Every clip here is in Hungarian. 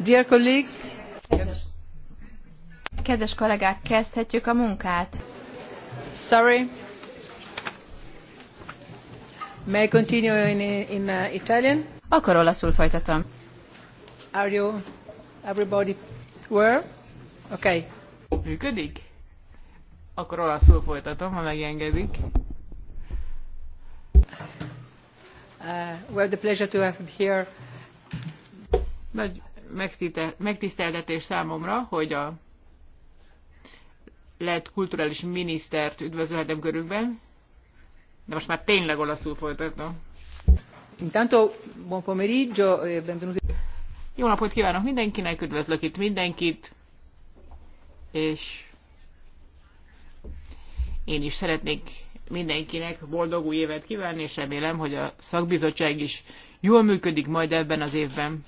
Dear colleagues. Kedves kollégák, kezdhetjük a munkát. Sorry. May I continue in, in uh, Italian? Akkor olaszul folytatom. Are you everybody where? Okay. Működik? Akkor olaszul folytatom, ha megengedik. Uh, we have the pleasure to have here nagy megtiszteltetés számomra, hogy a lett kulturális minisztert üdvözölhetem körükben. De most már tényleg olaszul folytatom. Intanto, buon pomeriggio, e benvenuti. Jó napot kívánok mindenkinek, üdvözlök itt mindenkit, és én is szeretnék mindenkinek boldog új évet kívánni, és remélem, hogy a szakbizottság is jól működik majd ebben az évben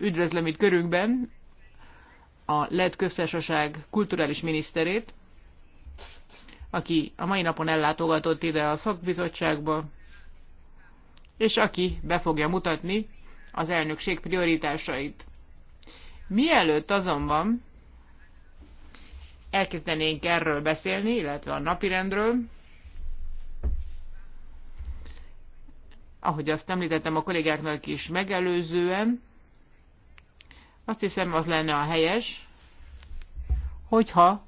üdvözlöm itt körünkben a LED köztársaság kulturális miniszterét, aki a mai napon ellátogatott ide a szakbizottságba, és aki be fogja mutatni az elnökség prioritásait. Mielőtt azonban elkezdenénk erről beszélni, illetve a napirendről, ahogy azt említettem a kollégáknak is megelőzően, azt hiszem, az lenne a helyes, hogyha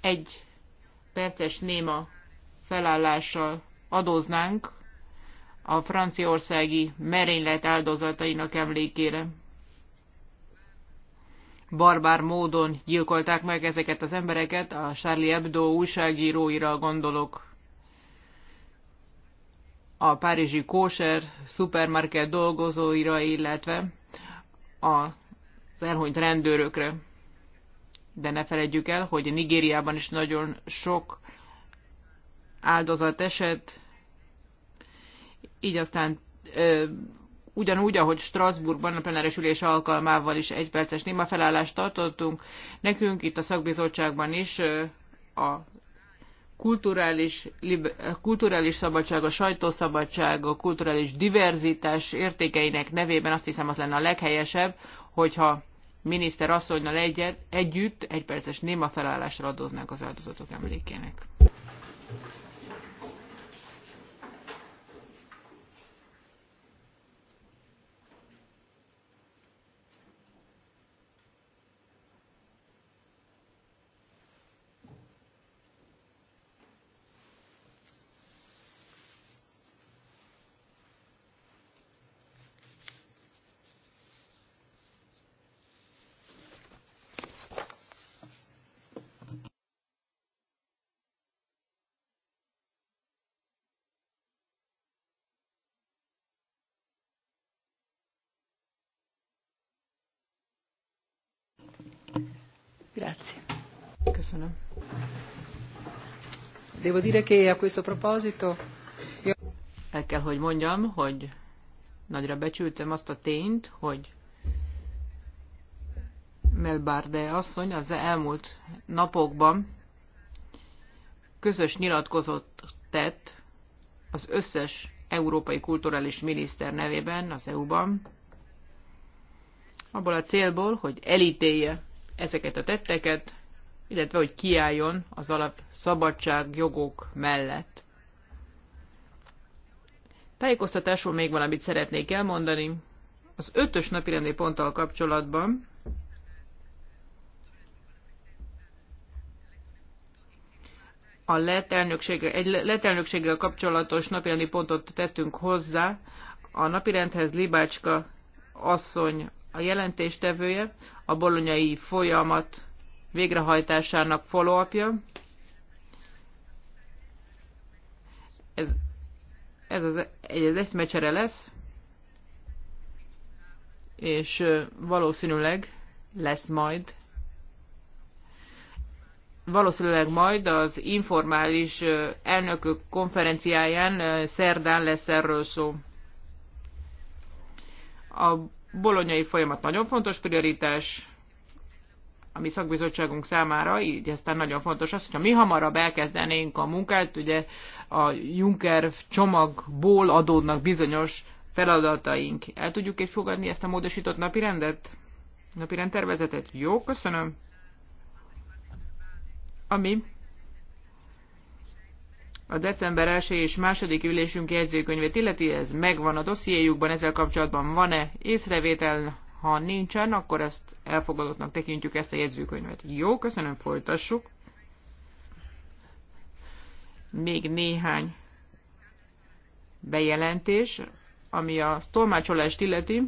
egy perces néma felállással adóznánk a franciaországi merénylet áldozatainak emlékére. Barbár módon gyilkolták meg ezeket az embereket, a Charlie Hebdo újságíróira gondolok. A párizsi kóser szupermarket dolgozóira, illetve az elhunyt rendőrökre. De ne felejtjük el, hogy Nigériában is nagyon sok áldozat esett, így aztán ö, ugyanúgy, ahogy Strasbourgban a plenáris ülés alkalmával is egy perces néma felállást tartottunk, nekünk itt a szakbizottságban is ö, a kulturális, liber, kulturális szabadság, a sajtószabadság, a kulturális diverzitás értékeinek nevében azt hiszem az lenne a leghelyesebb, hogyha miniszter asszonynal egyet, együtt egy perces néma felállásra adóznánk az áldozatok emlékének. Grazie. Köszönöm. Devo dire che a questo proposito... El kell, hogy mondjam, hogy nagyra becsültem azt a tényt, hogy Melbarde asszony az elmúlt napokban közös nyilatkozott tett az összes európai kulturális miniszter nevében az EU-ban, abból a célból, hogy elítélje ezeket a tetteket, illetve hogy kiálljon az alap szabadság jogok mellett. Tájékoztatásul még valamit szeretnék elmondani. Az ötös napirendi ponttal kapcsolatban a lett kapcsolatos napirendi pontot tettünk hozzá. A napirendhez Libácska asszony a jelentéstevője, a bolonyai folyamat végrehajtásának folóapja. Ez, ez az egy, egy lesz, és valószínűleg lesz majd valószínűleg majd az informális elnökök konferenciáján szerdán lesz erről szó. A bolonyai folyamat nagyon fontos prioritás, a mi szakbizottságunk számára, így aztán nagyon fontos az, hogyha mi hamarabb elkezdenénk a munkát, ugye a Juncker csomagból adódnak bizonyos feladataink. El tudjuk egy fogadni ezt a módosított napirendet? Napirend tervezetet? Jó, köszönöm. Ami a december 1 és 2. ülésünk jegyzőkönyvét illeti, ez megvan a dossziéjukban, ezzel kapcsolatban van-e észrevétel, ha nincsen, akkor ezt elfogadottnak tekintjük ezt a jegyzőkönyvet. Jó, köszönöm, folytassuk. Még néhány bejelentés, ami a tolmácsolást illeti.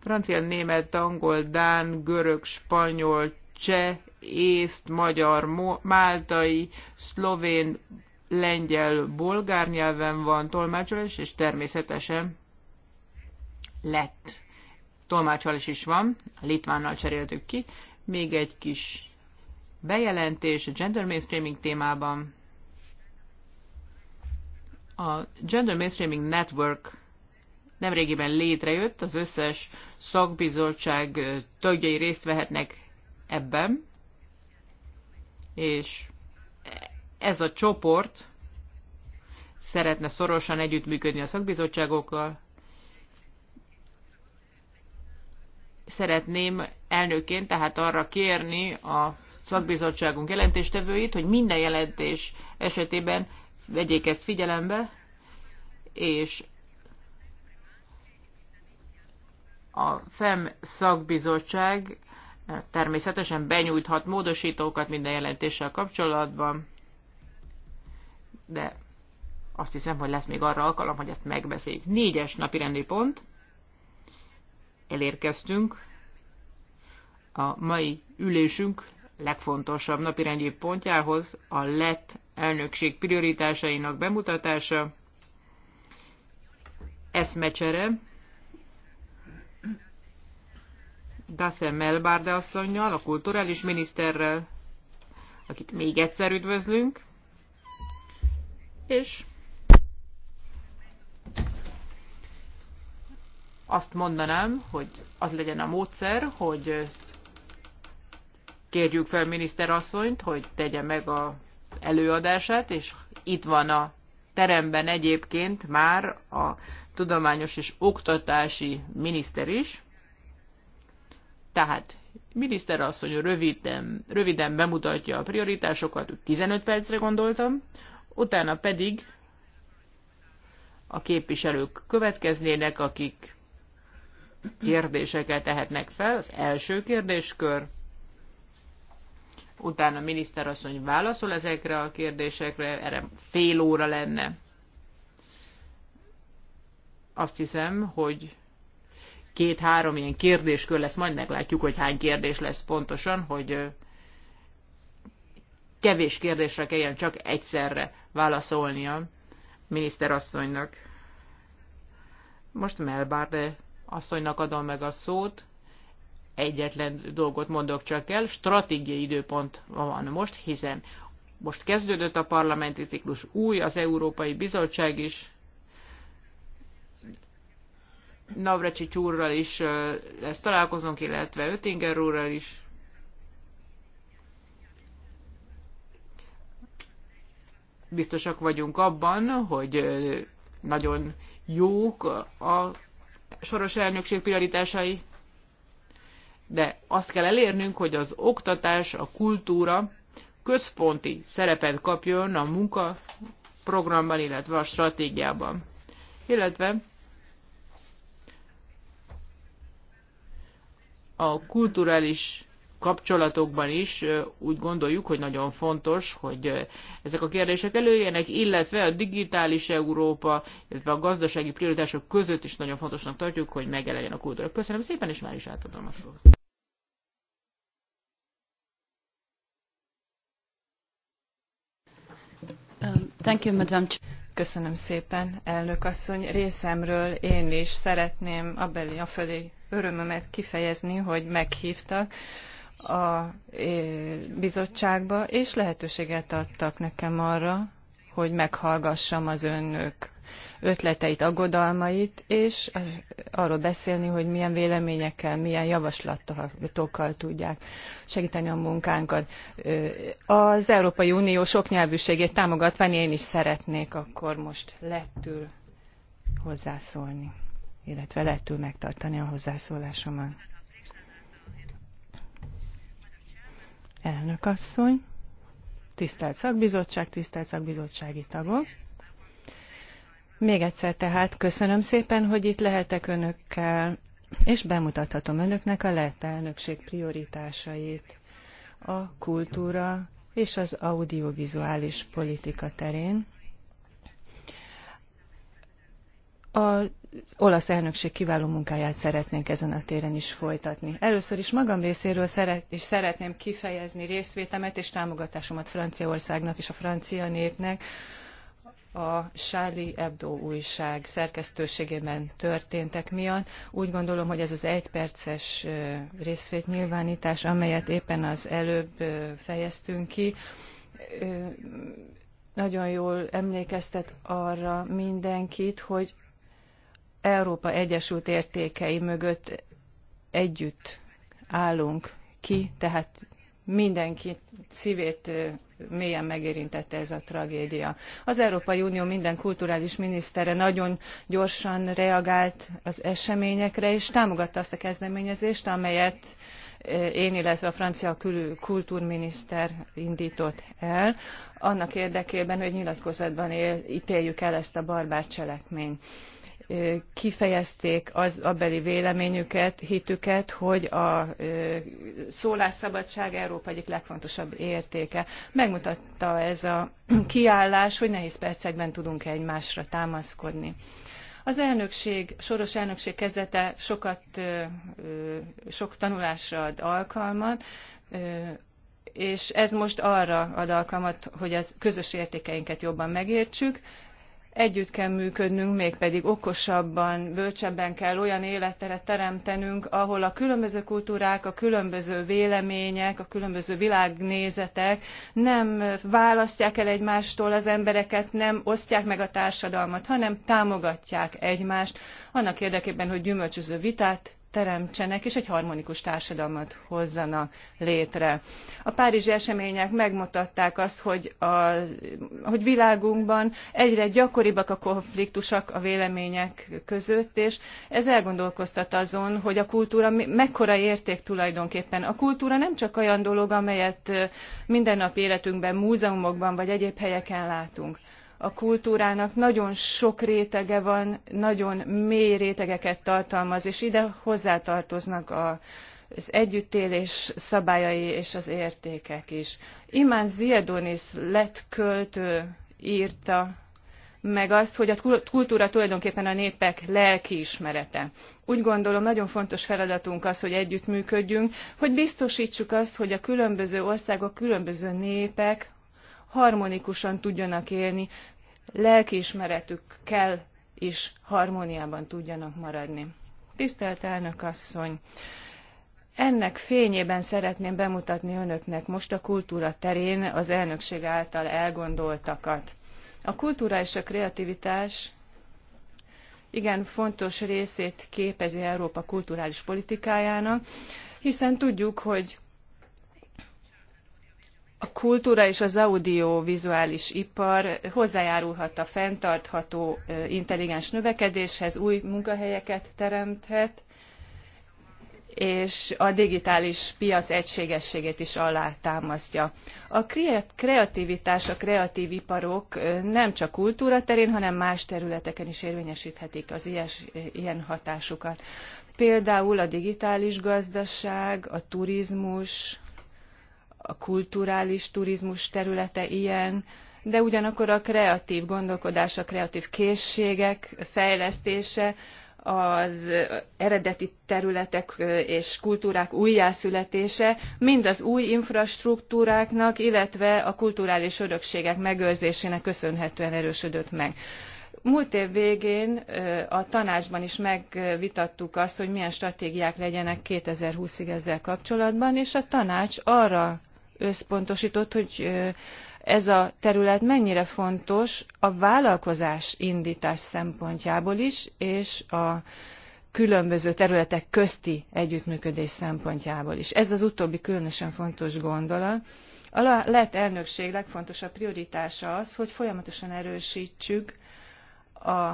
Francia, német, angol, dán, görög, spanyol, cseh, észt, magyar, máltai, szlovén, lengyel, bolgár nyelven van tolmácsolás, és természetesen lett tolmácsolás is van, a litvánnal cseréltük ki. Még egy kis bejelentés a gender mainstreaming témában. A Gender Mainstreaming Network nemrégiben létrejött, az összes szakbizottság tagjai részt vehetnek ebben, és ez a csoport szeretne szorosan együttműködni a szakbizottságokkal. Szeretném elnőként tehát arra kérni a szakbizottságunk jelentéstevőit, hogy minden jelentés esetében vegyék ezt figyelembe, és a FEM szakbizottság természetesen benyújthat módosítókat minden jelentéssel kapcsolatban, de azt hiszem, hogy lesz még arra alkalom, hogy ezt megbeszéljük. Négyes napi rendi pont. Elérkeztünk a mai ülésünk legfontosabb napirendi pontjához, a lett elnökség prioritásainak bemutatása, eszmecsere Dase Melbarde asszonynal, a kulturális miniszterrel, akit még egyszer üdvözlünk, és azt mondanám, hogy az legyen a módszer, hogy kérjük fel miniszterasszonyt, hogy tegye meg az előadását, és itt van a teremben egyébként már a tudományos és oktatási miniszter is, tehát miniszterasszony röviden, röviden bemutatja a prioritásokat, 15 percre gondoltam, utána pedig a képviselők következnének, akik kérdéseket tehetnek fel. Az első kérdéskör, utána a miniszterasszony válaszol ezekre a kérdésekre, erre fél óra lenne. Azt hiszem, hogy két-három ilyen kérdéskör lesz, majd meglátjuk, hogy hány kérdés lesz pontosan, hogy kevés kérdésre kelljen csak egyszerre válaszolnia miniszterasszonynak. Most Melbárde asszonynak adom meg a szót. Egyetlen dolgot mondok csak el, stratégiai időpont van most, hiszen most kezdődött a parlamenti ciklus, új az Európai Bizottság is, Navracsi csúrral is lesz találkozunk, illetve Ötinger úrral is. Biztosak vagyunk abban, hogy nagyon jók a soros elnökség prioritásai, de azt kell elérnünk, hogy az oktatás, a kultúra központi szerepet kapjon a munkaprogramban, illetve a stratégiában. Illetve a kulturális kapcsolatokban is úgy gondoljuk, hogy nagyon fontos, hogy ezek a kérdések előjenek, illetve a digitális Európa, illetve a gazdasági prioritások között is nagyon fontosnak tartjuk, hogy megjelenjen a kultúra. Köszönöm szépen, és már is átadom a szót. Um, thank you, Madam. Köszönöm szépen, elnök asszony. Részemről én is szeretném a fölé örömömet kifejezni, hogy meghívtak a eh, bizottságba, és lehetőséget adtak nekem arra, hogy meghallgassam az önök ötleteit, aggodalmait, és arról beszélni, hogy milyen véleményekkel, milyen javaslatokkal tudják segíteni a munkánkat. Az Európai Unió nyelvűségét támogatva, én is szeretnék akkor most lettül hozzászólni, illetve lettül megtartani a hozzászólásomat. Elnök asszony, tisztelt szakbizottság, tisztelt szakbizottsági tagok! Még egyszer tehát köszönöm szépen, hogy itt lehetek önökkel, és bemutathatom önöknek a lett elnökség prioritásait a kultúra és az audiovizuális politika terén. Az olasz elnökség kiváló munkáját szeretnénk ezen a téren is folytatni. Először is magam részéről szeret, és szeretném kifejezni részvétemet és támogatásomat Franciaországnak és a francia népnek, a Sáli Ebdo újság szerkesztőségében történtek miatt. Úgy gondolom, hogy ez az egyperces részvétnyilvánítás, amelyet éppen az előbb fejeztünk ki, nagyon jól emlékeztet arra mindenkit, hogy Európa Egyesült Értékei mögött együtt állunk ki, tehát mindenki szívét mélyen megérintette ez a tragédia. Az Európai Unió minden kulturális minisztere nagyon gyorsan reagált az eseményekre, és támogatta azt a kezdeményezést, amelyet én, illetve a francia kultúrminiszter indított el, annak érdekében, hogy nyilatkozatban él, ítéljük el ezt a barbár cselekményt kifejezték az abeli véleményüket, hitüket, hogy a szólásszabadság Európa egyik legfontosabb értéke. Megmutatta ez a kiállás, hogy nehéz percekben tudunk -e egymásra támaszkodni. Az elnökség, soros elnökség kezdete sokat, sok tanulásra ad alkalmat, és ez most arra ad alkalmat, hogy az közös értékeinket jobban megértsük, együtt kell működnünk, mégpedig okosabban, bölcsebben kell olyan életteret teremtenünk, ahol a különböző kultúrák, a különböző vélemények, a különböző világnézetek nem választják el egymástól az embereket, nem osztják meg a társadalmat, hanem támogatják egymást annak érdekében, hogy gyümölcsöző vitát teremtsenek, és egy harmonikus társadalmat hozzanak létre. A párizsi események megmutatták azt, hogy, a, hogy világunkban egyre gyakoribbak a konfliktusok a vélemények között, és ez elgondolkoztat azon, hogy a kultúra mekkora érték tulajdonképpen. A kultúra nem csak olyan dolog, amelyet mindennapi életünkben, múzeumokban vagy egyéb helyeken látunk a kultúrának nagyon sok rétege van, nagyon mély rétegeket tartalmaz, és ide hozzátartoznak a, az együttélés szabályai és az értékek is. Imán Ziedonis lett költő írta meg azt, hogy a kultúra tulajdonképpen a népek lelkiismerete. Úgy gondolom, nagyon fontos feladatunk az, hogy együttműködjünk, hogy biztosítsuk azt, hogy a különböző országok, különböző népek harmonikusan tudjanak élni, lelkiismeretükkel is harmóniában tudjanak maradni. Tisztelt elnök asszony! Ennek fényében szeretném bemutatni önöknek most a kultúra terén az elnökség által elgondoltakat. A kultúra és a kreativitás igen fontos részét képezi Európa kulturális politikájának, hiszen tudjuk, hogy a kultúra és az audiovizuális ipar hozzájárulhat a fenntartható intelligens növekedéshez, új munkahelyeket teremthet, és a digitális piac egységességét is alátámasztja. A kreativitás, a kreatív iparok nem csak kultúra terén, hanem más területeken is érvényesíthetik az ilyes, ilyen hatásukat. Például a digitális gazdaság, a turizmus, a kulturális turizmus területe ilyen, de ugyanakkor a kreatív gondolkodás, a kreatív készségek fejlesztése, az eredeti területek és kultúrák újjászületése, mind az új infrastruktúráknak, illetve a kulturális örökségek megőrzésének köszönhetően erősödött meg. Múlt év végén a tanácsban is megvitattuk azt, hogy milyen stratégiák legyenek 2020-ig ezzel kapcsolatban, és a tanács arra összpontosított, hogy ez a terület mennyire fontos a vállalkozás indítás szempontjából is, és a különböző területek közti együttműködés szempontjából is. Ez az utóbbi különösen fontos gondolat. A lett elnökség legfontosabb prioritása az, hogy folyamatosan erősítsük a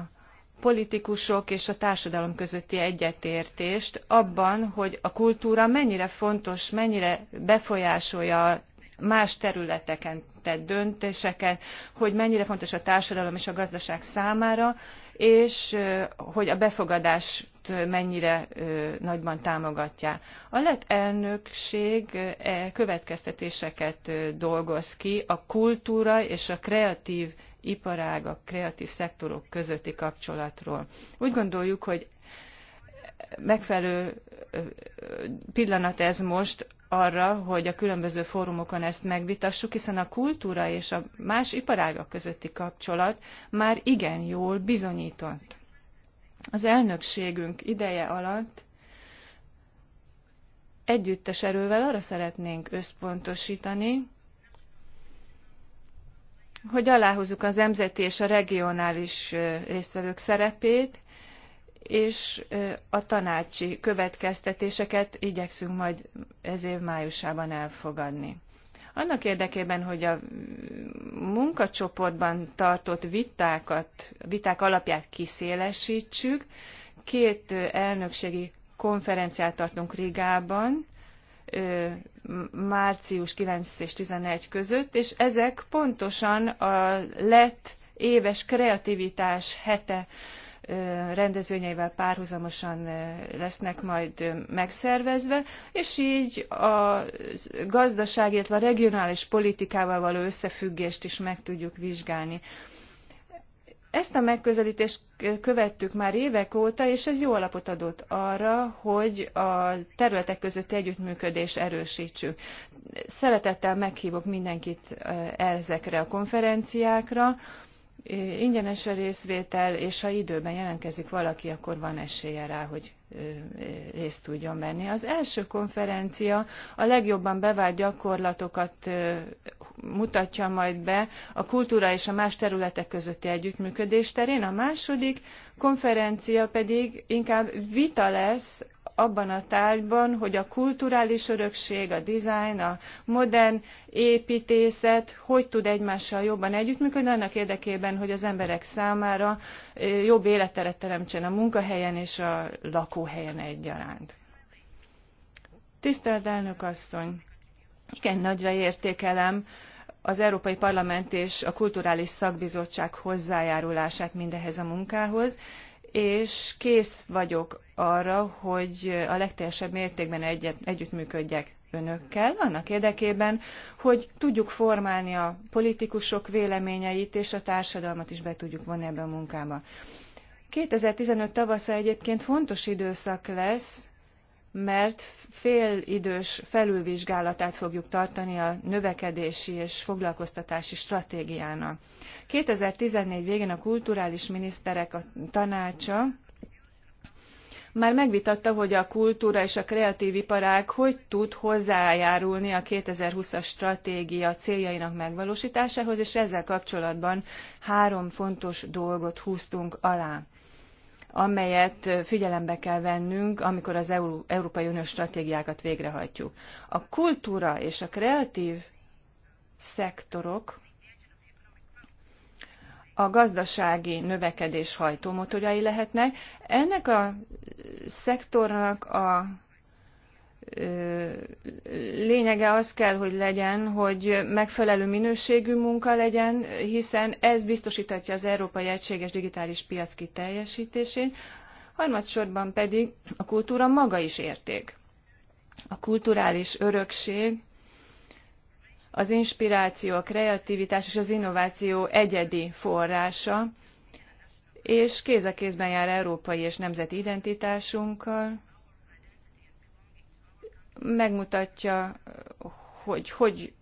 politikusok és a társadalom közötti egyetértést abban, hogy a kultúra mennyire fontos, mennyire befolyásolja más területeken tett döntéseket, hogy mennyire fontos a társadalom és a gazdaság számára, és hogy a befogadást mennyire nagyban támogatják. A lett elnökség e következtetéseket dolgoz ki a kultúra és a kreatív iparágak, kreatív szektorok közötti kapcsolatról. Úgy gondoljuk, hogy megfelelő pillanat ez most arra, hogy a különböző fórumokon ezt megvitassuk, hiszen a kultúra és a más iparágak közötti kapcsolat már igen jól bizonyított. Az elnökségünk ideje alatt együttes erővel arra szeretnénk összpontosítani, hogy aláhúzzuk az nemzeti és a regionális résztvevők szerepét, és a tanácsi következtetéseket igyekszünk majd ez év májusában elfogadni. Annak érdekében, hogy a munkacsoportban tartott vitákat, viták alapját kiszélesítsük, két elnökségi konferenciát tartunk Rigában, március 9 és 11 között, és ezek pontosan a lett éves kreativitás hete rendezvényeivel párhuzamosan lesznek majd megszervezve, és így a gazdaság, illetve a regionális politikával való összefüggést is meg tudjuk vizsgálni. Ezt a megközelítést követtük már évek óta, és ez jó alapot adott arra, hogy a területek közötti együttműködés erősítsük. Szeretettel meghívok mindenkit eh, ezekre a konferenciákra, ingyenes a részvétel, és ha időben jelentkezik valaki, akkor van esélye rá, hogy részt tudjon venni. Az első konferencia a legjobban bevált gyakorlatokat mutatja majd be a kultúra és a más területek közötti együttműködés terén, a második konferencia pedig inkább vita lesz abban a tárgyban, hogy a kulturális örökség, a design, a modern építészet hogy tud egymással jobban együttműködni, annak érdekében, hogy az emberek számára jobb életteret teremtsen a munkahelyen és a lakóhelyen egyaránt. Tisztelt elnök asszony! Igen, nagyra értékelem az Európai Parlament és a Kulturális Szakbizottság hozzájárulását mindehez a munkához, és kész vagyok arra, hogy a legteljesebb mértékben egyet, együttműködjek önökkel, annak érdekében, hogy tudjuk formálni a politikusok véleményeit, és a társadalmat is be tudjuk vonni ebbe a munkába. 2015 tavasza egyébként fontos időszak lesz, mert félidős felülvizsgálatát fogjuk tartani a növekedési és foglalkoztatási stratégiának. 2014 végén a kulturális miniszterek a tanácsa már megvitatta, hogy a kultúra és a kreatív iparág hogy tud hozzájárulni a 2020-as stratégia céljainak megvalósításához, és ezzel kapcsolatban három fontos dolgot húztunk alá amelyet figyelembe kell vennünk, amikor az Európai Uniós stratégiákat végrehajtjuk. A kultúra és a kreatív szektorok a gazdasági növekedés hajtómotorjai lehetnek. Ennek a szektornak a lényege az kell, hogy legyen, hogy megfelelő minőségű munka legyen, hiszen ez biztosítatja az Európai Egységes Digitális Piac kiteljesítését, harmadsorban pedig a kultúra maga is érték. A kulturális örökség, az inspiráció, a kreativitás és az innováció egyedi forrása, és kéz a kézben jár európai és nemzeti identitásunkkal, megmutatja, hogy hogy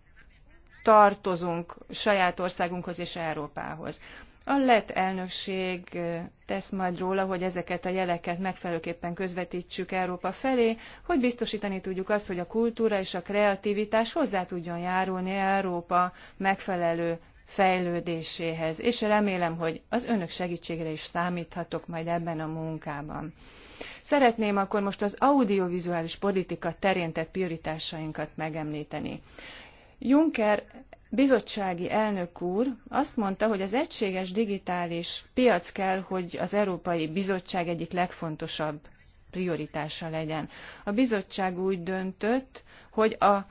tartozunk saját országunkhoz és Európához. A lett elnökség tesz majd róla, hogy ezeket a jeleket megfelelőképpen közvetítsük Európa felé, hogy biztosítani tudjuk azt, hogy a kultúra és a kreativitás hozzá tudjon járulni Európa megfelelő fejlődéséhez, és remélem, hogy az önök segítségre is számíthatok majd ebben a munkában. Szeretném akkor most az audiovizuális politika terén tett prioritásainkat megemlíteni. Juncker bizottsági elnök úr azt mondta, hogy az egységes digitális piac kell, hogy az Európai Bizottság egyik legfontosabb prioritása legyen. A bizottság úgy döntött, hogy a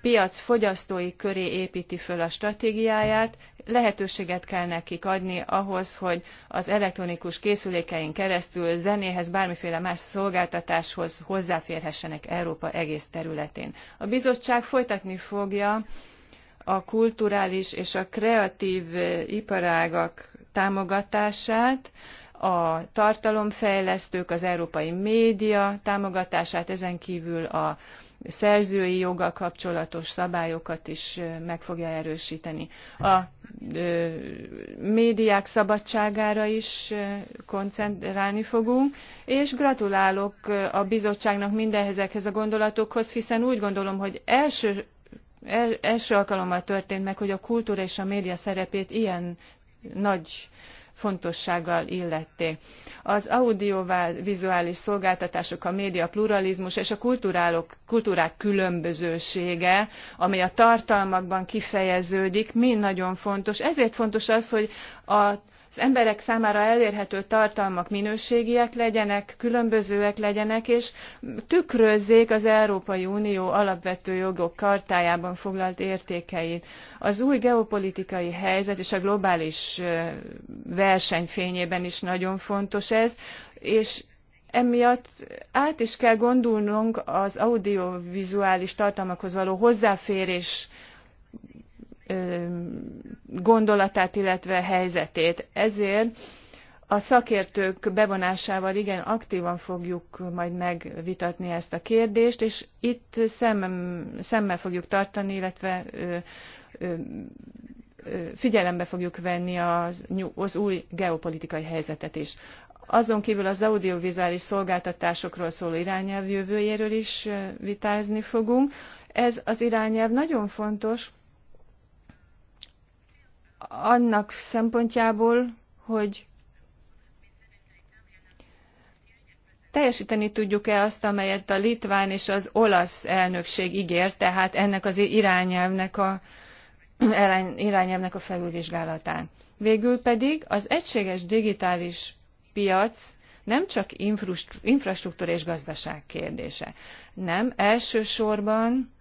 piac fogyasztói köré építi föl a stratégiáját, lehetőséget kell nekik adni ahhoz, hogy az elektronikus készülékein keresztül zenéhez, bármiféle más szolgáltatáshoz hozzáférhessenek Európa egész területén. A bizottság folytatni fogja a kulturális és a kreatív iparágak támogatását, a tartalomfejlesztők, az európai média támogatását, ezen kívül a szerzői joggal kapcsolatos szabályokat is meg fogja erősíteni. A médiák szabadságára is koncentrálni fogunk, és gratulálok a bizottságnak mindehezekhez a gondolatokhoz, hiszen úgy gondolom, hogy első első alkalommal történt meg, hogy a kultúra és a média szerepét ilyen nagy fontossággal illették. Az audiovizuális szolgáltatások, a média pluralizmus és a kulturálok, kultúrák különbözősége, ami a tartalmakban kifejeződik, mind nagyon fontos. Ezért fontos az, hogy a az emberek számára elérhető tartalmak minőségiek legyenek, különbözőek legyenek, és tükrözzék az Európai Unió alapvető jogok kartájában foglalt értékeit. Az új geopolitikai helyzet és a globális versenyfényében is nagyon fontos ez, és emiatt át is kell gondolnunk az audiovizuális tartalmakhoz való hozzáférés gondolatát, illetve helyzetét. Ezért a szakértők bevonásával igen aktívan fogjuk majd megvitatni ezt a kérdést, és itt szemmel, szemmel fogjuk tartani, illetve ö, ö, figyelembe fogjuk venni az, az új geopolitikai helyzetet is. Azon kívül az audiovizuális szolgáltatásokról szóló irányelv jövőjéről is vitázni fogunk. Ez az irányelv nagyon fontos, annak szempontjából, hogy teljesíteni tudjuk-e azt, amelyet a litván és az olasz elnökség ígért, tehát ennek az irányelvnek a, irányelvnek a felülvizsgálatán. Végül pedig az egységes digitális piac nem csak infrastruktúra és gazdaság kérdése. Nem, elsősorban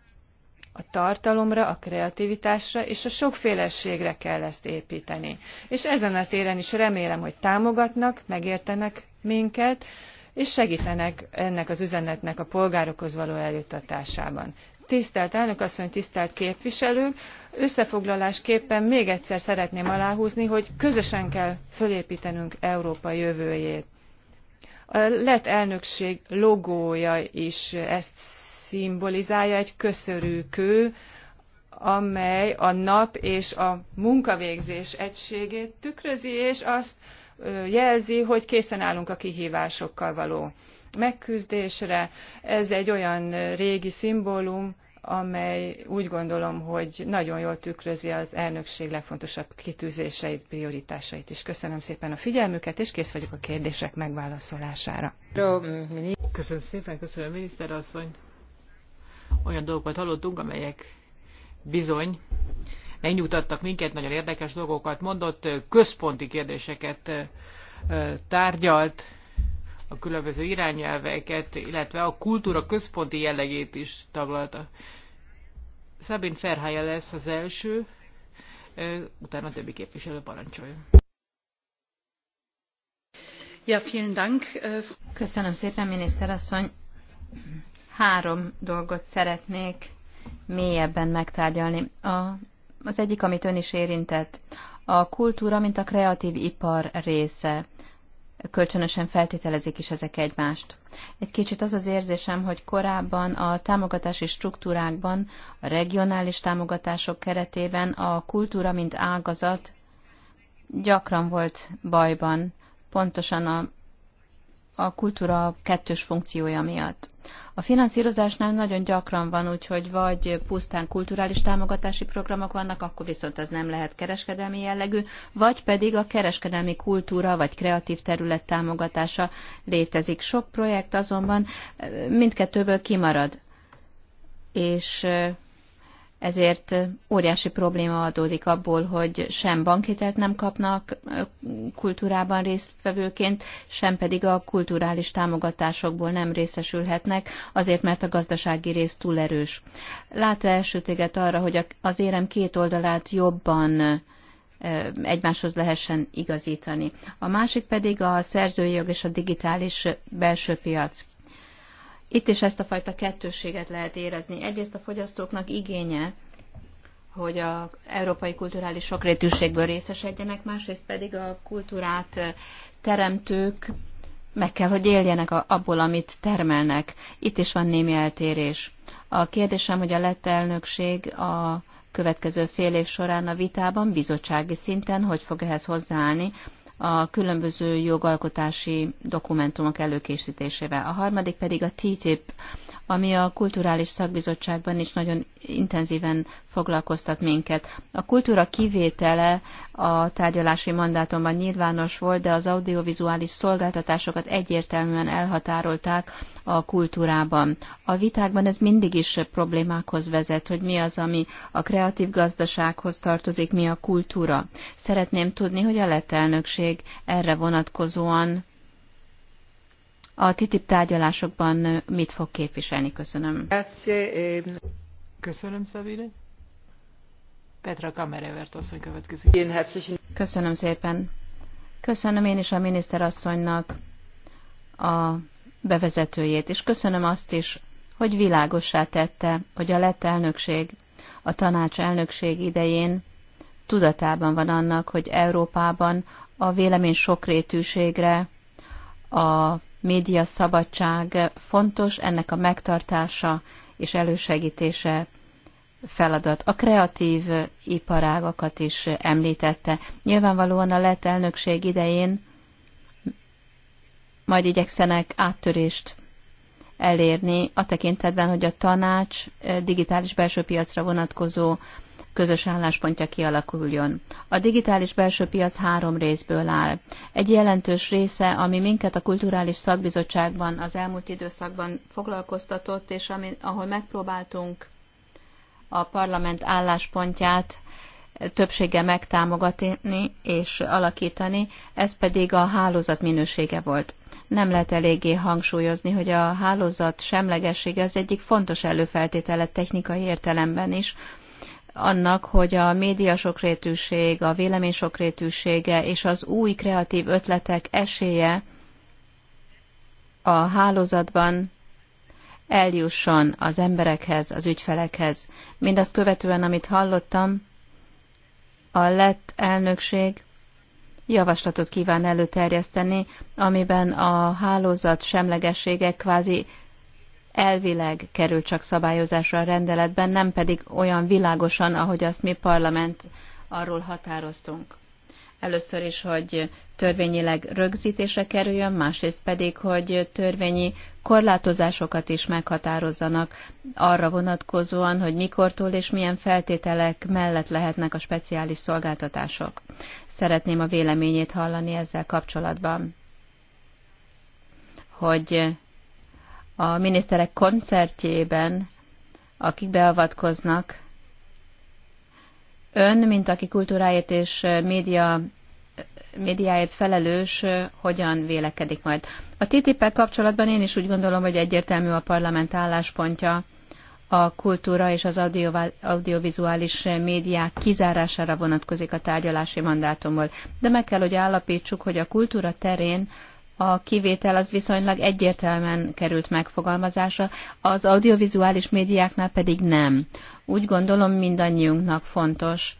a tartalomra, a kreativitásra és a sokféleségre kell ezt építeni. És ezen a téren is remélem, hogy támogatnak, megértenek minket, és segítenek ennek az üzenetnek a polgárokhoz való eljuttatásában. Tisztelt elnök asszony, tisztelt képviselők! Összefoglalásképpen még egyszer szeretném aláhúzni, hogy közösen kell fölépítenünk Európa jövőjét. A lett elnökség logója is ezt szimbolizálja egy köszörű kő, amely a nap és a munkavégzés egységét tükrözi, és azt jelzi, hogy készen állunk a kihívásokkal való megküzdésre. Ez egy olyan régi szimbólum, amely úgy gondolom, hogy nagyon jól tükrözi az elnökség legfontosabb kitűzéseit, prioritásait is. Köszönöm szépen a figyelmüket, és kész vagyok a kérdések megválaszolására. Köszönöm szépen, köszönöm miniszter asszony olyan dolgokat hallottunk, amelyek bizony megnyugtattak minket, nagyon érdekes dolgokat mondott, központi kérdéseket tárgyalt, a különböző irányelveket, illetve a kultúra központi jellegét is taglalta. Szabin Ferhája lesz az első, utána a többi képviselő parancsoljon. Ja, vielen Dank. Köszönöm szépen, miniszterasszony. Három dolgot szeretnék mélyebben megtárgyalni. A, az egyik, amit ön is érintett, a kultúra, mint a kreatív ipar része. Kölcsönösen feltételezik is ezek egymást. Egy kicsit az az érzésem, hogy korábban a támogatási struktúrákban, a regionális támogatások keretében a kultúra, mint ágazat gyakran volt bajban, pontosan a, a kultúra kettős funkciója miatt. A finanszírozásnál nagyon gyakran van, úgyhogy vagy pusztán kulturális támogatási programok vannak, akkor viszont az nem lehet kereskedelmi jellegű, vagy pedig a kereskedelmi kultúra vagy kreatív terület támogatása létezik. Sok projekt azonban eh, mindkettőből kimarad. És eh, ezért óriási probléma adódik abból, hogy sem bankhitelt nem kapnak kultúrában résztvevőként, sem pedig a kulturális támogatásokból nem részesülhetnek, azért mert a gazdasági rész túl erős. Lát-e elsőtéget arra, hogy az érem két oldalát jobban egymáshoz lehessen igazítani. A másik pedig a szerzői jog és a digitális belső piac. Itt is ezt a fajta kettősséget lehet érezni. Egyrészt a fogyasztóknak igénye, hogy az európai kulturális sokrétűségből részesedjenek, másrészt pedig a kultúrát teremtők meg kell, hogy éljenek abból, amit termelnek. Itt is van némi eltérés. A kérdésem, hogy a lett elnökség a következő fél év során a vitában, bizottsági szinten, hogy fog ehhez hozzáállni, a különböző jogalkotási dokumentumok előkészítésével. A harmadik pedig a TTIP, ami a kulturális szakbizottságban is nagyon intenzíven foglalkoztat minket. A kultúra kivétele a tárgyalási mandátumban nyilvános volt, de az audiovizuális szolgáltatásokat egyértelműen elhatárolták a kultúrában. A vitákban ez mindig is problémákhoz vezet, hogy mi az, ami a kreatív gazdasághoz tartozik, mi a kultúra. Szeretném tudni, hogy a lett elnökség erre vonatkozóan a TTIP tárgyalásokban mit fog képviselni. Köszönöm. Köszönöm, Szabine. Petra Kamerevert asszony következik. Köszönöm szépen. Köszönöm én is a miniszterasszonynak a bevezetőjét, és köszönöm azt is, hogy világossá tette, hogy a lett elnökség, a tanács elnökség idején tudatában van annak, hogy Európában a vélemény sokrétűségre, a média szabadság fontos, ennek a megtartása és elősegítése feladat. A kreatív iparágakat is említette. Nyilvánvalóan a lett elnökség idején majd igyekszenek áttörést elérni a tekintetben, hogy a tanács digitális belső piacra vonatkozó közös álláspontja kialakuljon. A digitális belső piac három részből áll. Egy jelentős része, ami minket a Kulturális Szakbizottságban az elmúlt időszakban foglalkoztatott, és ami, ahol megpróbáltunk a parlament álláspontját többsége megtámogatni és alakítani, ez pedig a hálózat minősége volt. Nem lehet eléggé hangsúlyozni, hogy a hálózat semlegessége az egyik fontos előfeltétele technikai értelemben is annak, hogy a média sokrétűség, a vélemény sokrétűsége és az új kreatív ötletek esélye a hálózatban eljusson az emberekhez, az ügyfelekhez. Mindazt követően, amit hallottam, a lett elnökség javaslatot kíván előterjeszteni, amiben a hálózat semlegessége kvázi elvileg kerül csak szabályozásra a rendeletben, nem pedig olyan világosan, ahogy azt mi parlament arról határoztunk. Először is, hogy törvényileg rögzítése kerüljön, másrészt pedig, hogy törvényi korlátozásokat is meghatározzanak arra vonatkozóan, hogy mikortól és milyen feltételek mellett lehetnek a speciális szolgáltatások. Szeretném a véleményét hallani ezzel kapcsolatban, hogy a miniszterek koncertjében, akik beavatkoznak, ön, mint aki kultúráért és média, médiáért felelős, hogyan vélekedik majd? A ttip kapcsolatban én is úgy gondolom, hogy egyértelmű a parlament álláspontja a kultúra és az audiovizuális médiák kizárására vonatkozik a tárgyalási mandátumból. De meg kell, hogy állapítsuk, hogy a kultúra terén a kivétel az viszonylag egyértelműen került megfogalmazása, az audiovizuális médiáknál pedig nem. Úgy gondolom mindannyiunknak fontos,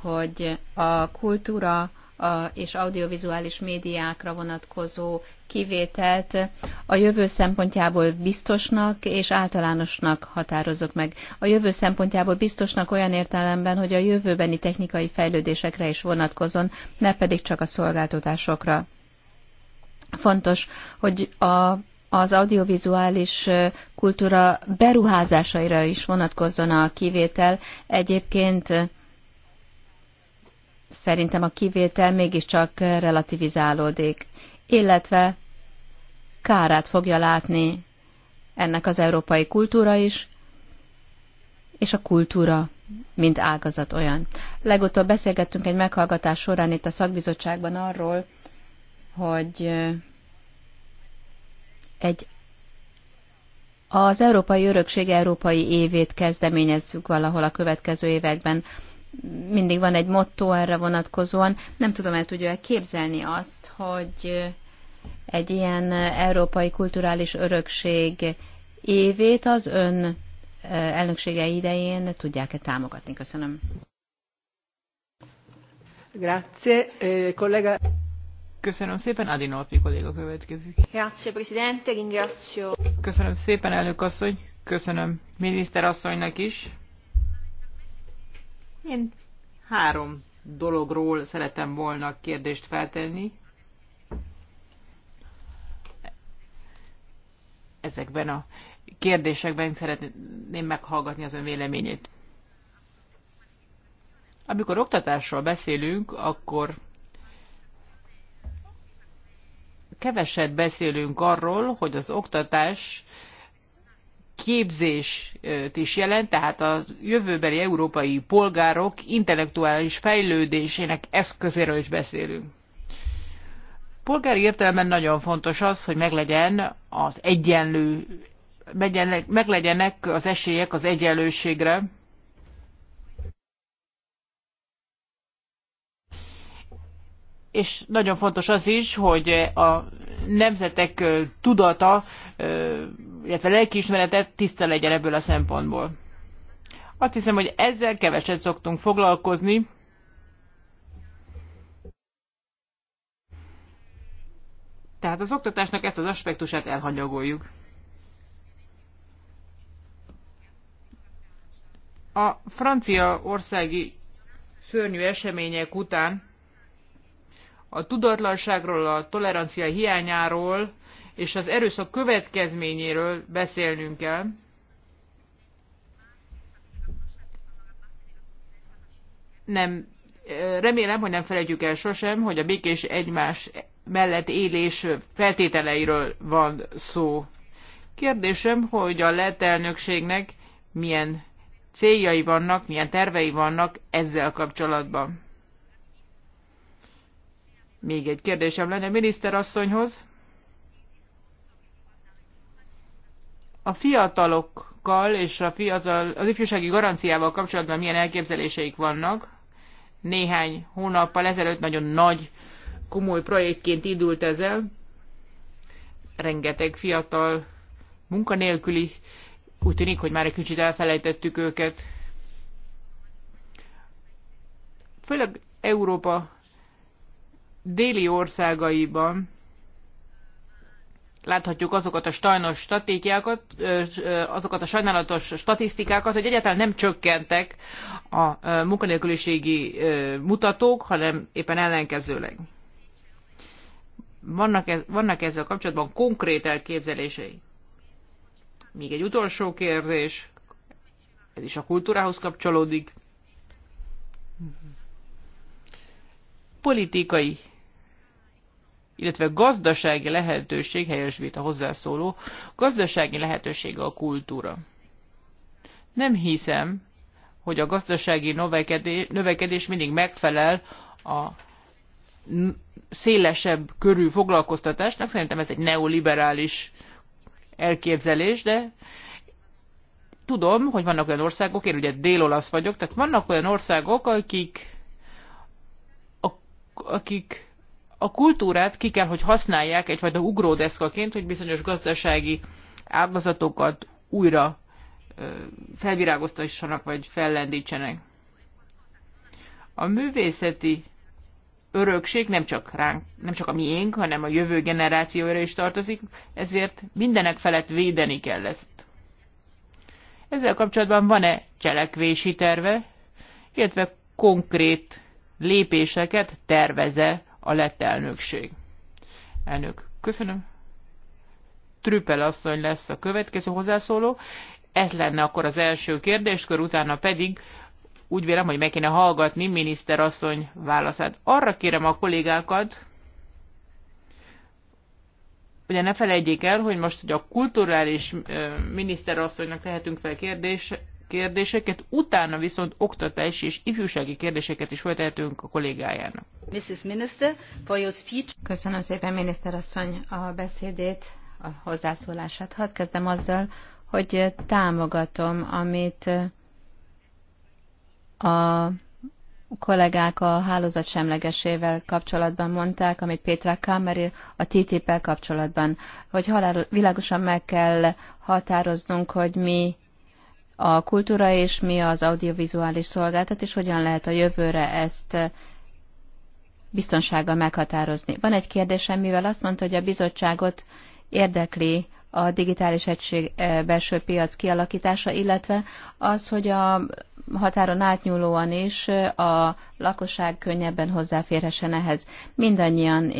hogy a kultúra a, és audiovizuális médiákra vonatkozó kivételt a jövő szempontjából biztosnak és általánosnak határozok meg. A jövő szempontjából biztosnak olyan értelemben, hogy a jövőbeni technikai fejlődésekre is vonatkozon, ne pedig csak a szolgáltatásokra. Fontos, hogy a az audiovizuális kultúra beruházásaira is vonatkozzon a kivétel. Egyébként szerintem a kivétel mégiscsak relativizálódik, illetve kárát fogja látni ennek az európai kultúra is, és a kultúra, mint ágazat olyan. Legutóbb beszélgettünk egy meghallgatás során itt a szakbizottságban arról, hogy egy az Európai Örökség Európai Évét kezdeményezzük valahol a következő években. Mindig van egy motto erre vonatkozóan. Nem tudom, el tudja képzelni azt, hogy egy ilyen európai kulturális örökség évét az ön elnöksége idején tudják-e támogatni? Köszönöm. Grazie, eh, collega. Köszönöm szépen, Adinolfi kolléga következik. Grazie, Presidente, ringrazio. Köszönöm szépen, elnök asszony, köszönöm miniszter asszonynak is. Én három dologról szeretem volna kérdést feltenni. Ezekben a kérdésekben szeretném meghallgatni az ön véleményét. Amikor oktatásról beszélünk, akkor keveset beszélünk arról, hogy az oktatás képzést is jelent, tehát a jövőbeli európai polgárok intellektuális fejlődésének eszközéről is beszélünk. Polgári értelemben nagyon fontos az, hogy meglegyen az egyenlő, meglegyenek az esélyek az egyenlőségre, és nagyon fontos az is, hogy a nemzetek tudata, illetve lelkiismerete tiszta legyen ebből a szempontból. Azt hiszem, hogy ezzel keveset szoktunk foglalkozni. Tehát az oktatásnak ezt az aspektusát elhanyagoljuk. A francia országi szörnyű események után a tudatlanságról, a tolerancia hiányáról és az erőszak következményéről beszélnünk kell. Nem, remélem, hogy nem felejtjük el sosem, hogy a békés egymás mellett élés feltételeiről van szó. Kérdésem, hogy a lett elnökségnek milyen céljai vannak, milyen tervei vannak ezzel kapcsolatban. Még egy kérdésem lenne miniszterasszonyhoz. A fiatalokkal és a fiatal, az ifjúsági garanciával kapcsolatban milyen elképzeléseik vannak? Néhány hónappal ezelőtt nagyon nagy, komoly projektként indult ezzel. Rengeteg fiatal munkanélküli, úgy tűnik, hogy már egy kicsit elfelejtettük őket. Főleg Európa déli országaiban láthatjuk azokat a sajnos statikákat, azokat a sajnálatos statisztikákat, hogy egyáltalán nem csökkentek a munkanélküliségi mutatók, hanem éppen ellenkezőleg. Vannak, ez, vannak ezzel kapcsolatban konkrét elképzelései? Még egy utolsó kérdés, ez is a kultúrához kapcsolódik. Politikai illetve gazdasági lehetőség, helyesvét a hozzászóló, gazdasági lehetőség a kultúra. Nem hiszem, hogy a gazdasági növekedés, növekedés mindig megfelel a szélesebb körű foglalkoztatásnak. Szerintem ez egy neoliberális elképzelés, de tudom, hogy vannak olyan országok, én ugye dél-olasz vagyok, tehát vannak olyan országok, akik, akik a kultúrát ki kell, hogy használják egyfajta ugródeszkaként, hogy bizonyos gazdasági ábazatokat újra felvirágoztassanak, vagy fellendítsenek. A művészeti örökség nem csak, ránk, nem csak a miénk, hanem a jövő generációra is tartozik, ezért mindenek felett védeni kell ezt. Ezzel kapcsolatban van-e cselekvési terve, illetve konkrét lépéseket terveze a lett elnökség. Elnök, köszönöm. Trüppel asszony lesz a következő hozzászóló. Ez lenne akkor az első kérdéskör, utána pedig úgy vélem, hogy meg kéne hallgatni miniszter asszony válaszát. Arra kérem a kollégákat, ugye ne felejtjék el, hogy most hogy a kulturális miniszterasszonynak tehetünk fel kérdés, kérdéseket, utána viszont oktatási és ifjúsági kérdéseket is feltehetünk a kollégájának. Mrs. Minister, for your speech. Köszönöm szépen, miniszterasszony, a beszédét, a hozzászólását. Hadd kezdem azzal, hogy támogatom, amit a kollégák a hálózat semlegesével kapcsolatban mondták, amit Pétra Kámeri a TTIP-el kapcsolatban, hogy halál, világosan meg kell határoznunk, hogy mi a kultúra és mi az audiovizuális szolgáltat, és hogyan lehet a jövőre ezt eh, biztonsággal meghatározni. Van egy kérdésem, mivel azt mondta, hogy a bizottságot érdekli a digitális egység eh, belső piac kialakítása, illetve az, hogy a határon átnyúlóan is eh, a lakosság könnyebben hozzáférhessen ehhez. Mindannyian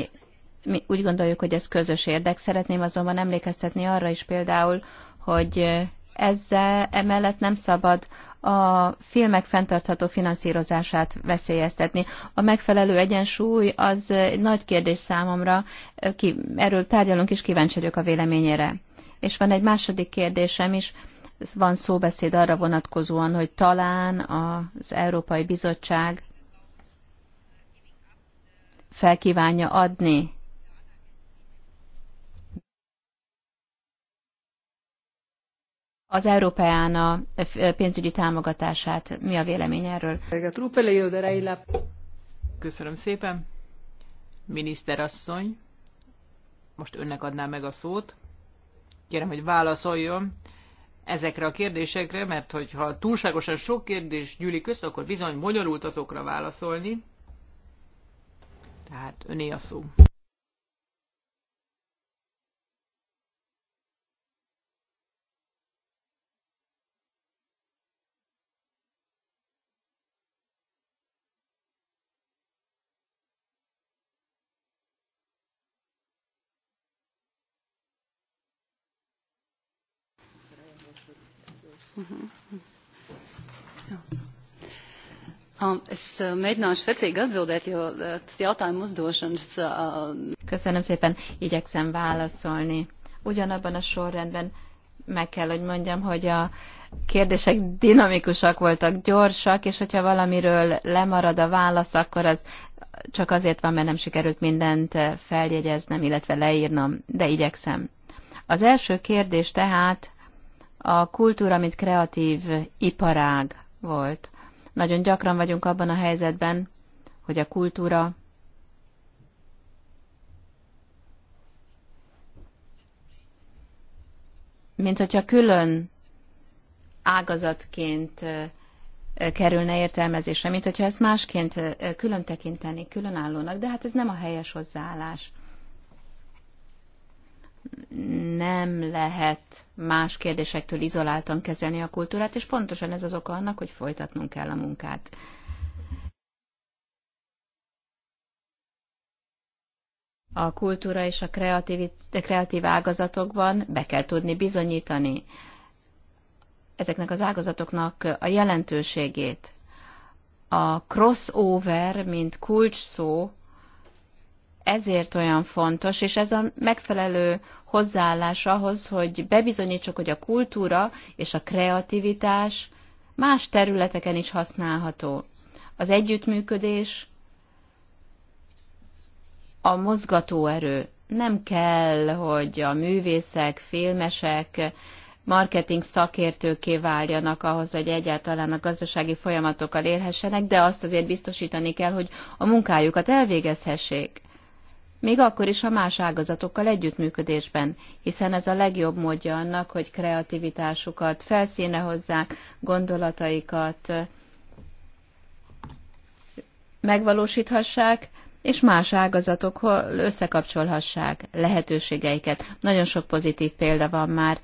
mi úgy gondoljuk, hogy ez közös érdek. Szeretném azonban emlékeztetni arra is például, hogy ezzel emellett nem szabad a filmek fenntartható finanszírozását veszélyeztetni. A megfelelő egyensúly az nagy kérdés számomra, ki, erről tárgyalunk is kíváncsi vagyok a véleményére. És van egy második kérdésem is, van szóbeszéd arra vonatkozóan, hogy talán az Európai Bizottság felkívánja adni az a pénzügyi támogatását. Mi a vélemény erről? Köszönöm szépen. Miniszterasszony, most önnek adnám meg a szót. Kérem, hogy válaszoljon ezekre a kérdésekre, mert hogyha túlságosan sok kérdés gyűlik össze, akkor bizony bonyolult azokra válaszolni. Tehát öné a szó. Um, es uh, mēģināšu secīgi atbildēt, jo uh, tas jautājumu uzdošanas. Uh, Köszönöm szépen, igyekszem válaszolni. Ugyanabban a sorrendben meg kell, hogy mondjam, hogy a kérdések dinamikusak voltak, gyorsak, és hogyha valamiről lemarad a válasz, akkor az csak azért van, mert nem sikerült mindent feljegyeznem, illetve leírnom, de igyekszem. Az első kérdés tehát a kultúra, mint kreatív iparág volt. Nagyon gyakran vagyunk abban a helyzetben, hogy a kultúra mint hogyha külön ágazatként kerülne értelmezésre, mint hogyha ezt másként külön tekinteni, különállónak, de hát ez nem a helyes hozzáállás nem lehet más kérdésektől izoláltan kezelni a kultúrát, és pontosan ez az oka annak, hogy folytatnunk kell a munkát. A kultúra és a kreatív, kreatív ágazatokban be kell tudni bizonyítani ezeknek az ágazatoknak a jelentőségét. A crossover, mint kulcs szó, ezért olyan fontos, és ez a megfelelő hozzáállás ahhoz, hogy bebizonyítsuk, hogy a kultúra és a kreativitás más területeken is használható. Az együttműködés, a mozgatóerő. Nem kell, hogy a művészek, filmesek, marketing szakértőké váljanak ahhoz, hogy egyáltalán a gazdasági folyamatokkal élhessenek, de azt azért biztosítani kell, hogy a munkájukat elvégezhessék még akkor is a más ágazatokkal együttműködésben, hiszen ez a legjobb módja annak, hogy kreativitásukat felszíne hozzák, gondolataikat megvalósíthassák, és más ágazatokhoz összekapcsolhassák lehetőségeiket. Nagyon sok pozitív példa van már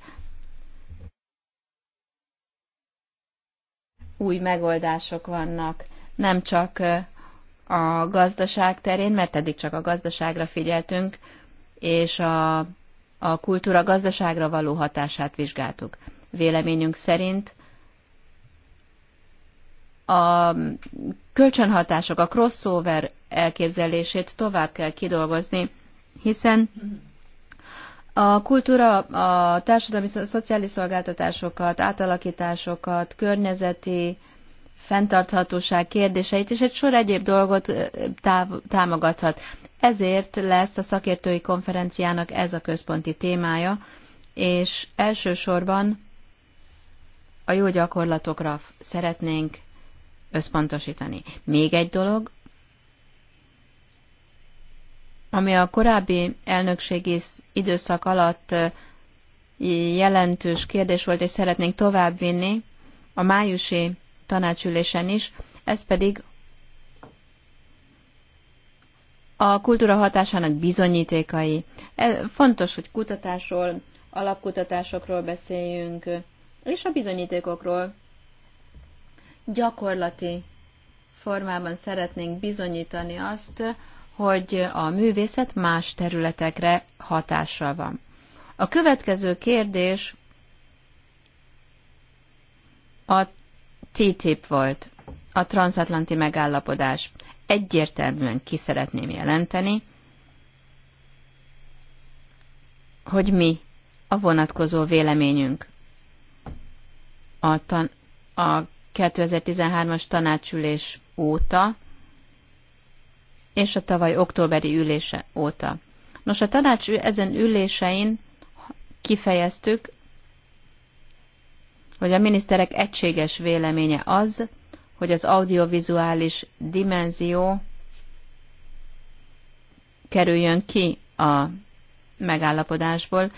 új megoldások vannak, nem csak a gazdaság terén, mert eddig csak a gazdaságra figyeltünk, és a, a kultúra gazdaságra való hatását vizsgáltuk. Véleményünk szerint a kölcsönhatások, a crossover elképzelését tovább kell kidolgozni, hiszen a kultúra, a társadalmi szociális szolgáltatásokat, átalakításokat, környezeti, fenntarthatóság kérdéseit és egy sor egyéb dolgot táv- támogathat. Ezért lesz a szakértői konferenciának ez a központi témája, és elsősorban a jó gyakorlatokra szeretnénk összpontosítani. Még egy dolog, ami a korábbi elnökségi időszak alatt jelentős kérdés volt, és szeretnénk továbbvinni, a májusi tanácsülésen is, ez pedig a kultúra hatásának bizonyítékai. Fontos, hogy kutatásról, alapkutatásokról beszéljünk, és a bizonyítékokról gyakorlati formában szeretnénk bizonyítani azt, hogy a művészet más területekre hatással van. A következő kérdés a TTIP volt, a transatlanti megállapodás. Egyértelműen ki szeretném jelenteni, hogy mi a vonatkozó véleményünk. A, tan- a 2013-as tanácsülés óta és a tavaly októberi ülése óta. Nos, a tanács ezen ülésein kifejeztük, hogy a miniszterek egységes véleménye az, hogy az audiovizuális dimenzió kerüljön ki a megállapodásból.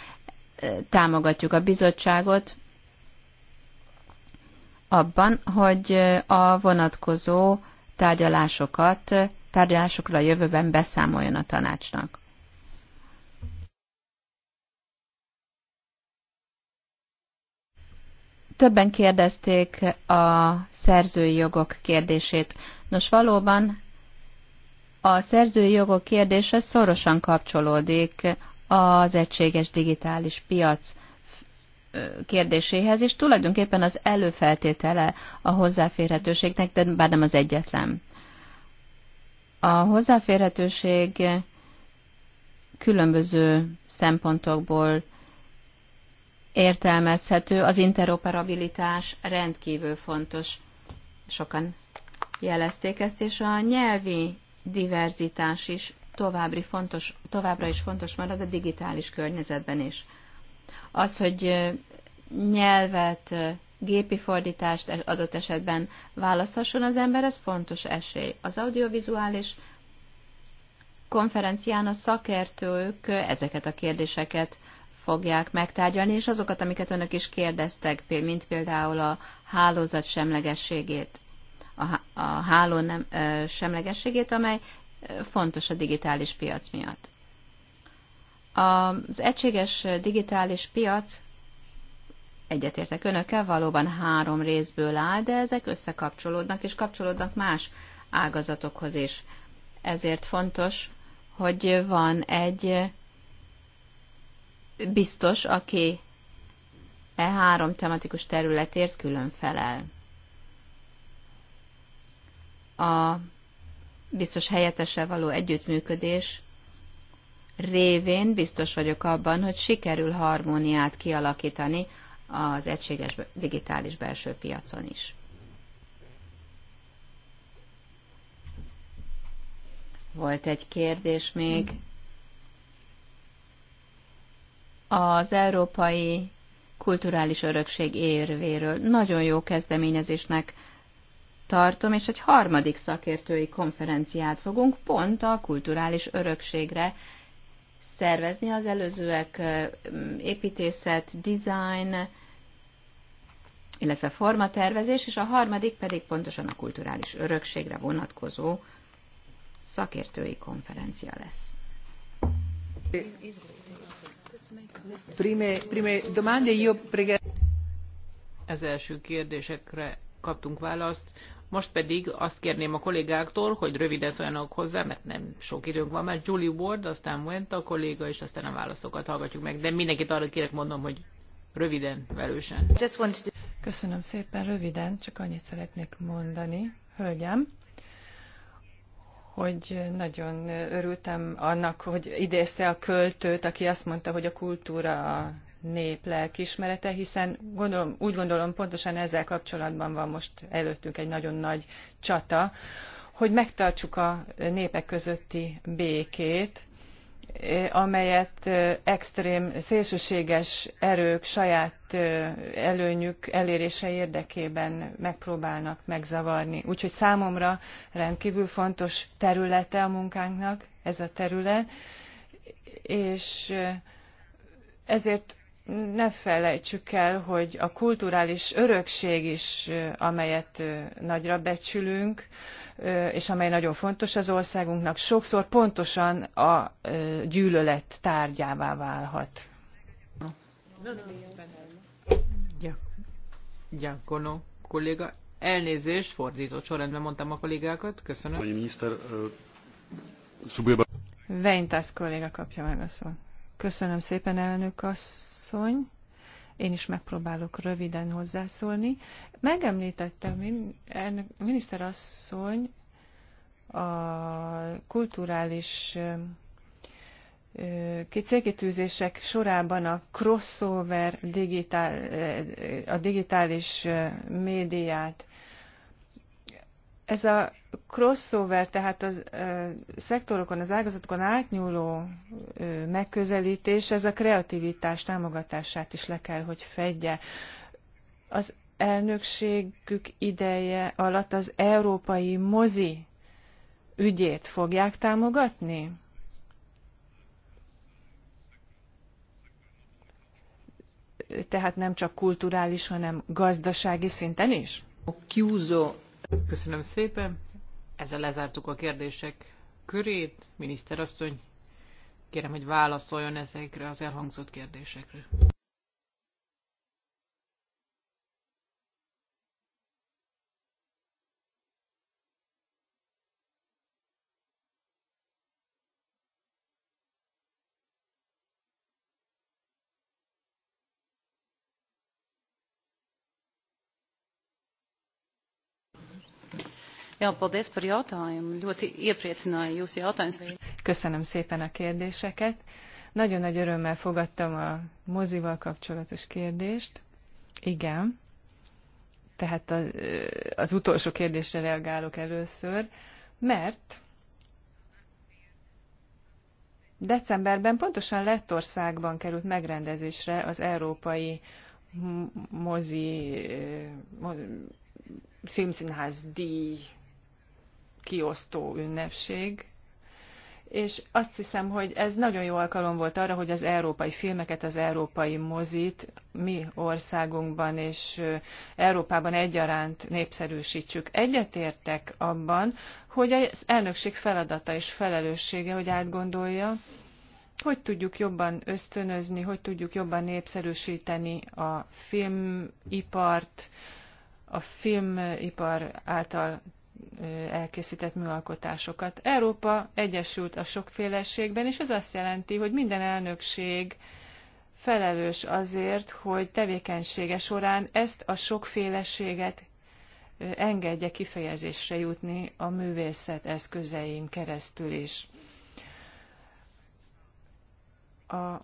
Támogatjuk a bizottságot abban, hogy a vonatkozó tárgyalásokat, tárgyalásokra a jövőben beszámoljon a tanácsnak. Többen kérdezték a szerzői jogok kérdését. Nos, valóban a szerzői jogok kérdése szorosan kapcsolódik az egységes digitális piac kérdéséhez, és tulajdonképpen az előfeltétele a hozzáférhetőségnek, de bár nem az egyetlen. A hozzáférhetőség különböző szempontokból értelmezhető, az interoperabilitás rendkívül fontos. Sokan jelezték ezt, és a nyelvi diverzitás is további fontos, továbbra is fontos marad a digitális környezetben is. Az, hogy nyelvet, gépi fordítást e-, adott esetben választhasson az ember, ez fontos esély. Az audiovizuális konferencián a szakértők ezeket a kérdéseket fogják megtárgyalni, és azokat, amiket önök is kérdeztek, mint például a hálózat semlegességét, a háló nem, semlegességét, amely fontos a digitális piac miatt. Az egységes digitális piac egyetértek önökkel, valóban három részből áll, de ezek összekapcsolódnak, és kapcsolódnak más ágazatokhoz is. Ezért fontos, hogy van egy biztos, aki e három tematikus területért külön felel. A biztos helyetese való együttműködés révén biztos vagyok abban, hogy sikerül harmóniát kialakítani az egységes digitális belső piacon is. Volt egy kérdés még az európai kulturális örökség érvéről. Nagyon jó kezdeményezésnek tartom, és egy harmadik szakértői konferenciát fogunk pont a kulturális örökségre szervezni. Az előzőek építészet, design, illetve formatervezés, és a harmadik pedig pontosan a kulturális örökségre vonatkozó szakértői konferencia lesz. Prime, prime első kérdésekre kaptunk választ. Most pedig azt kérném a kollégáktól, hogy röviden szóljanak hozzá, mert nem sok időnk van, mert Julie Ward, aztán Wendt a kolléga, és aztán a válaszokat hallgatjuk meg. De mindenkit arra kérek mondom, hogy röviden, velősen. Köszönöm szépen, röviden, csak annyit szeretnék mondani, hölgyem, hogy nagyon örültem annak, hogy idézte a költőt, aki azt mondta, hogy a kultúra a nép lelkismerete, hiszen gondolom, úgy gondolom pontosan ezzel kapcsolatban van most előttünk egy nagyon nagy csata, hogy megtartsuk a népek közötti békét, Eh, amelyet eh, extrém szélsőséges erők saját eh, előnyük elérése érdekében megpróbálnak megzavarni. Úgyhogy számomra rendkívül fontos területe a munkánknak ez a terület, és ezért ne felejtsük el, hogy a kulturális örökség is, amelyet nagyra becsülünk, és amely nagyon fontos az országunknak, sokszor pontosan a gyűlölet tárgyává válhat. Gyakorló kolléga, elnézést, fordított sorrendben mondtam a kollégákat, köszönöm. Pani miniszter, Veintász kolléga kapja meg a szót. Köszönöm szépen, elnök asszony. Én is megpróbálok röviden hozzászólni. Megemlítette, Megemlítettem miniszterasszony a kulturális célkitűzések sorában a crossover digitál, a digitális médiát ez a crossover, tehát az szektorokon, az ágazatokon átnyúló megközelítés, ez a kreativitás támogatását is le kell, hogy fedje. Az elnökségük ideje alatt az európai mozi ügyét fogják támogatni? Tehát nem csak kulturális, hanem gazdasági szinten is? Köszönöm szépen. Ezzel lezártuk a kérdések körét. Miniszterasszony, kérem, hogy válaszoljon ezekre az elhangzott kérdésekre. Jā, paldies par jautājumu. Ļoti iepriecināja jūsu jautājums. Köszönöm szépen a kérdéseket. Nagyon nagy örömmel fogadtam a mozival kapcsolatos kérdést. Igen. Tehát a, az utolsó kérdésre reagálok először, mert decemberben pontosan Lettországban került megrendezésre az európai mozi, eh, mozi filmszínház díj kiosztó ünnepség, és azt hiszem, hogy ez nagyon jó alkalom volt arra, hogy az európai filmeket, az európai mozit mi országunkban és Európában egyaránt népszerűsítsük. Egyetértek abban, hogy az elnökség feladata és felelőssége, hogy átgondolja, hogy tudjuk jobban ösztönözni, hogy tudjuk jobban népszerűsíteni a filmipart, a filmipar által elkészített műalkotásokat. Európa egyesült a sokféleségben, és ez azt jelenti, hogy minden elnökség felelős azért, hogy tevékenysége során ezt a sokféleséget engedje kifejezésre jutni a művészet eszközein keresztül is. A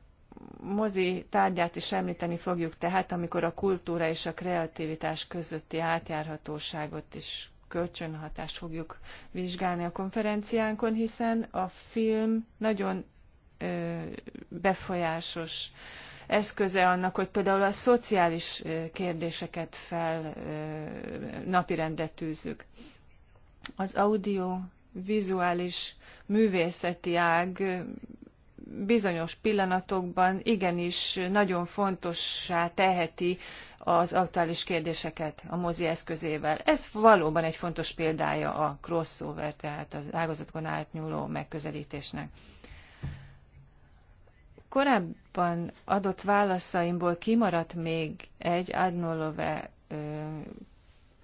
mozi tárgyát is említeni fogjuk tehát, amikor a kultúra és a kreativitás közötti átjárhatóságot is kölcsönhatást fogjuk vizsgálni a konferenciánkon, hiszen a film nagyon befolyásos eszköze annak, hogy például a szociális kérdéseket fel napirendre tűzzük. Az audio vizuális művészeti ág bizonyos pillanatokban igenis nagyon fontossá teheti az aktuális kérdéseket a mozi eszközével. Ez valóban egy fontos példája a crossover, tehát az ágazatokon átnyúló megközelítésnek. Korábban adott válaszaimból kimaradt még egy Adnolove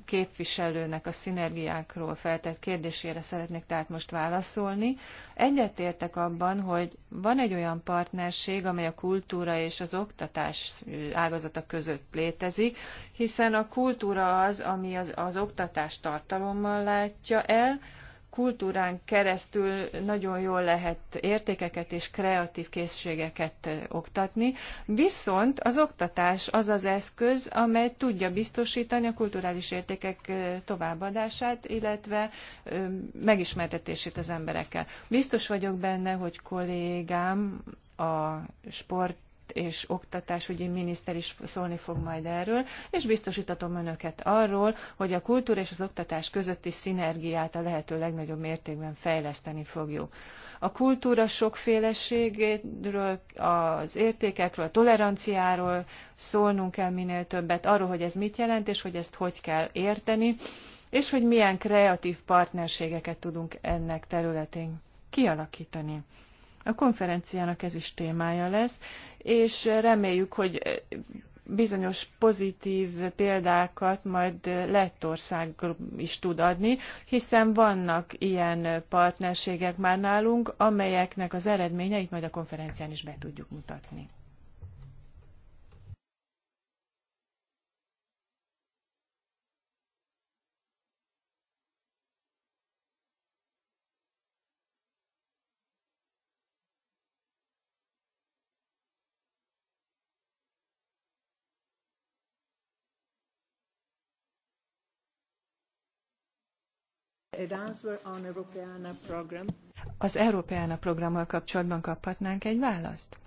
képviselőnek a szinergiákról feltett kérdésére szeretnék tehát most válaszolni. Egyetértek abban, hogy van egy olyan partnerség, amely a kultúra és az oktatás ágazata között létezik, hiszen a kultúra az, ami az, az oktatás tartalommal látja el, kultúrán keresztül nagyon jól lehet értékeket és kreatív készségeket eh, oktatni, viszont az oktatás az az eszköz, amely tudja biztosítani a kulturális értékek eh, továbbadását, illetve eh, megismertetését az emberekkel. Biztos vagyok benne, hogy kollégám a sport és oktatásügyi miniszter is szólni fog majd erről, és biztosítatom önöket arról, hogy a kultúra és az oktatás közötti szinergiát a lehető legnagyobb mértékben fejleszteni fogjuk. A kultúra sokféleségéről, az értékekről, a toleranciáról szólnunk kell minél többet, arról, hogy ez mit jelent, és hogy ezt hogy kell érteni, és hogy milyen kreatív partnerségeket tudunk ennek területén kialakítani. A konferenciának ez is témája lesz, és reméljük, hogy bizonyos pozitív példákat majd Lettország is tud adni, hiszen vannak ilyen partnerségek már nálunk, amelyeknek az eredményeit majd a konferencián is be tudjuk mutatni. Az Európeana programmal kapcsolatban kaphatnánk egy választ?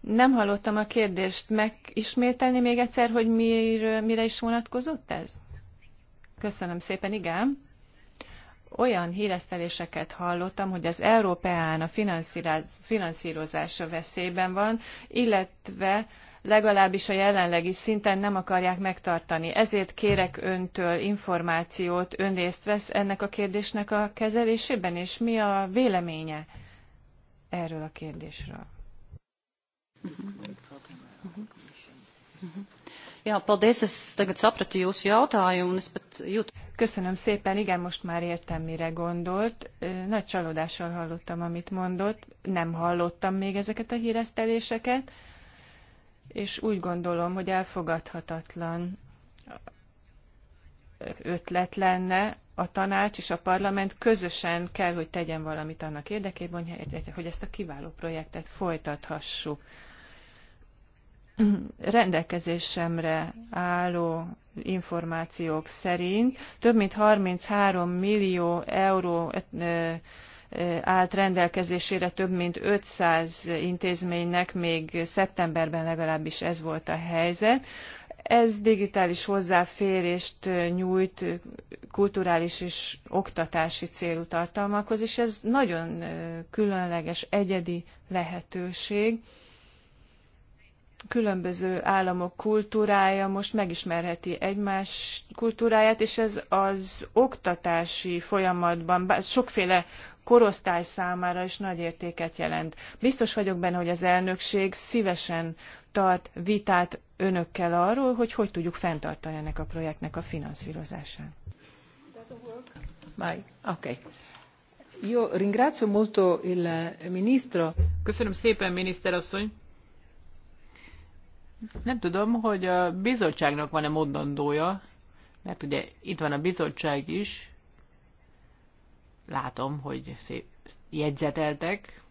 Nem hallottam a kérdést. Megismételni még egyszer, hogy mir, mire is vonatkozott ez? Köszönöm szépen, igen olyan híreszteléseket hallottam, hogy az Európeán a finanszírozása veszélyben van, illetve legalábbis a jelenlegi szinten nem akarják megtartani. Ezért kérek öntől információt, ön részt vesz ennek a kérdésnek a kezelésében, és mi a véleménye erről a kérdésről? Ja, paldies, es tagad sapratu jūsu jautājumu, un es pat jūtu. Köszönöm szépen, igen, most már értem, mire gondolt. Nagy csalódással hallottam, amit mondott. Nem hallottam még ezeket a híreszteléseket, és úgy gondolom, hogy elfogadhatatlan ötlet lenne a tanács és a parlament közösen kell, hogy tegyen valamit annak érdekében, hogy ezt a kiváló projektet folytathassuk rendelkezésemre álló információk szerint több mint 33 millió euró állt rendelkezésére több mint 500 intézménynek, még szeptemberben legalábbis ez volt a helyzet. Ez digitális hozzáférést nyújt kulturális és oktatási célú tartalmakhoz, és ez nagyon különleges, egyedi lehetőség különböző államok kultúrája most megismerheti egymás kultúráját, és ez az oktatási folyamatban sokféle korosztály számára is nagy értéket jelent. Biztos vagyok benne, hogy az elnökség szívesen tart vitát önökkel arról, hogy hogy tudjuk fenntartani ennek a projektnek a finanszírozását. Io ringrazio molto il ministro. Köszönöm szépen, miniszter asszony! Nem tudom, hogy a bizottságnak van-e mondandója, mert ugye itt van a bizottság is. Látom, hogy szép jegyzeteltek.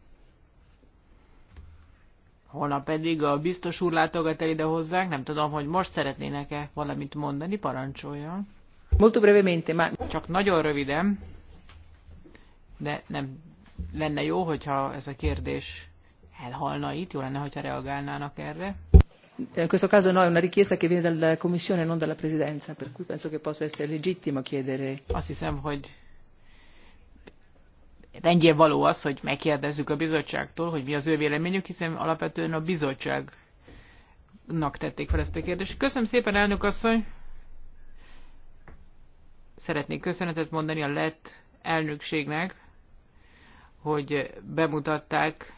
Holnap pedig a biztos úr látogat el ide hozzánk. Nem tudom, hogy most szeretnének-e valamit mondani. parancsolja. Molto brevemente, ma... Csak nagyon röviden, de nem lenne jó, hogyha ez a kérdés elhalna itt. Jó lenne, hogyha reagálnának erre. Eh, in questo caso no è una richiesta che viene dalla commissione non dalla presidenza per cui penso che possa essere legittimo chiedere azt hiszem hogy rendjén való az, hogy megkérdezzük a bizottságtól, hogy mi az ő véleményük, hiszen alapvetően a bizottságnak tették fel ezt a kérdést. Köszönöm szépen, elnök asszony! Szeretnék köszönetet mondani a lett elnökségnek, hogy bemutatták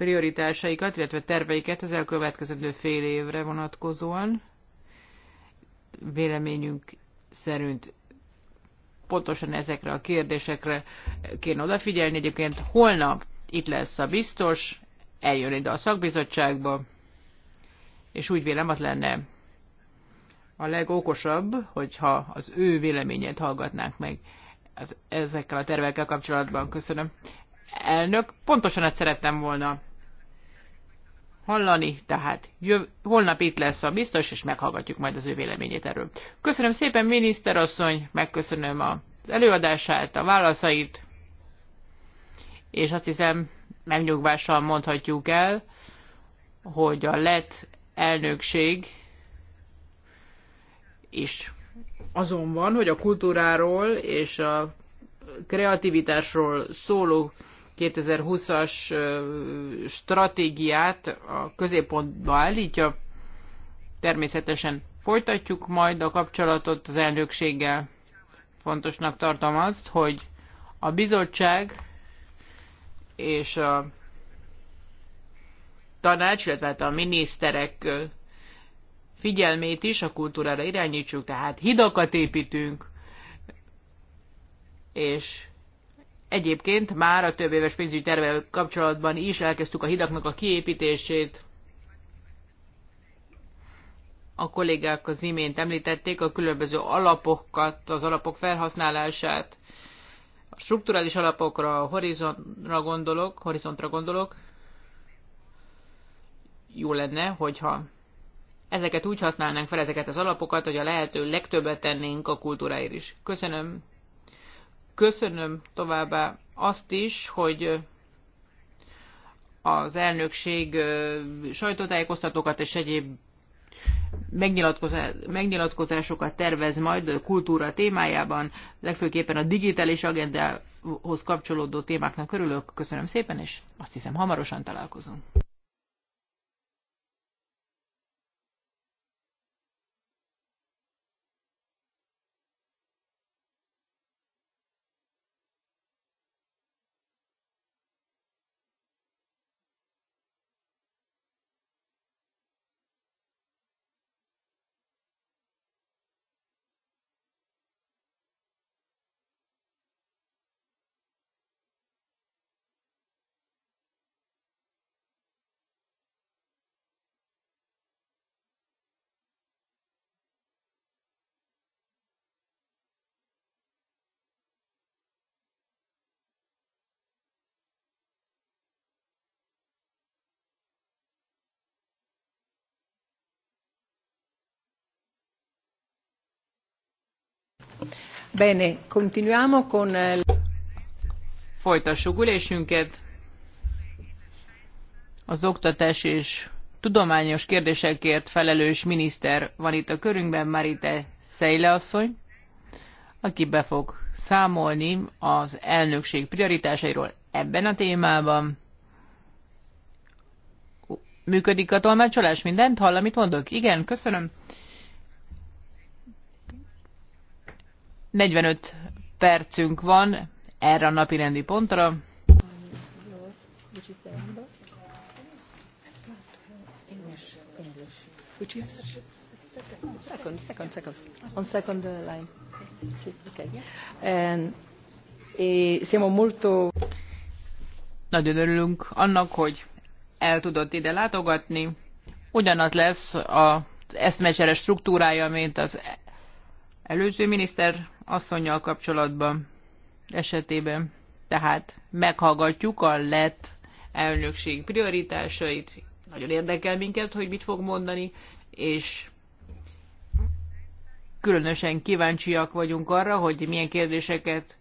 prioritásaikat, illetve terveiket az elkövetkezendő fél évre vonatkozóan. Véleményünk szerint pontosan ezekre a kérdésekre kéne odafigyelni. Egyébként holnap itt lesz a biztos, eljön ide a szakbizottságba, és úgy vélem az lenne a legokosabb, hogyha az ő véleményét hallgatnánk meg ezekkel a tervekkel kapcsolatban. Köszönöm. Elnök, pontosan ezt szerettem volna hallani, tehát jöv, holnap itt lesz a biztos, és meghallgatjuk majd az ő véleményét erről. Köszönöm szépen, miniszterasszony, megköszönöm az előadását, a válaszait, és azt hiszem megnyugvással mondhatjuk el, hogy a lett elnökség is azon van, hogy a kultúráról és a kreativitásról szóló 2020-as stratégiát a középpontba állítja. Természetesen folytatjuk majd a kapcsolatot az elnökséggel. Fontosnak tartom azt, hogy a bizottság és a tanács, illetve hát a miniszterek figyelmét is a kultúrára irányítsuk, tehát hidakat építünk, és Egyébként már a több éves pénzügyi tervvel kapcsolatban is elkezdtük a hidaknak a kiépítését. A kollégák az imént említették a különböző alapokat, az alapok felhasználását. A strukturális alapokra, a horizontra gondolok, horizontra gondolok. Jó lenne, hogyha ezeket úgy használnánk fel, ezeket az alapokat, hogy a lehető legtöbbet tennénk a kultúráért is. Köszönöm Köszönöm továbbá azt is, hogy az elnökség sajtótájékoztatókat és egyéb megnyilatkozásokat tervez majd kultúra témájában, legfőképpen a digitális agendához kapcsolódó témáknak örülök. Köszönöm szépen, és azt hiszem hamarosan találkozunk. Bene, continuiamo con... Eh, Folytassuk ülésünket. Az oktatás és tudományos kérdésekért felelős miniszter van itt a körünkben, Marite Szejle asszony, aki be fog számolni az elnökség prioritásairól ebben a témában. Működik a tolmácsolás? Mindent hall, amit mondok? Igen, köszönöm. 45 percünk van erre a napi rendi pontra. second, second, second, on second line. okay. And, eh, molto... Nagyon örülünk annak, hogy el tudott ide látogatni. Ugyanaz lesz az eszmecsere struktúrája, mint az e- előző miniszter asszonyjal kapcsolatban esetében. Tehát meghallgatjuk a lett elnökség prioritásait, nagyon érdekel minket, hogy mit fog mondani, és különösen kíváncsiak vagyunk arra, hogy milyen kérdéseket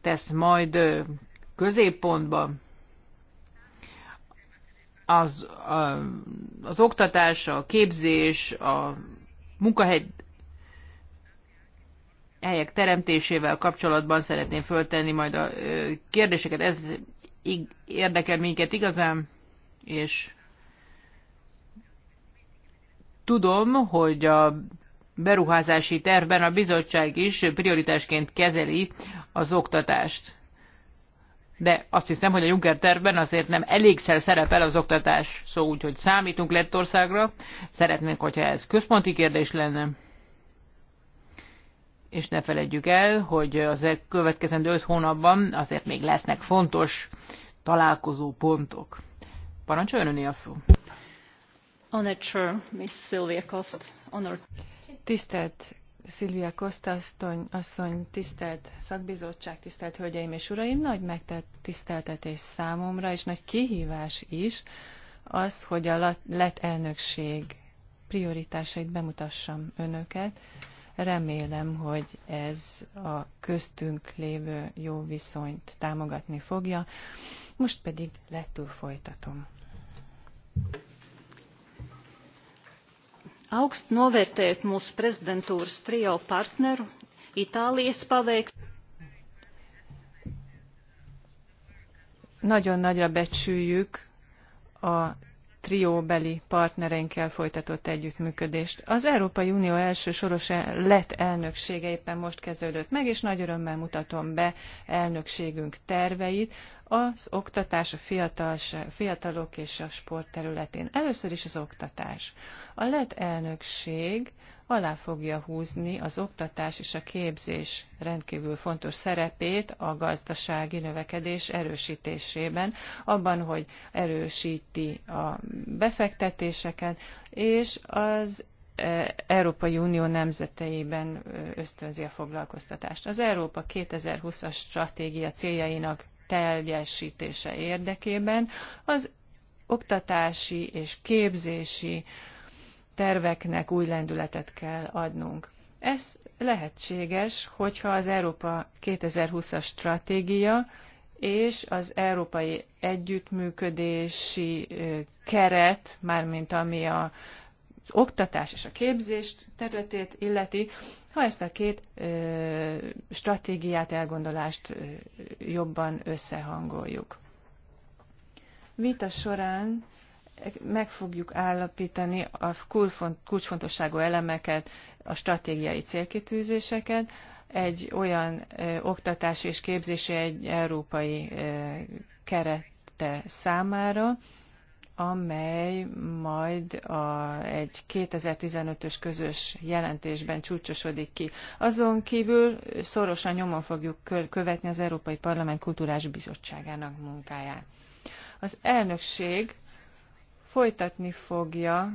tesz majd középpontba az, a, az oktatás, a képzés, a munkahely helyek teremtésével kapcsolatban szeretném föltenni majd a kérdéseket. Ez érdekel minket igazán, és tudom, hogy a beruházási tervben a bizottság is prioritásként kezeli az oktatást. De azt hiszem, hogy a Juncker tervben azért nem elégszer szerepel az oktatás szó, szóval úgyhogy számítunk Lettországra. Szeretnénk, hogyha ez központi kérdés lenne és ne feledjük el, hogy az e- következő öt hónapban azért még lesznek fontos találkozó pontok. Parancsoljon öné a szó. Miss Cost, Tisztelt Szilvia Costa asszony, asszony, tisztelt szakbizottság, tisztelt hölgyeim és uraim, nagy megtett tiszteltetés számomra, és nagy kihívás is az, hogy a lett elnökség prioritásait bemutassam önöket. Remélem, hogy ez a köztünk lévő jó viszonyt támogatni fogja. Most pedig lettől folytatom. Augst novērtēt mūsu prezidentūras trio partneru Itālijas paveikt. Nagyon nagyra becsüljük a trióbeli partnereinkkel folytatott együttműködést. Az Európai Unió első soros e- lett elnöksége éppen most kezdődött meg, és nagy örömmel mutatom be elnökségünk terveit, az oktatás a fiatalok és a sport területén. Először is az oktatás. A lett elnökség alá fogja húzni az oktatás és a képzés rendkívül fontos szerepét a gazdasági növekedés erősítésében, abban, hogy erősíti a befektetéseket, és az e, Európai Unió nemzeteiben ösztönzi a foglalkoztatást. Az Európa 2020-as stratégia céljainak teljesítése érdekében az oktatási és képzési terveknek új lendületet kell adnunk. Ez lehetséges, hogyha az Európa 2020-as stratégia és az európai együttműködési keret, mármint ami a oktatás és a képzés területét illeti, ha ezt a két ö, stratégiát, elgondolást ö, jobban összehangoljuk. Vita során meg fogjuk állapítani a kulcsfontosságú elemeket, a stratégiai célkitűzéseket, egy olyan ö, oktatás és képzési egy európai ö, kerette számára, amely majd a, egy 2015-ös közös jelentésben csúcsosodik ki. Azon kívül szorosan nyomon fogjuk követni az Európai Parlament Kulturális Bizottságának munkáját. Az elnökség folytatni fogja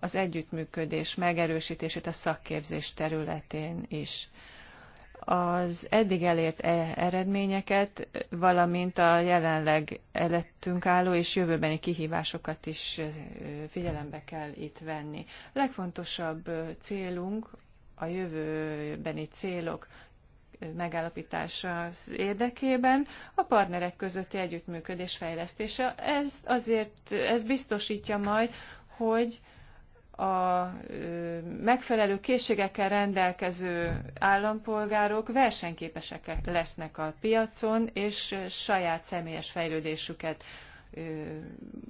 az együttműködés megerősítését a szakképzés területén is az eddig elért e- eredményeket, valamint a jelenleg elettünk álló és jövőbeni kihívásokat is figyelembe kell itt venni. A legfontosabb célunk a jövőbeni célok megállapítása az érdekében a partnerek közötti együttműködés fejlesztése. Ez azért, ez biztosítja majd, hogy a megfelelő készségekkel rendelkező állampolgárok versenyképesek lesznek a piacon, és saját személyes fejlődésüket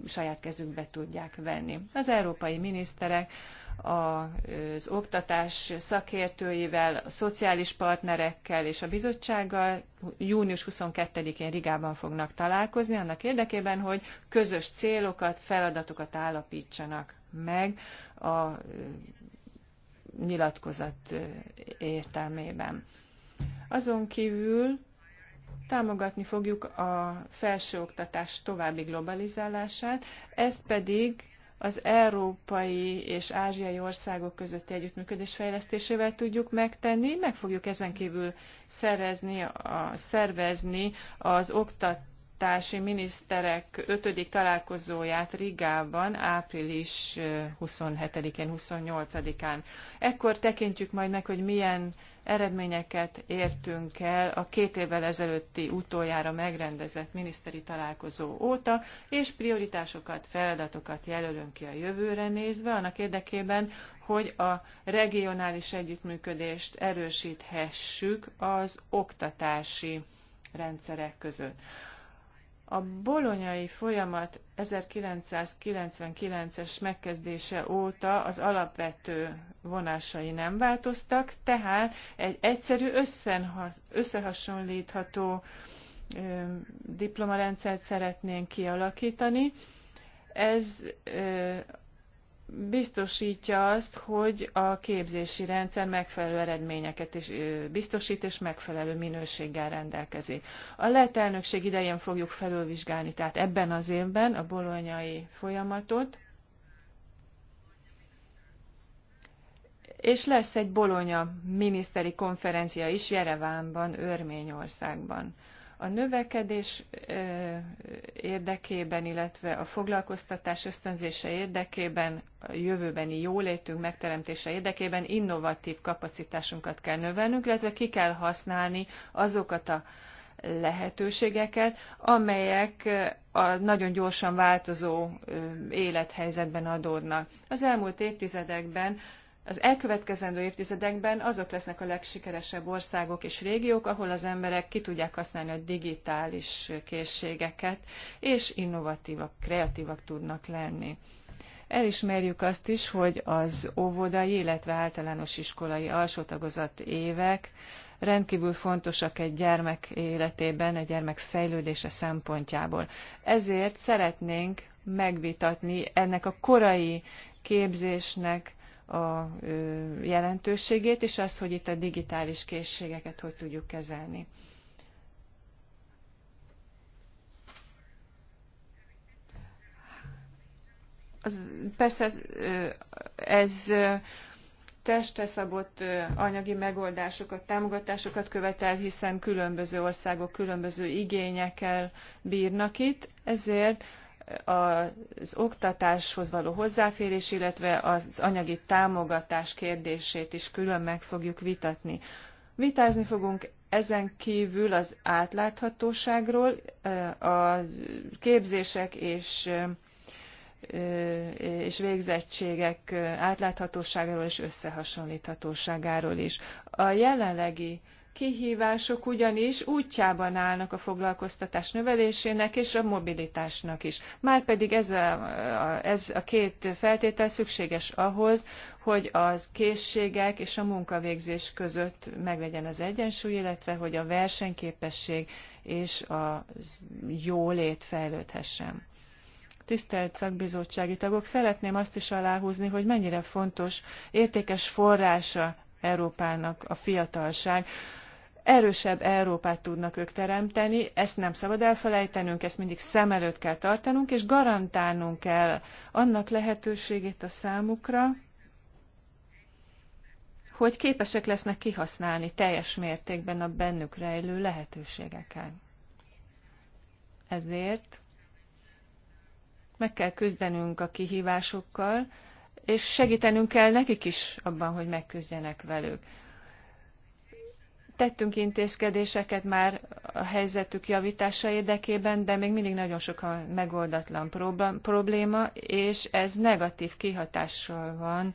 saját kezükbe tudják venni. Az európai miniszterek az oktatás szakértőivel, a szociális partnerekkel és a bizottsággal június 22-én Rigában fognak találkozni, annak érdekében, hogy közös célokat, feladatokat állapítsanak meg a nyilatkozat értelmében. Azon kívül Támogatni fogjuk a felsőoktatás további globalizálását, ez pedig az európai és ázsiai országok közötti együttműködés fejlesztésével tudjuk megtenni, meg fogjuk ezen kívül szerezni, a, szervezni az oktat, oktatási miniszterek ötödik találkozóját Rigában április 27-én, 28-án. Ekkor tekintjük majd meg, hogy milyen eredményeket értünk el a két évvel ezelőtti utoljára megrendezett miniszteri találkozó óta, és prioritásokat, feladatokat jelölünk ki a jövőre nézve, annak érdekében, hogy a regionális együttműködést erősíthessük az oktatási rendszerek között. A bolonyai folyamat 1999-es megkezdése óta az alapvető vonásai nem változtak, tehát egy egyszerű összehasonlítható diplomarendszert szeretnénk kialakítani. Ez biztosítja azt, hogy a képzési rendszer megfelelő eredményeket is biztosít, és megfelelő minőséggel rendelkezik. A lett elnökség idején fogjuk felülvizsgálni, tehát ebben az évben a bolonyai folyamatot, és lesz egy bolonya miniszteri konferencia is Jerevánban, Örményországban. A növekedés érdekében, illetve a foglalkoztatás ösztönzése érdekében, a jövőbeni jólétünk megteremtése érdekében innovatív kapacitásunkat kell növelnünk, illetve ki kell használni azokat a lehetőségeket, amelyek a nagyon gyorsan változó élethelyzetben adódnak. Az elmúlt évtizedekben az elkövetkezendő évtizedekben azok lesznek a legsikeresebb országok és régiók, ahol az emberek ki tudják használni a digitális készségeket, és innovatívak, kreatívak tudnak lenni. Elismerjük azt is, hogy az óvodai, illetve általános iskolai alsótagozat évek rendkívül fontosak egy gyermek életében, egy gyermek fejlődése szempontjából. Ezért szeretnénk megvitatni ennek a korai képzésnek, a jelentőségét, és az, hogy itt a digitális készségeket hogy tudjuk kezelni. Az, persze ez, ez testre szabott anyagi megoldásokat, támogatásokat követel, hiszen különböző országok különböző igényekkel bírnak itt, ezért az oktatáshoz való hozzáférés, illetve az anyagi támogatás kérdését is külön meg fogjuk vitatni. Vitázni fogunk ezen kívül az átláthatóságról, a képzések és, és végzettségek átláthatóságáról és összehasonlíthatóságáról is. A jelenlegi kihívások ugyanis útjában állnak a foglalkoztatás növelésének és a mobilitásnak is. Márpedig ez a, ez a két feltétel szükséges ahhoz, hogy a készségek és a munkavégzés között meglegyen az egyensúly, illetve hogy a versenyképesség és a jólét fejlődhessen. Tisztelt szakbizottsági tagok, szeretném azt is aláhúzni, hogy mennyire fontos, értékes forrása Európának a fiatalság erősebb Európát tudnak ők teremteni, ezt nem szabad elfelejtenünk, ezt mindig szem előtt kell tartanunk, és garantálnunk kell annak lehetőségét a számukra, hogy képesek lesznek kihasználni teljes mértékben a bennük rejlő lehetőségeket. Ezért meg kell küzdenünk a kihívásokkal, és segítenünk kell nekik is abban, hogy megküzdjenek velük Tettünk intézkedéseket már a helyzetük javítása érdekében, de még mindig nagyon sok a megoldatlan probléma, és ez negatív kihatással van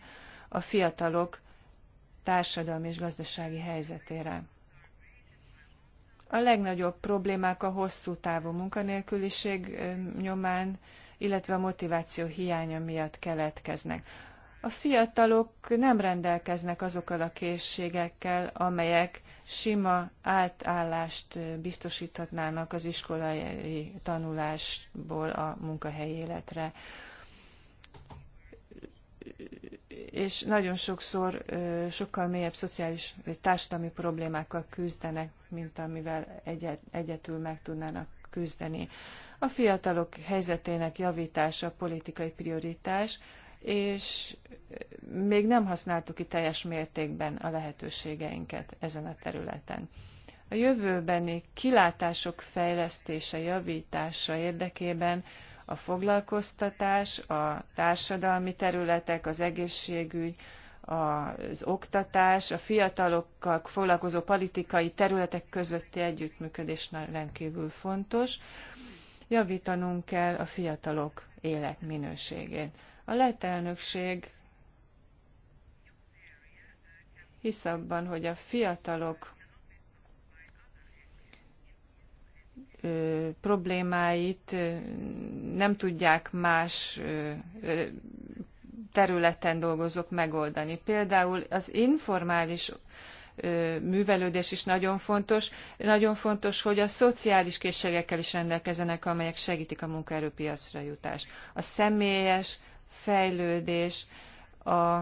a fiatalok társadalmi és gazdasági helyzetére. A legnagyobb problémák a hosszú távú munkanélküliség nyomán, illetve a motiváció hiánya miatt keletkeznek. A fiatalok nem rendelkeznek azokkal a készségekkel, amelyek sima átállást biztosíthatnának az iskolai tanulásból a munkahelyi életre. És nagyon sokszor sokkal mélyebb szociális vagy társadalmi problémákkal küzdenek, mint amivel egyet, egyetül meg tudnának küzdeni. A fiatalok helyzetének javítása politikai prioritás, és még nem használtuk ki teljes mértékben a lehetőségeinket ezen a területen. A jövőbeni kilátások fejlesztése, javítása érdekében a foglalkoztatás, a társadalmi területek, az egészségügy, az oktatás, a fiatalokkal foglalkozó politikai területek közötti együttműködés rendkívül fontos. Javítanunk kell a fiatalok életminőségét. A lett elnökség hisz abban, hogy a fiatalok ö, problémáit ö, nem tudják más ö, területen dolgozók megoldani. Például az informális művelődés is nagyon fontos. Nagyon fontos, hogy a szociális készségekkel is rendelkezenek, amelyek segítik a munkaerőpiacra jutást. A személyes fejlődés, a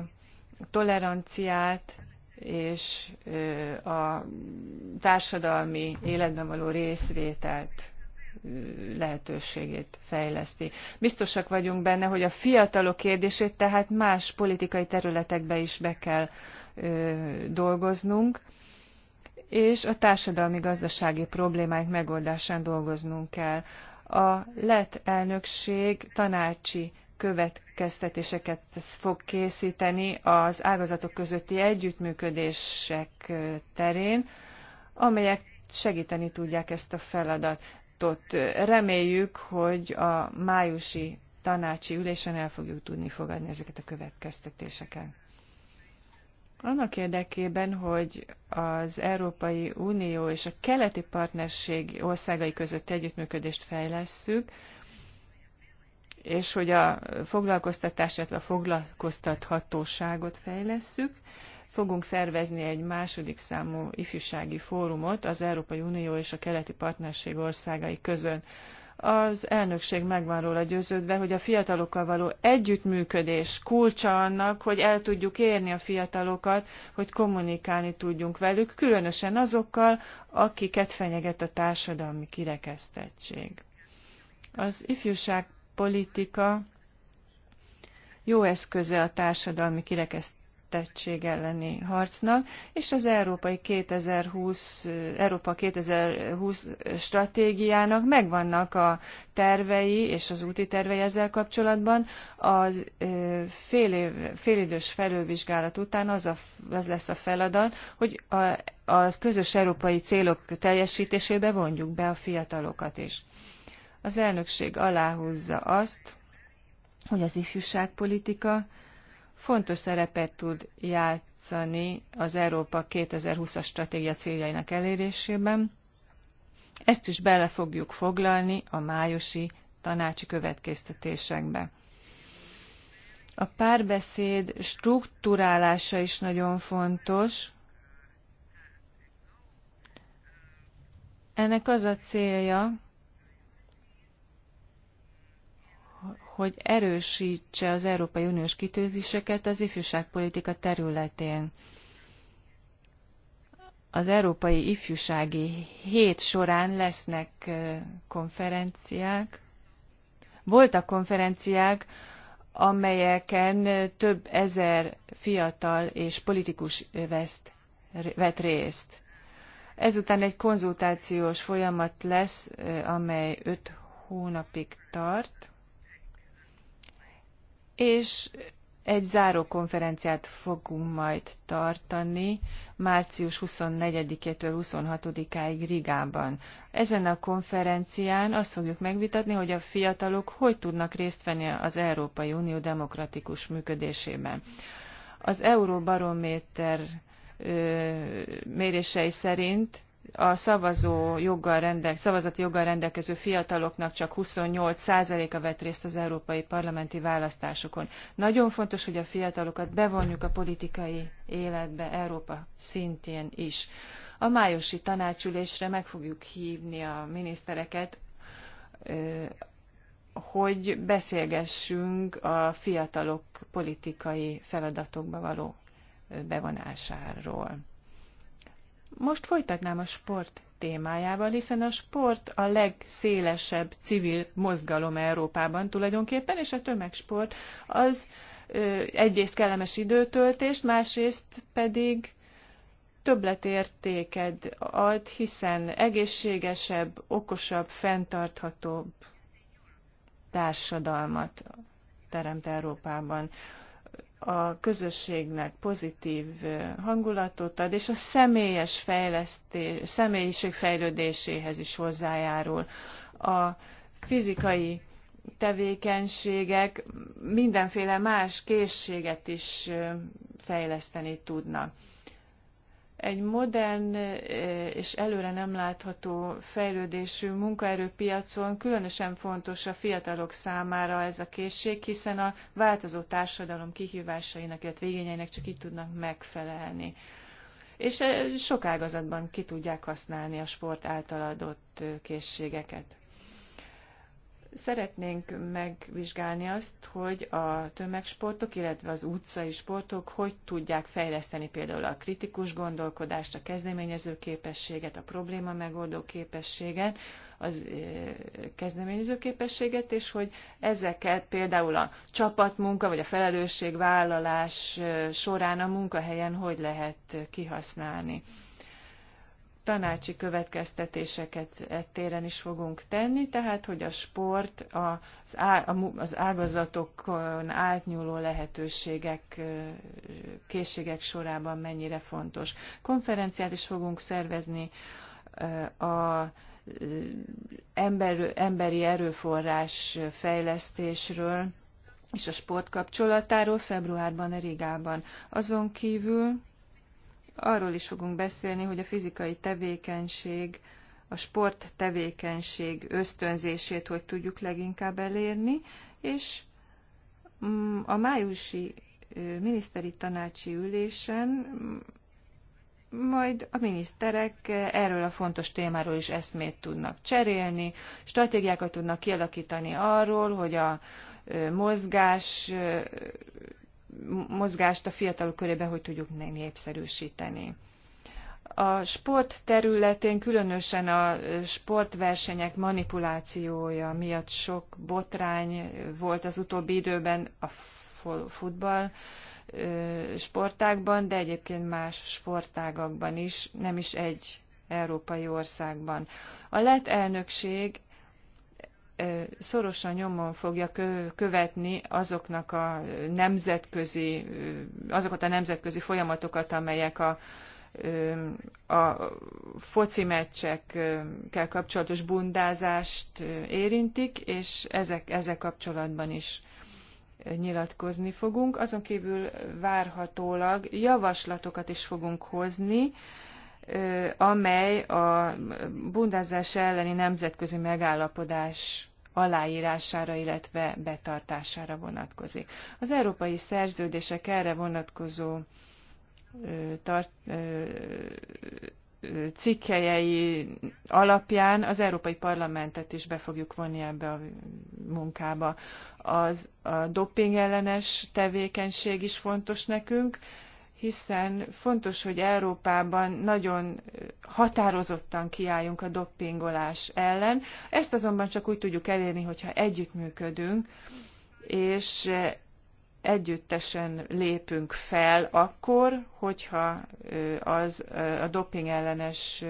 toleranciát és a társadalmi életben való részvételt lehetőségét fejleszti. Biztosak vagyunk benne, hogy a fiatalok kérdését tehát más politikai területekbe is be kell dolgoznunk, és a társadalmi-gazdasági problémáink megoldásán dolgoznunk kell. A lett elnökség tanácsi következtetéseket fog készíteni az ágazatok közötti együttműködések terén, amelyek segíteni tudják ezt a feladatot. Reméljük, hogy a májusi tanácsi ülésen el fogjuk tudni fogadni ezeket a következtetéseket. Annak érdekében, hogy az Európai Unió és a keleti partnerség országai között együttműködést fejlesszük, és hogy a foglalkoztatás, illetve a foglalkoztathatóságot fejlesszük. Fogunk szervezni egy második számú ifjúsági fórumot az Európai Unió és a keleti partnerség országai között. Az elnökség meg van róla győződve, hogy a fiatalokkal való együttműködés kulcsa annak, hogy el tudjuk érni a fiatalokat, hogy kommunikálni tudjunk velük, különösen azokkal, akiket fenyeget a társadalmi kirekesztettség. Az ifjúság politika jó eszköze a társadalmi kirekesztettség elleni harcnak, és az Európai 2020, Európa 2020 stratégiának megvannak a tervei és az úti tervei ezzel kapcsolatban. Az fél év, félidős felülvizsgálat után az, a, az lesz a feladat, hogy a, a közös európai célok teljesítésébe vonjuk be a fiatalokat is. Az elnökség aláhúzza azt, hogy az ifjúságpolitika fontos szerepet tud játszani az Európa 2020-as stratégia céljainak elérésében. Ezt is bele fogjuk foglalni a májusi tanácsi következtetésekbe. A párbeszéd struktúrálása is nagyon fontos. Ennek az a célja, hogy erősítse az Európai Uniós kitőzéseket az ifjúságpolitika területén. Az Európai Ifjúsági Hét során lesznek konferenciák. Voltak konferenciák, amelyeken több ezer fiatal és politikus veszt, vett részt. Ezután egy konzultációs folyamat lesz, amely öt hónapig tart és egy záró konferenciát fogunk majd tartani március 24-től 26-áig Rigában. Ezen a konferencián azt fogjuk megvitatni, hogy a fiatalok hogy tudnak részt venni az Európai Unió demokratikus működésében. Az Euróbarométer mérései szerint a szavazó joggal rendel, szavazati joggal rendelkező fiataloknak csak 28%-a vett részt az európai parlamenti választásokon. Nagyon fontos, hogy a fiatalokat bevonjuk a politikai életbe Európa szintén is. A májusi tanácsülésre meg fogjuk hívni a minisztereket, hogy beszélgessünk a fiatalok politikai feladatokba való bevonásáról. Most folytatnám a sport témájával, hiszen a sport a legszélesebb civil mozgalom Európában tulajdonképpen, és a tömegsport az egyrészt kellemes időtöltést, másrészt pedig többletértéked ad, hiszen egészségesebb, okosabb, fenntarthatóbb társadalmat teremt Európában a közösségnek pozitív hangulatot ad, és a személyes fejlesztés, személyiség fejlődéséhez is hozzájárul. A fizikai tevékenységek mindenféle más készséget is fejleszteni tudnak. Egy modern és előre nem látható fejlődésű munkaerőpiacon különösen fontos a fiatalok számára ez a készség, hiszen a változó társadalom kihívásainak, illetve igényeinek csak így tudnak megfelelni. És sok ágazatban ki tudják használni a sport által adott készségeket. Szeretnénk megvizsgálni azt, hogy a tömegsportok, illetve az utcai sportok hogy tudják fejleszteni például a kritikus gondolkodást, a kezdeményező képességet, a probléma megoldó képességet, az kezdeményező képességet, és hogy ezeket például a csapatmunka vagy a felelősségvállalás során a munkahelyen hogy lehet kihasználni tanácsi következtetéseket e téren is fogunk tenni, tehát hogy a sport az, ágazatokon átnyúló lehetőségek, készségek sorában mennyire fontos. Konferenciát is fogunk szervezni a ember, emberi erőforrás fejlesztésről és a sport kapcsolatáról februárban a Rigában. Azon kívül Arról is fogunk beszélni, hogy a fizikai tevékenység, a sport tevékenység ösztönzését hogy tudjuk leginkább elérni, és mm, a májusi miniszteri tanácsi ülésen mm, majd a miniszterek erről a fontos témáról is eszmét tudnak cserélni, stratégiákat tudnak kialakítani arról, hogy a mozgás mozgást a fiatalok körébe hogy tudjuk népszerűsíteni. A sport területén különösen a sportversenyek manipulációja miatt sok botrány volt az utóbbi időben a futball sportágban, de egyébként más sportágakban is, nem is egy európai országban. A lett elnökség szorosan nyomon fogja követni azoknak a nemzetközi, azokat a nemzetközi folyamatokat, amelyek a, a foci meccsekkel kapcsolatos bundázást érintik, és ezek, ezek kapcsolatban is nyilatkozni fogunk. Azon kívül várhatólag javaslatokat is fogunk hozni, amely a bundázás elleni nemzetközi megállapodás aláírására, illetve betartására vonatkozik. Az európai szerződések erre vonatkozó tart, cikkelyei alapján az Európai Parlamentet is be fogjuk vonni ebbe a munkába. Az a doping ellenes tevékenység is fontos nekünk, hiszen fontos, hogy Európában nagyon határozottan kiálljunk a doppingolás ellen. Ezt azonban csak úgy tudjuk elérni, hogyha együttműködünk, és együttesen lépünk fel akkor, hogyha az a doping ellenes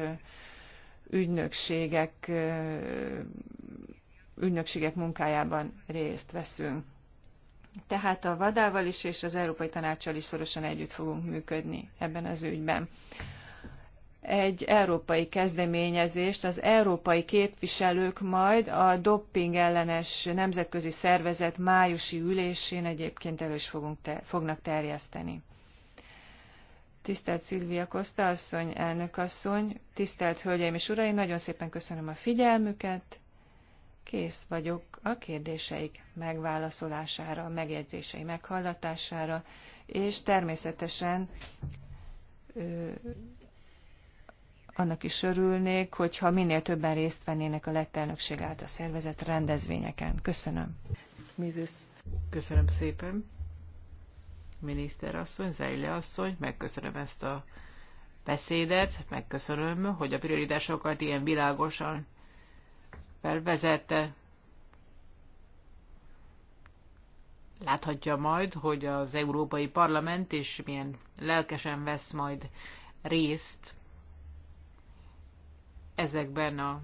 ügynökségek, ügynökségek munkájában részt veszünk tehát a vadával is és az Európai Tanácssal is szorosan együtt fogunk működni ebben az ügyben. Egy európai kezdeményezést az európai képviselők majd a dopping ellenes nemzetközi szervezet májusi ülésén egyébként elő is fogunk te, fognak terjeszteni. Tisztelt Szilvia Kosta asszony, elnök asszony, tisztelt Hölgyeim és Uraim, nagyon szépen köszönöm a figyelmüket kész vagyok a kérdéseik megválaszolására, a megjegyzései meghallatására, és természetesen ö, annak is örülnék, hogyha minél többen részt vennének a lett elnökség által szervezett rendezvényeken. Köszönöm. Mrs. Köszönöm szépen. miniszterasszony, Zeile asszony, megköszönöm ezt a beszédet, megköszönöm, hogy a prioritásokat ilyen világosan felvezette. Láthatja majd, hogy az Európai Parlament is milyen lelkesen vesz majd részt ezekben a,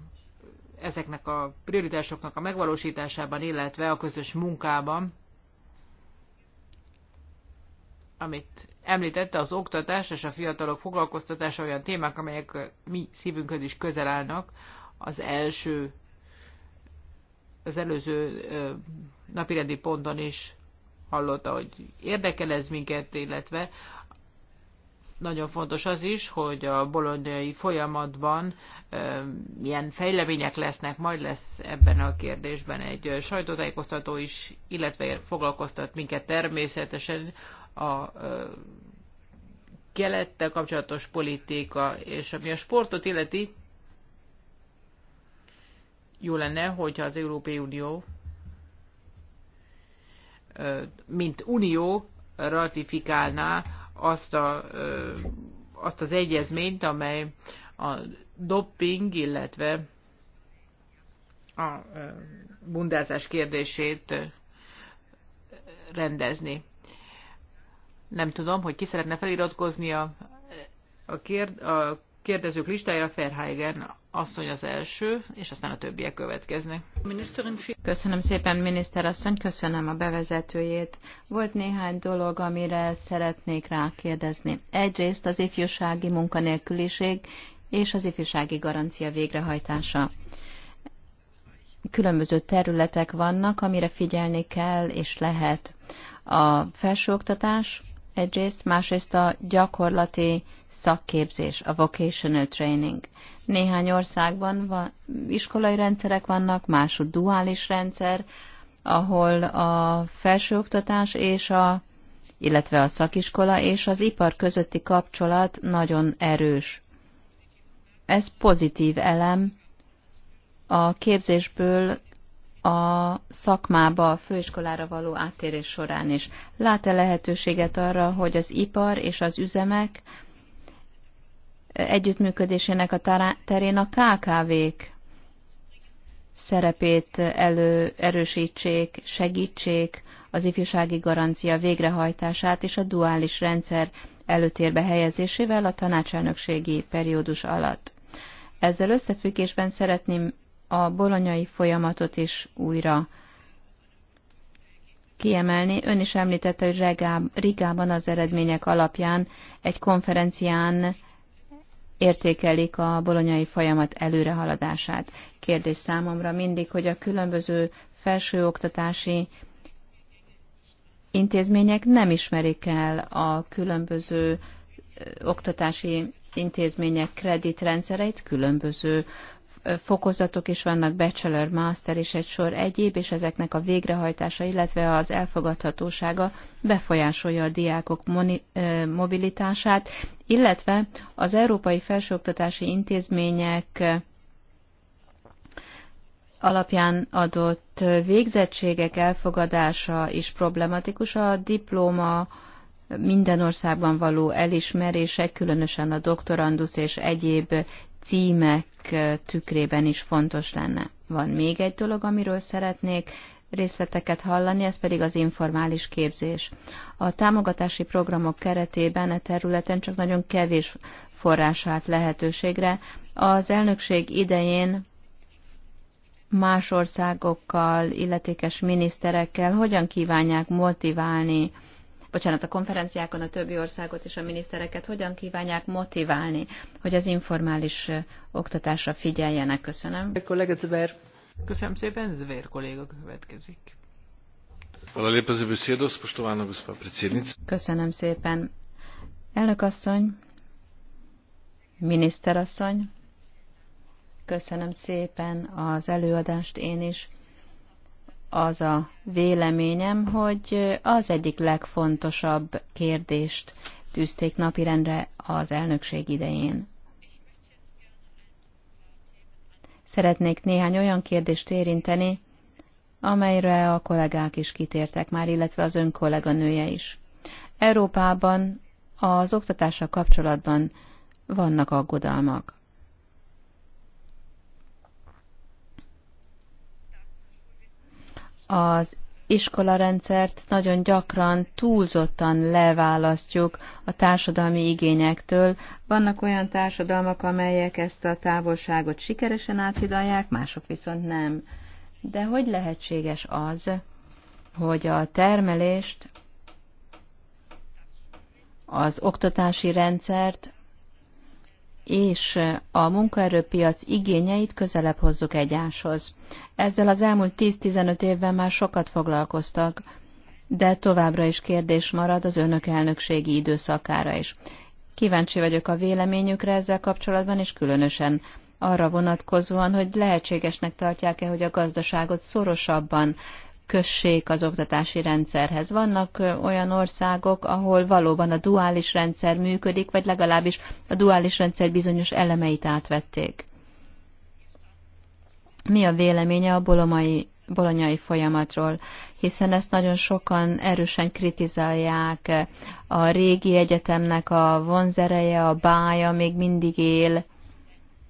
ezeknek a prioritásoknak a megvalósításában, illetve a közös munkában, amit említette, az oktatás és a fiatalok foglalkoztatása olyan témák, amelyek mi szívünkhöz is közel állnak. Az első az előző napirendi ponton is hallotta, hogy érdekel ez minket, illetve nagyon fontos az is, hogy a bolonyai folyamatban milyen fejlemények lesznek, majd lesz ebben a kérdésben egy sajtótájékoztató is, illetve foglalkoztat minket természetesen a kelettel kapcsolatos politika, és ami a sportot illeti, jó lenne, hogyha az Európai Unió, mint unió ratifikálná azt, a, azt az egyezményt, amely a dopping illetve a bundázás kérdését rendezni. Nem tudom, hogy ki szeretne feliratkozni a, a, kérd, a kérdezők listájára, Ferhagen asszony az első, és aztán a többiek következnek. Köszönöm szépen, miniszter asszony, köszönöm a bevezetőjét. Volt néhány dolog, amire szeretnék rákérdezni. Egyrészt az ifjúsági munkanélküliség és az ifjúsági garancia végrehajtása. Különböző területek vannak, amire figyelni kell és lehet. A felsőoktatás egyrészt, másrészt a gyakorlati szakképzés, a vocational training. Néhány országban van, iskolai rendszerek vannak, másod duális rendszer, ahol a felsőoktatás és a, illetve a szakiskola és az ipar közötti kapcsolat nagyon erős. Ez pozitív elem a képzésből a szakmába, a főiskolára való áttérés során is. Lát-e lehetőséget arra, hogy az ipar és az üzemek együttműködésének a terén a KKV-k szerepét elő erősítsék, segítsék az ifjúsági garancia végrehajtását és a duális rendszer előtérbe helyezésével a tanácselnökségi periódus alatt. Ezzel összefüggésben szeretném a bolonyai folyamatot is újra kiemelni. Ön is említette, hogy Rigában az eredmények alapján egy konferencián értékelik a bolonyai folyamat előrehaladását. Kérdés számomra mindig, hogy a különböző felsőoktatási intézmények nem ismerik el a különböző oktatási intézmények kreditrendszereit különböző fokozatok is vannak, bachelor, master és egy sor egyéb, és ezeknek a végrehajtása, illetve az elfogadhatósága befolyásolja a diákok moni, mobilitását, illetve az Európai Felsőoktatási Intézmények alapján adott végzettségek elfogadása is problematikus, a diploma minden országban való elismerése, különösen a doktorandusz és egyéb címek tükrében is fontos lenne. Van még egy dolog, amiről szeretnék részleteket hallani, ez pedig az informális képzés. A támogatási programok keretében e területen csak nagyon kevés forrás állt lehetőségre. Az elnökség idején más országokkal, illetékes miniszterekkel hogyan kívánják motiválni bocsánat, a konferenciákon a többi országot és a minisztereket hogyan kívánják motiválni, hogy az informális oktatásra figyeljenek. Köszönöm. Zver. Köszönöm szépen, Zver kolléga következik. Köszönöm szépen. Elnök asszony, miniszterasszony, köszönöm szépen az előadást én is az a véleményem, hogy az egyik legfontosabb kérdést tűzték napirendre az elnökség idején. Szeretnék néhány olyan kérdést érinteni, amelyre a kollégák is kitértek már, illetve az ön kolléganője is. Európában az oktatással kapcsolatban vannak aggodalmak. az iskolarendszert nagyon gyakran túlzottan leválasztjuk a társadalmi igényektől. Vannak olyan társadalmak, amelyek ezt a távolságot sikeresen áthidalják, mások viszont nem. De hogy lehetséges az, hogy a termelést, az oktatási rendszert és a munkaerőpiac igényeit közelebb hozzuk egymáshoz. Ezzel az elmúlt 10-15 évben már sokat foglalkoztak, de továbbra is kérdés marad az önök elnökségi időszakára is. Kíváncsi vagyok a véleményükre ezzel kapcsolatban, és különösen arra vonatkozóan, hogy lehetségesnek tartják-e, hogy a gazdaságot szorosabban kössék az oktatási rendszerhez. Vannak olyan országok, ahol valóban a duális rendszer működik, vagy legalábbis a duális rendszer bizonyos elemeit átvették. Mi a véleménye a bolomai, bolonyai folyamatról? Hiszen ezt nagyon sokan erősen kritizálják. A régi egyetemnek a vonzereje, a bája még mindig él,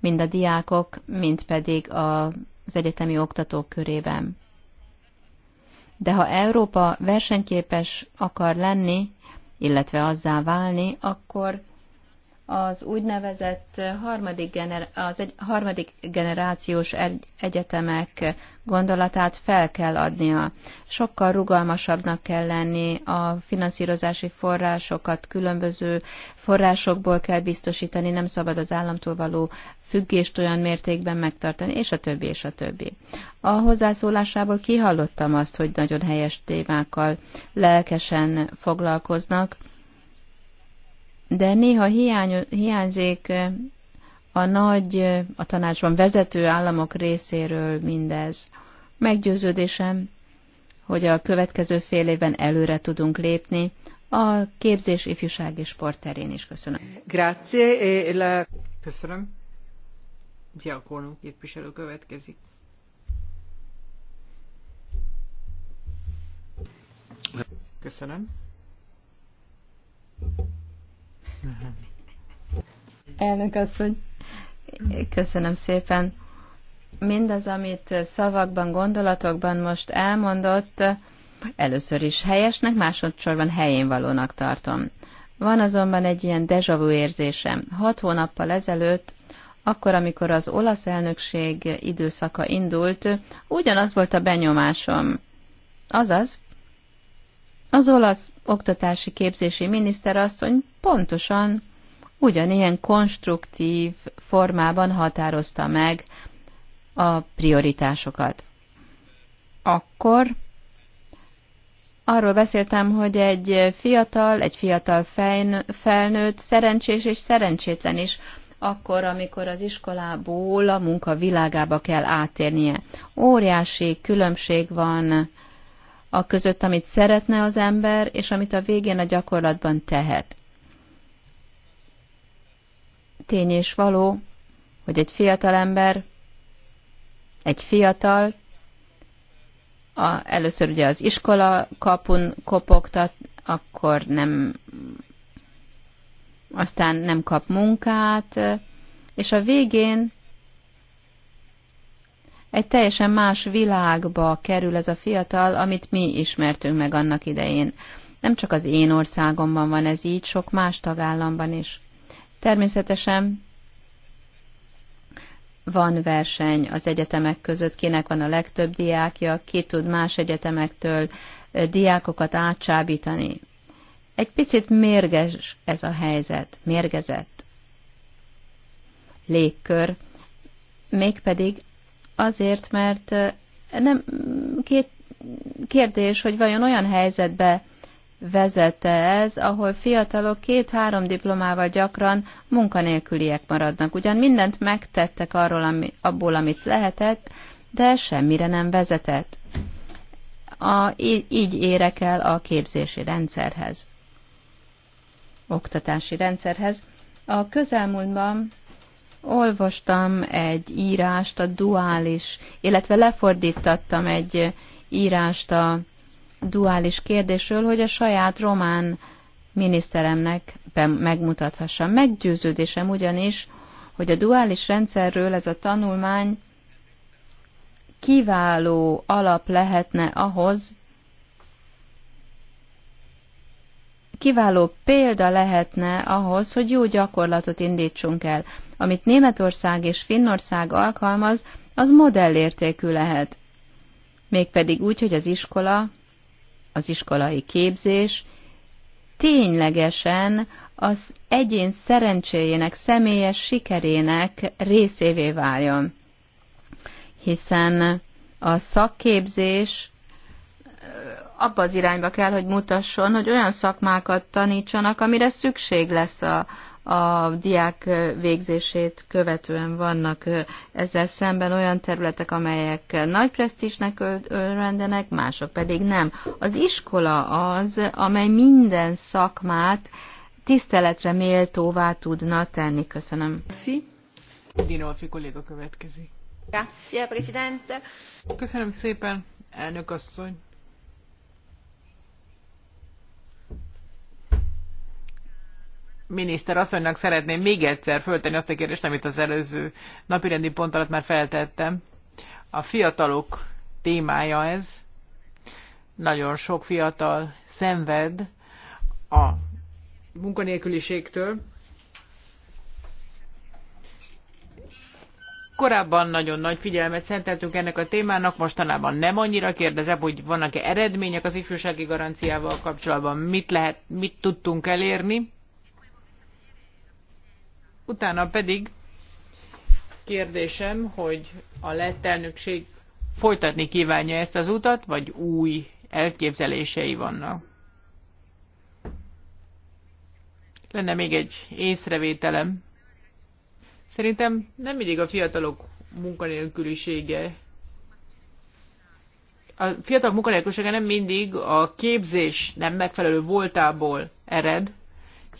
mind a diákok, mind pedig az egyetemi oktatók körében de ha Európa versenyképes akar lenni, illetve azzá válni, akkor az úgynevezett harmadik, gener- az egy, harmadik generációs egy- egyetemek gondolatát fel kell adnia. Sokkal rugalmasabbnak kell lenni, a finanszírozási forrásokat különböző forrásokból kell biztosítani, nem szabad az államtól való függést olyan mértékben megtartani, és a többi, és a többi. A hozzászólásából kihallottam azt, hogy nagyon helyes témákkal lelkesen foglalkoznak, de néha hiány, hiányzik a nagy, a tanácsban vezető államok részéről mindez. Meggyőződésem, hogy a következő fél évben előre tudunk lépni, a képzés, ifjúság és sport terén is köszönöm. Grazie. E la... Köszönöm. Diakonú képviselő következik. Köszönöm. Elnök asszony, köszönöm szépen. Mindaz, amit szavakban, gondolatokban most elmondott, először is helyesnek, másodszorban helyén valónak tartom. Van azonban egy ilyen dejavú érzésem. Hat hónappal ezelőtt, akkor, amikor az olasz elnökség időszaka indult, ugyanaz volt a benyomásom. Azaz, az olasz oktatási képzési miniszterasszony pontosan ugyanilyen konstruktív formában határozta meg a prioritásokat. Akkor arról beszéltem, hogy egy fiatal, egy fiatal felnőtt szerencsés és szerencsétlen is, akkor, amikor az iskolából a munka világába kell átérnie. Óriási különbség van a között, amit szeretne az ember, és amit a végén a gyakorlatban tehet. Tény és való, hogy egy fiatal ember, egy fiatal, a, először ugye az iskola kapun kopogtat, akkor nem, aztán nem kap munkát, és a végén egy teljesen más világba kerül ez a fiatal, amit mi ismertünk meg annak idején. Nem csak az én országomban van ez így, sok más tagállamban is. Természetesen van verseny az egyetemek között, kinek van a legtöbb diákja, ki tud más egyetemektől eh, diákokat átsábítani. Egy picit mérges ez a helyzet, mérgezett légkör, mégpedig Azért, mert nem két kérdés, hogy vajon olyan helyzetbe vezete ez, ahol fiatalok két-három diplomával gyakran munkanélküliek maradnak. Ugyan mindent megtettek arról, ami, abból, amit lehetett, de semmire nem vezetett. A, így, így érek el a képzési rendszerhez, oktatási rendszerhez. A közelmúltban Olvastam egy írást a duális, illetve lefordítattam egy írást a duális kérdésről, hogy a saját román miniszteremnek megmutathassam. Meggyőződésem ugyanis, hogy a duális rendszerről ez a tanulmány kiváló alap lehetne ahhoz, kiváló példa lehetne ahhoz, hogy jó gyakorlatot indítsunk el amit Németország és Finnország alkalmaz, az modellértékű lehet. Mégpedig úgy, hogy az iskola, az iskolai képzés ténylegesen az egyén szerencséjének, személyes sikerének részévé váljon. Hiszen a szakképzés abba az irányba kell, hogy mutasson, hogy olyan szakmákat tanítsanak, amire szükség lesz a, a diák végzését követően vannak ezzel szemben olyan területek, amelyek nagy presztisnek rendenek, mások pedig nem. Az iskola az, amely minden szakmát tiszteletre méltóvá tudna tenni. Köszönöm. Fi. Dinolfi kolléga következik. Grazie, Presidente. Köszönöm szépen, elnök asszony. miniszter asszonynak szeretném még egyszer föltenni azt a kérdést, amit az előző napirendi pont alatt már feltettem. A fiatalok témája ez. Nagyon sok fiatal szenved a munkanélküliségtől. Korábban nagyon nagy figyelmet szenteltünk ennek a témának, mostanában nem annyira kérdezem, hogy vannak-e eredmények az ifjúsági garanciával kapcsolatban, mit, lehet, mit tudtunk elérni Utána pedig kérdésem, hogy a lett elnökség folytatni kívánja ezt az utat, vagy új elképzelései vannak. Lenne még egy észrevételem. Szerintem nem mindig a fiatalok munkanélkülisége. A fiatalok munkanélkülisége nem mindig a képzés nem megfelelő voltából ered,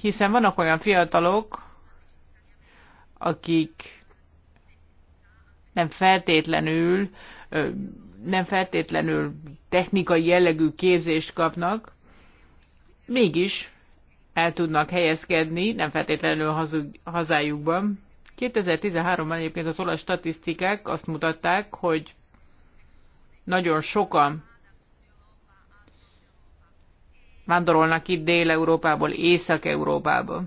hiszen vannak olyan fiatalok, akik nem feltétlenül, nem feltétlenül technikai jellegű képzést kapnak, mégis el tudnak helyezkedni, nem feltétlenül hazug, hazájukban. 2013-ban egyébként az olasz statisztikák azt mutatták, hogy nagyon sokan vándorolnak itt Dél-Európából, Észak-Európába.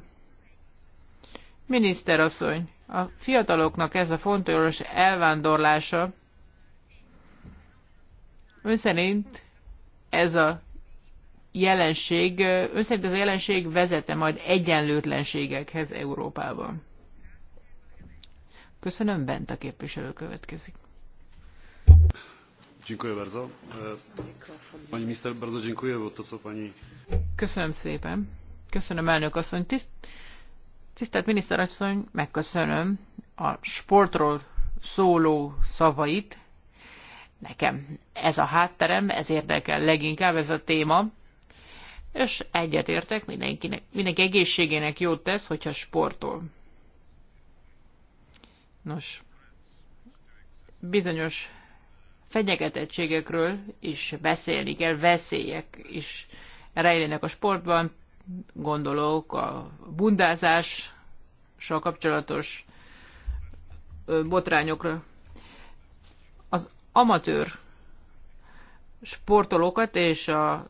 Miniszterasszony, a fiataloknak ez a fontos elvándorlása, ön szerint ez a jelenség, ön szerint ez a jelenség vezete majd egyenlőtlenségekhez Európában. Köszönöm, Bent a képviselő következik. Dziękuję bardzo. E, pani minister, bardzo dziękuję, bo to co pani... Köszönöm szépen. Köszönöm, elnök asszony. Tiszt, Tisztelt miniszterasszony, megköszönöm a sportról szóló szavait. Nekem ez a hátterem, ez érdekel leginkább ez a téma, és egyetértek, mindenkinek, mindenki egészségének jót tesz, hogyha sportol. Nos, bizonyos fenyegetettségekről is beszélni kell, veszélyek is rejlenek a sportban, gondolok a bundázással kapcsolatos botrányokra. Az amatőr sportolókat és a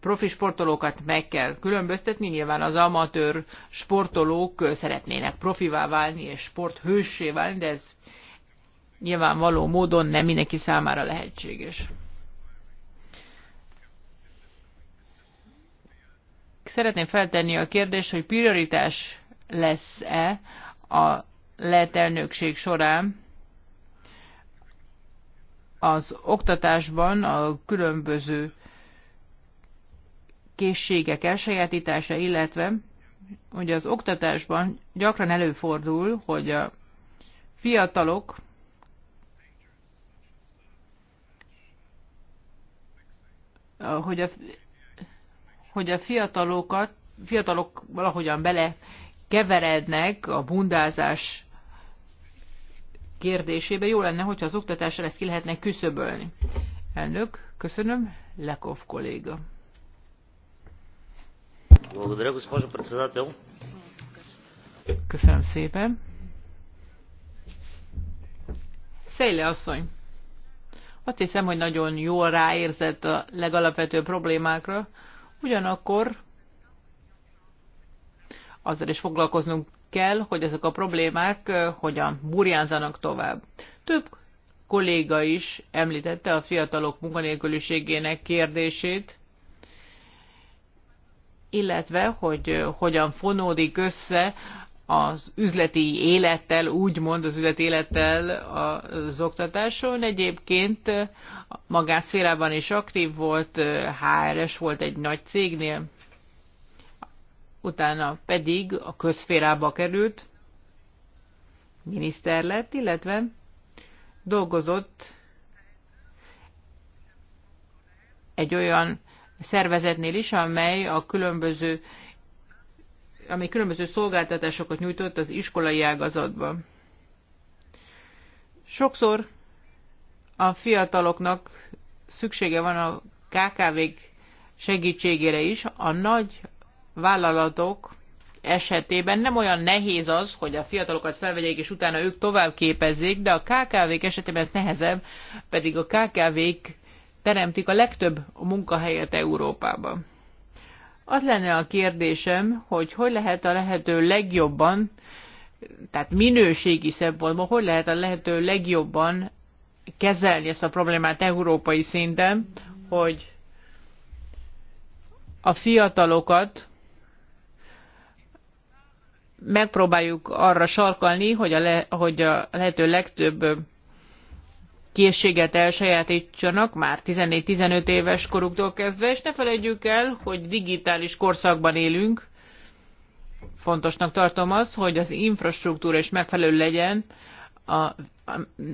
profi sportolókat meg kell különböztetni. Nyilván az amatőr sportolók szeretnének profivá válni és sporthőssé válni, de ez nyilvánvaló módon nem mindenki számára lehetséges. Szeretném feltenni a kérdést, hogy prioritás lesz-e a lett elnökség során az oktatásban a különböző készségek elsajátítása, illetve hogy az oktatásban gyakran előfordul, hogy a fiatalok hogy a hogy a fiatalokat, fiatalok valahogyan bele keverednek a bundázás kérdésébe. Jó lenne, hogyha az oktatással ezt ki lehetne küszöbölni. Elnök, köszönöm. Lekov kolléga. Köszönöm szépen. Széle asszony, azt hiszem, hogy nagyon jól ráérzett a legalapvetőbb problémákra, Ugyanakkor azzal is foglalkoznunk kell, hogy ezek a problémák hogyan burjánzanak tovább. Több kolléga is említette a fiatalok munkanélküliségének kérdését, illetve hogy hogyan fonódik össze az üzleti élettel, úgymond az üzleti élettel az oktatáson. Egyébként magánszférában is aktív volt, HRS volt egy nagy cégnél, utána pedig a közszférába került, miniszter lett, illetve dolgozott egy olyan szervezetnél is, amely a különböző amely különböző szolgáltatásokat nyújtott az iskolai ágazatban. Sokszor a fiataloknak szüksége van a KKV-k segítségére is. A nagy vállalatok esetében nem olyan nehéz az, hogy a fiatalokat felvegyék, és utána ők tovább képezzék, de a KKV-k esetében ez nehezebb, pedig a KKV-k teremtik a legtöbb munkahelyet Európában. Az lenne a kérdésem, hogy hogy lehet a lehető legjobban, tehát minőségi szempontból, hogy lehet a lehető legjobban kezelni ezt a problémát európai szinten, hogy a fiatalokat megpróbáljuk arra sarkalni, hogy a, le, hogy a lehető legtöbb készséget elsajátítsanak már 14-15 éves koruktól kezdve, és ne felejtjük el, hogy digitális korszakban élünk. Fontosnak tartom az, hogy az infrastruktúra is megfelelő legyen, a, a,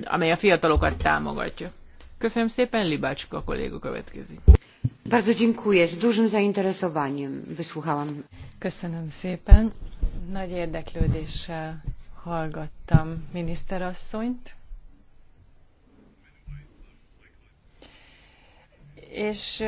amely a fiatalokat támogatja. Köszönöm szépen, Libácska kolléga következik. Bardzo dziękuję. Z dużym zainteresowaniem wysłuchałam. Köszönöm szépen. Nagy érdeklődéssel hallgattam miniszterasszonyt és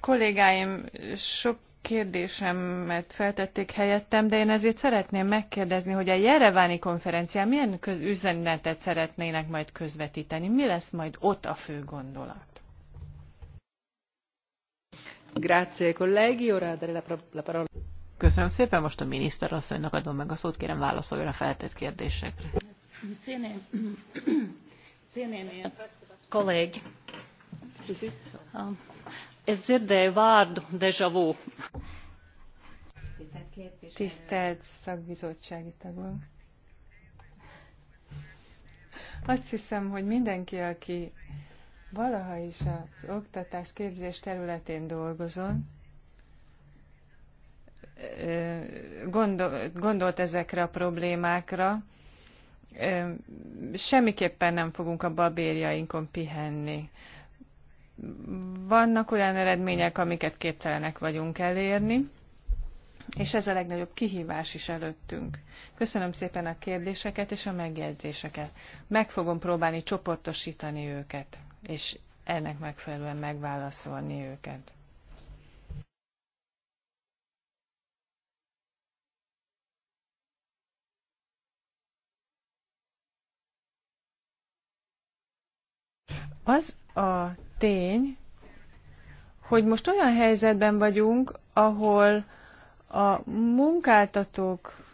kollégáim sok kérdésemet feltették helyettem, de én ezért szeretném megkérdezni, hogy a Jereváni konferencián milyen köz üzenetet szeretnének majd közvetíteni? Mi lesz majd ott a fő gondolat? Grazie, colleghi. Ora dare la, la parola. Köszönöm szépen, most a miniszter asszonynak adom meg a szót, kérem válaszoljon a feltett kérdésekre. Cieném, cieném, kollégi. Um, es dzirdēju vārdu deja vu. Tisztelt szakbizottsági tagok! Azt hiszem, hogy mindenki, aki valaha is az oktatás képzés területén dolgozon, gondol, gondolt ezekre a problémákra, semmiképpen nem fogunk a babérjainkon pihenni. Vannak olyan eredmények, amiket képtelenek vagyunk elérni, és ez a legnagyobb kihívás is előttünk. Köszönöm szépen a kérdéseket és a megjegyzéseket. Meg fogom próbálni csoportosítani őket, és ennek megfelelően megválaszolni őket. Az a tény, hogy most olyan helyzetben vagyunk, ahol a munkáltatók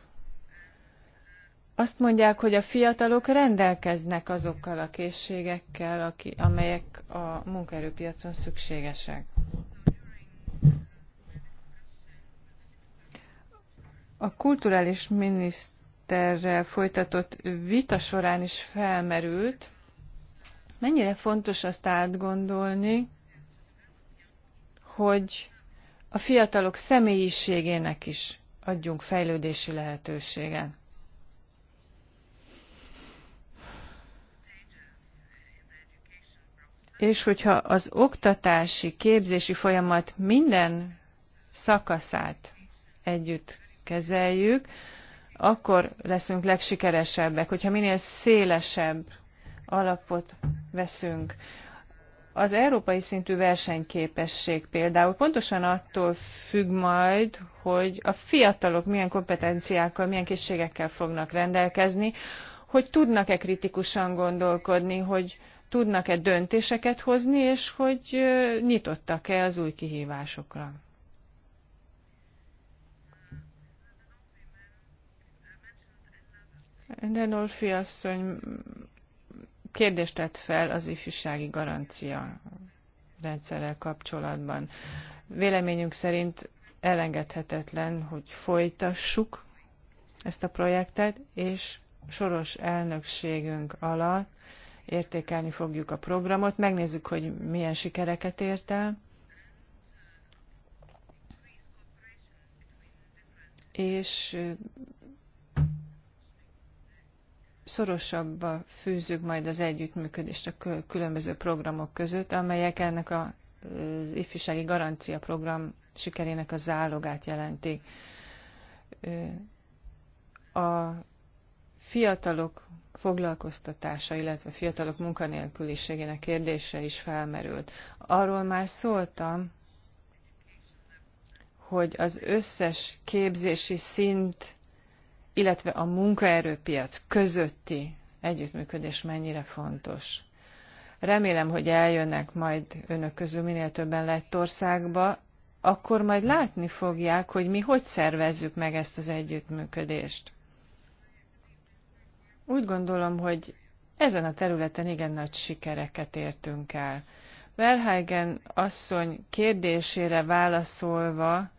azt mondják, hogy a fiatalok rendelkeznek azokkal a készségekkel, aki, amelyek a munkaerőpiacon szükségesek. A kulturális miniszterrel folytatott vita során is felmerült, Mennyire fontos azt átgondolni, hogy a fiatalok személyiségének is adjunk fejlődési lehetőséget. És hogyha az oktatási, képzési folyamat minden szakaszát együtt kezeljük, akkor leszünk legsikeresebbek, hogyha minél szélesebb alapot veszünk. Az európai szintű versenyképesség például pontosan attól függ majd, hogy a fiatalok milyen kompetenciákkal, milyen készségekkel fognak rendelkezni, hogy tudnak-e kritikusan gondolkodni, hogy tudnak-e döntéseket hozni, és hogy nyitottak-e az új kihívásokra. De Nolfi asszony kérdést tett fel az ifjúsági garancia rendszerrel kapcsolatban. Véleményünk szerint elengedhetetlen, hogy folytassuk ezt a projektet, és soros elnökségünk alatt értékelni fogjuk a programot, megnézzük, hogy milyen sikereket ért el, és szorosabbba fűzzük majd az együttműködést a különböző programok között, amelyek ennek a az ifjúsági garancia program sikerének a zálogát jelentik. A fiatalok foglalkoztatása, illetve fiatalok munkanélküliségének kérdése is felmerült. Arról már szóltam, hogy az összes képzési szint illetve a munkaerőpiac közötti együttműködés mennyire fontos. Remélem, hogy eljönnek majd önök közül minél többen Lettországba, akkor majd látni fogják, hogy mi hogy szervezzük meg ezt az együttműködést. Úgy gondolom, hogy ezen a területen igen nagy sikereket értünk el. Verheigen asszony kérdésére válaszolva,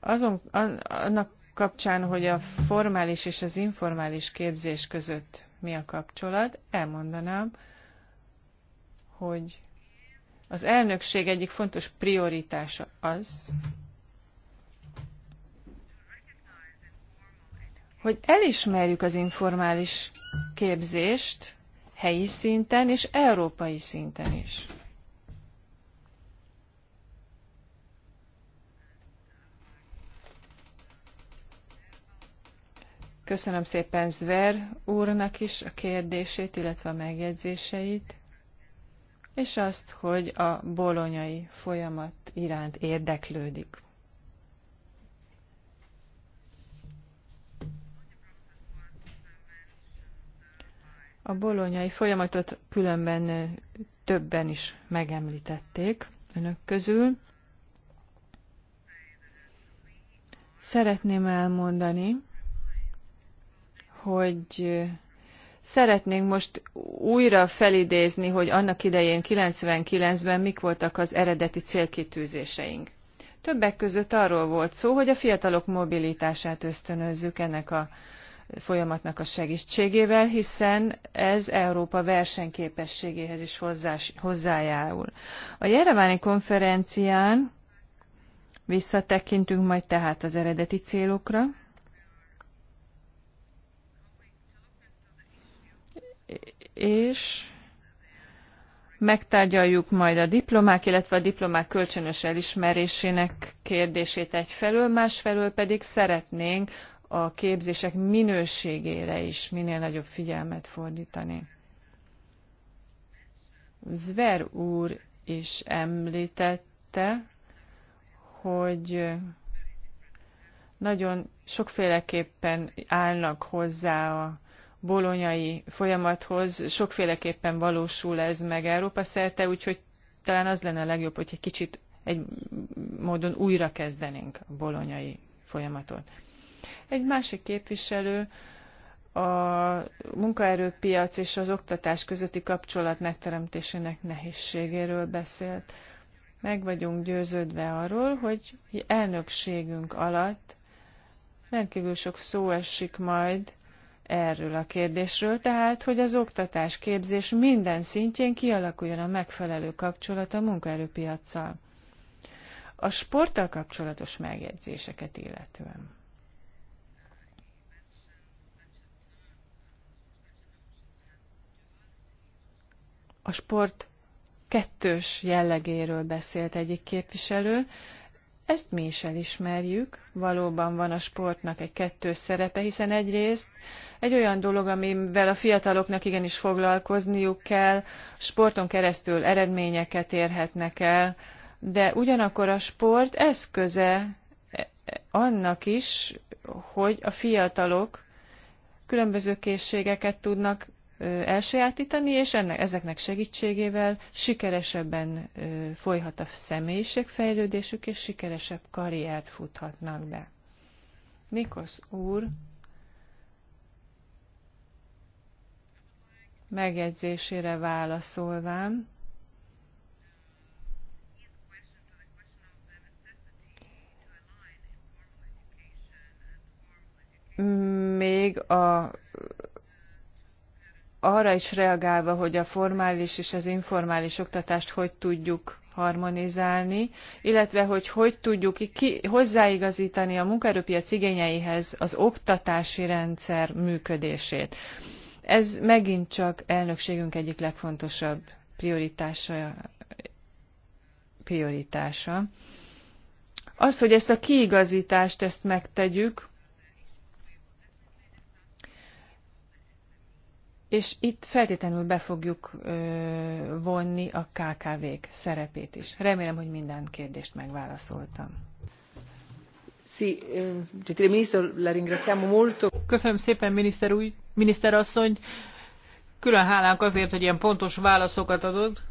azon, annak kapcsán, hogy a formális és az informális képzés között mi a kapcsolat, elmondanám, hogy az elnökség egyik fontos prioritása az, hogy elismerjük az informális képzést helyi szinten és európai szinten is. Köszönöm szépen Zver úrnak is a kérdését, illetve a megjegyzéseit, és azt, hogy a bolonyai folyamat iránt érdeklődik. A bolonyai folyamatot különben többen is megemlítették önök közül. Szeretném elmondani, hogy szeretnénk most újra felidézni, hogy annak idején 99-ben mik voltak az eredeti célkitűzéseink. Többek között arról volt szó, hogy a fiatalok mobilitását ösztönözzük ennek a folyamatnak a segítségével, hiszen ez Európa versenyképességéhez is hozzájárul. A Jereváni konferencián visszatekintünk majd tehát az eredeti célokra, és megtárgyaljuk majd a diplomák, illetve a diplomák kölcsönös elismerésének kérdését egyfelől, másfelől pedig szeretnénk a képzések minőségére is minél nagyobb figyelmet fordítani. Zver úr is említette, hogy nagyon sokféleképpen állnak hozzá a bolonyai folyamathoz sokféleképpen valósul ez meg Európa szerte, úgyhogy talán az lenne a legjobb, hogy egy kicsit egy módon újra kezdenénk a bolonyai folyamatot. Egy másik képviselő a munkaerőpiac és az oktatás közötti kapcsolat megteremtésének nehézségéről beszélt. Meg vagyunk győződve arról, hogy elnökségünk alatt rendkívül sok szó esik majd erről a kérdésről, tehát hogy az oktatás képzés minden szintjén kialakuljon a megfelelő kapcsolat a munkaerőpiacsal. A sporttal kapcsolatos megjegyzéseket illetően. A sport kettős jellegéről beszélt egyik képviselő, ezt mi is elismerjük, valóban van a sportnak egy kettős szerepe, hiszen egyrészt egy olyan dolog, amivel a fiataloknak igenis foglalkozniuk kell, sporton keresztül eredményeket érhetnek el, de ugyanakkor a sport eszköze annak is, hogy a fiatalok különböző készségeket tudnak elsajátítani, és ennek, ezeknek segítségével sikeresebben folyhat a személyiségfejlődésük, és sikeresebb karriert futhatnak be. Nikosz úr megjegyzésére válaszolvám, még a arra is reagálva, hogy a formális és az informális oktatást hogy tudjuk harmonizálni, illetve hogy hogy tudjuk ki, hozzáigazítani a munkaerőpiac igényeihez az oktatási rendszer működését. Ez megint csak elnökségünk egyik legfontosabb prioritása. prioritása. Az, hogy ezt a kiigazítást ezt megtegyük, és itt feltétlenül be fogjuk vonni a KKV-k szerepét is. Remélem, hogy minden kérdést megválaszoltam. Eh, Köszönöm szépen, miniszter, új, miniszter asszony. Külön hálánk azért, hogy ilyen pontos válaszokat adott.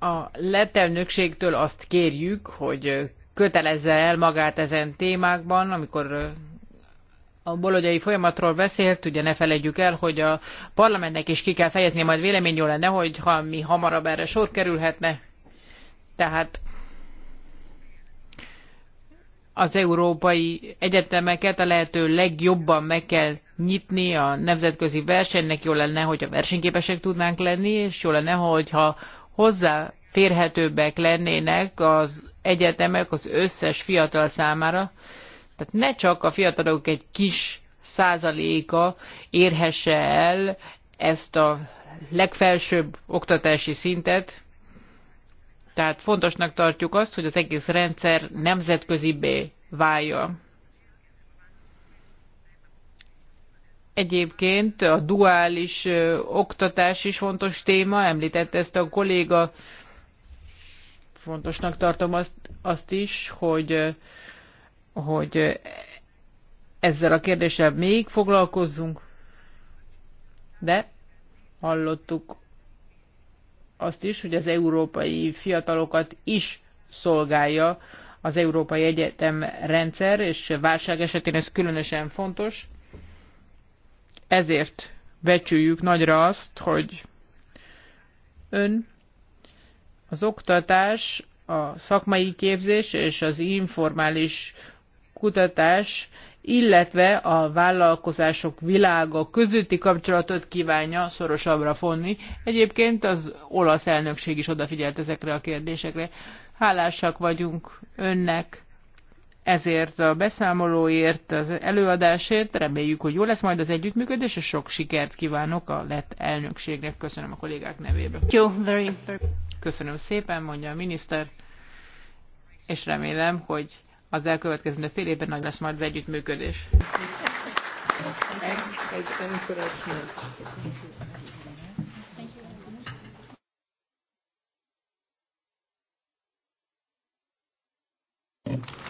A letelnökségtől azt kérjük, hogy kötelezze el magát ezen témákban, amikor eh, a bolonyai folyamatról beszélt, ugye ne felejtjük el, hogy a parlamentnek is ki kell fejezni majd vélemény, jól lenne, ha mi hamarabb erre sor kerülhetne. Tehát az európai egyetemeket a lehető legjobban meg kell nyitni a nemzetközi versenynek, jó lenne, a versenyképesek tudnánk lenni, és jó lenne, hogyha hozzáférhetőbbek lennének az egyetemek az összes fiatal számára, tehát ne csak a fiatalok egy kis százaléka érhesse el ezt a legfelsőbb oktatási szintet, tehát fontosnak tartjuk azt, hogy az egész rendszer nemzetközibé válja. Egyébként a duális oktatás is fontos téma, említette ezt a kolléga. Fontosnak tartom azt, azt is, hogy hogy ezzel a kérdéssel még foglalkozzunk, de hallottuk azt is, hogy az európai fiatalokat is szolgálja az Európai Egyetem rendszer, és válság esetén ez különösen fontos. Ezért becsüljük nagyra azt, hogy ön az oktatás, a szakmai képzés és az informális kutatás, illetve a vállalkozások világa közötti kapcsolatot kívánja szorosabbra fonni. Egyébként az olasz elnökség is odafigyelt ezekre a kérdésekre. Hálásak vagyunk önnek ezért a beszámolóért, az előadásért. Reméljük, hogy jó lesz majd az együttműködés, és sok sikert kívánok a lett elnökségnek. Köszönöm a kollégák nevébe. Jó, very, very. Köszönöm szépen, mondja a miniszter, és remélem, hogy az elkövetkező fél évben nagy lesz majd az együttműködés. Thank you.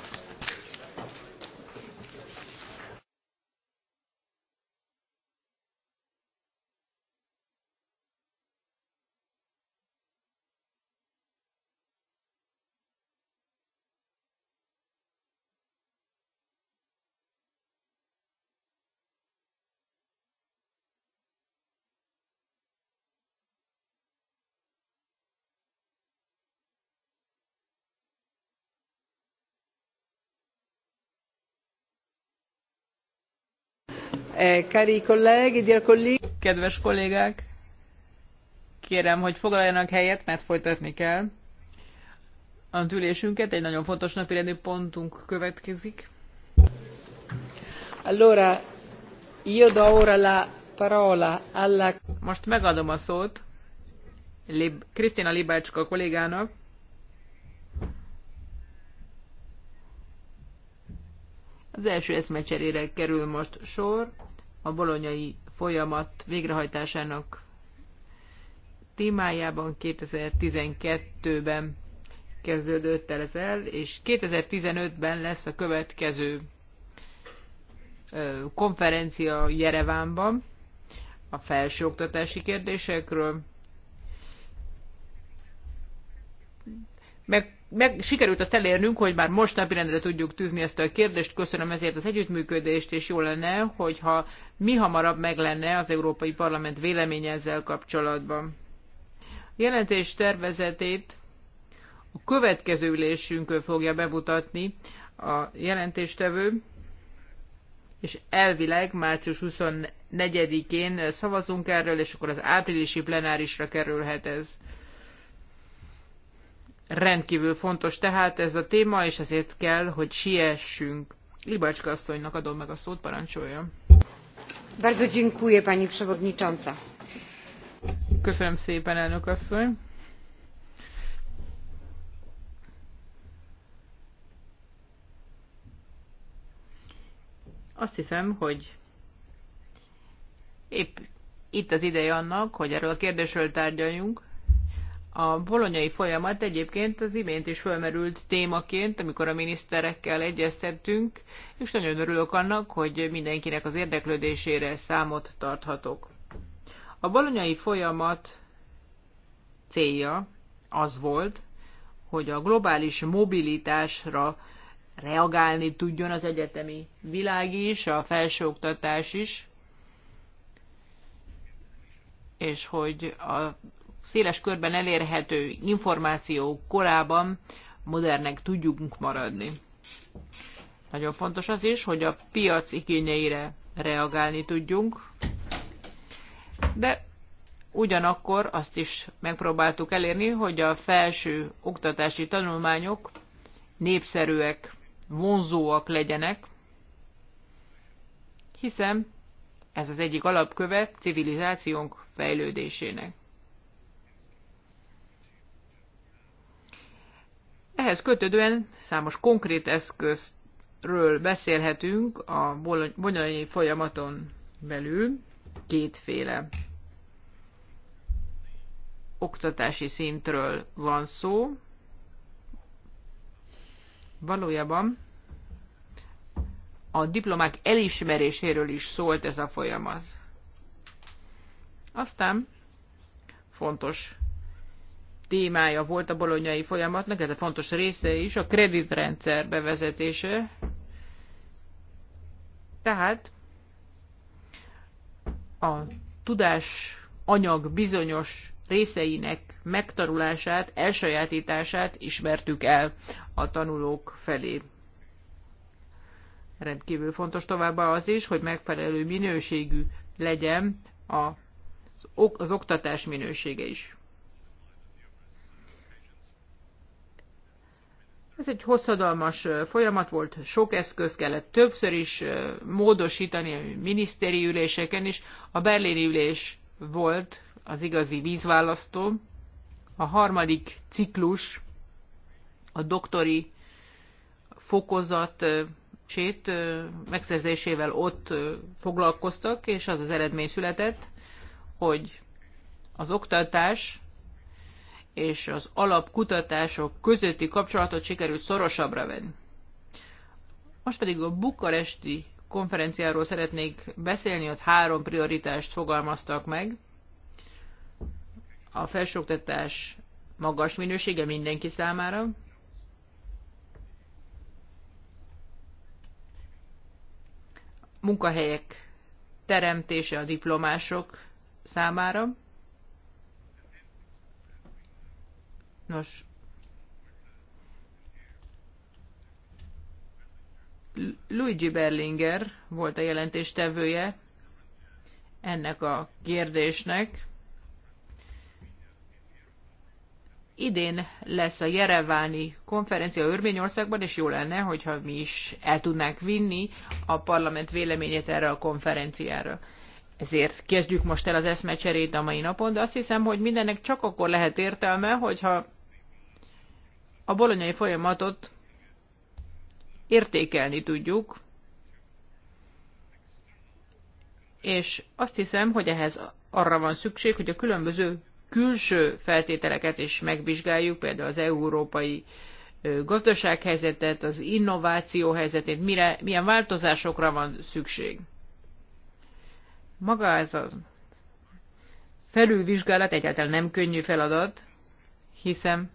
Eh, Kedves kollégák, kérem, hogy foglaljanak helyet, mert folytatni kell. A ülésünket egy nagyon fontos napirendi pontunk következik. Allora, io do ora la parola alla... Most megadom a szót Lib Krisztina Libácska kollégának, Az első eszmecserére kerül most sor a bolonyai folyamat végrehajtásának témájában 2012-ben kezdődött el ez el, és 2015-ben lesz a következő konferencia Jerevánban a felsőoktatási kérdésekről. meg, meg sikerült azt elérnünk, hogy már most napirendre tudjuk tűzni ezt a kérdést. Köszönöm ezért az együttműködést, és jó lenne, hogyha mi hamarabb meg lenne az Európai Parlament véleménye ezzel kapcsolatban. A jelentés tervezetét a következő ülésünkön fogja bemutatni a jelentéstevő, és elvileg március 24-én szavazunk erről, és akkor az áprilisi plenárisra kerülhet ez. Rendkívül fontos tehát ez a téma, és ezért kell, hogy siessünk. Libacska asszonynak adom meg a szót, parancsolja. Bardzo dziękuję, pani przewodnicząca. Köszönöm szépen, elnök asszony. Azt hiszem, hogy épp itt az ideje annak, hogy erről a kérdésről tárgyaljunk. A bolonyai folyamat egyébként az imént is fölmerült témaként, amikor a miniszterekkel egyeztettünk, és nagyon örülök annak, hogy mindenkinek az érdeklődésére számot tarthatok. A bolonyai folyamat célja az volt, hogy a globális mobilitásra reagálni tudjon az egyetemi világ is, a felsőoktatás is, és hogy a széles körben elérhető információ korában modernek tudjunk maradni. Nagyon fontos az is, hogy a piac igényeire reagálni tudjunk, de ugyanakkor azt is megpróbáltuk elérni, hogy a felső oktatási tanulmányok népszerűek, vonzóak legyenek, hiszen ez az egyik alapköve civilizációnk fejlődésének. Ehhez kötődően számos konkrét eszközről beszélhetünk a bonyolai folyamaton belül kétféle oktatási szintről van szó. Valójában a diplomák elismeréséről is szólt ez a folyamat. Aztán fontos témája volt a bolonyai folyamatnak, ez a fontos része is, a kreditrendszer bevezetése. Tehát a tudás anyag bizonyos részeinek megtanulását, elsajátítását ismertük el a tanulók felé. Rendkívül fontos továbbá az is, hogy megfelelő minőségű legyen az oktatás minősége is. Ez egy hosszadalmas folyamat volt, sok eszköz kellett többször is módosítani a minisztéri üléseken is. A berlini ülés volt az igazi vízválasztó. A harmadik ciklus a doktori fokozat sét megszerzésével ott foglalkoztak, és az az eredmény született, hogy az oktatás és az alapkutatások közötti kapcsolatot sikerült szorosabbra venni. Most pedig a bukaresti konferenciáról szeretnék beszélni, ott három prioritást fogalmaztak meg. A felsőoktatás magas minősége mindenki számára, munkahelyek teremtése a diplomások számára, Nos, Luigi Berlinger volt a jelentéstevője ennek a kérdésnek. Idén lesz a Jereváni konferencia Örményországban, és jó lenne, hogyha mi is el tudnánk vinni a parlament véleményét erre a konferenciára. Ezért kezdjük most el az eszmecserét a mai napon, de azt hiszem, hogy mindennek csak akkor lehet értelme, hogyha a bolonyai folyamatot értékelni tudjuk, és azt hiszem, hogy ehhez arra van szükség, hogy a különböző külső feltételeket is megvizsgáljuk, például az európai gazdasághelyzetet, az innováció helyzetét, mire, milyen változásokra van szükség. Maga ez a felülvizsgálat egyáltalán nem könnyű feladat, hiszen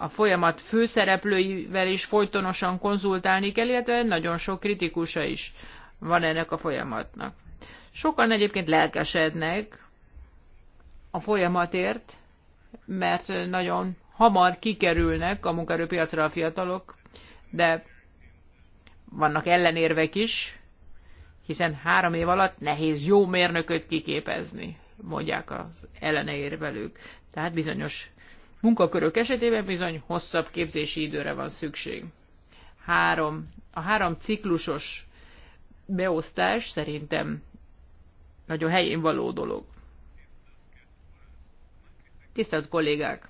a folyamat főszereplőivel is folytonosan konzultálni kell, illetve nagyon sok kritikusa is van ennek a folyamatnak. Sokan egyébként lelkesednek a folyamatért, mert nagyon hamar kikerülnek a munkaerőpiacra a fiatalok, de vannak ellenérvek is, hiszen három év alatt nehéz jó mérnököt kiképezni, mondják az ellenérvelők. Tehát bizonyos munkakörök esetében bizony hosszabb képzési időre van szükség. Három, a három ciklusos beosztás szerintem nagyon helyén való dolog. Tisztelt kollégák!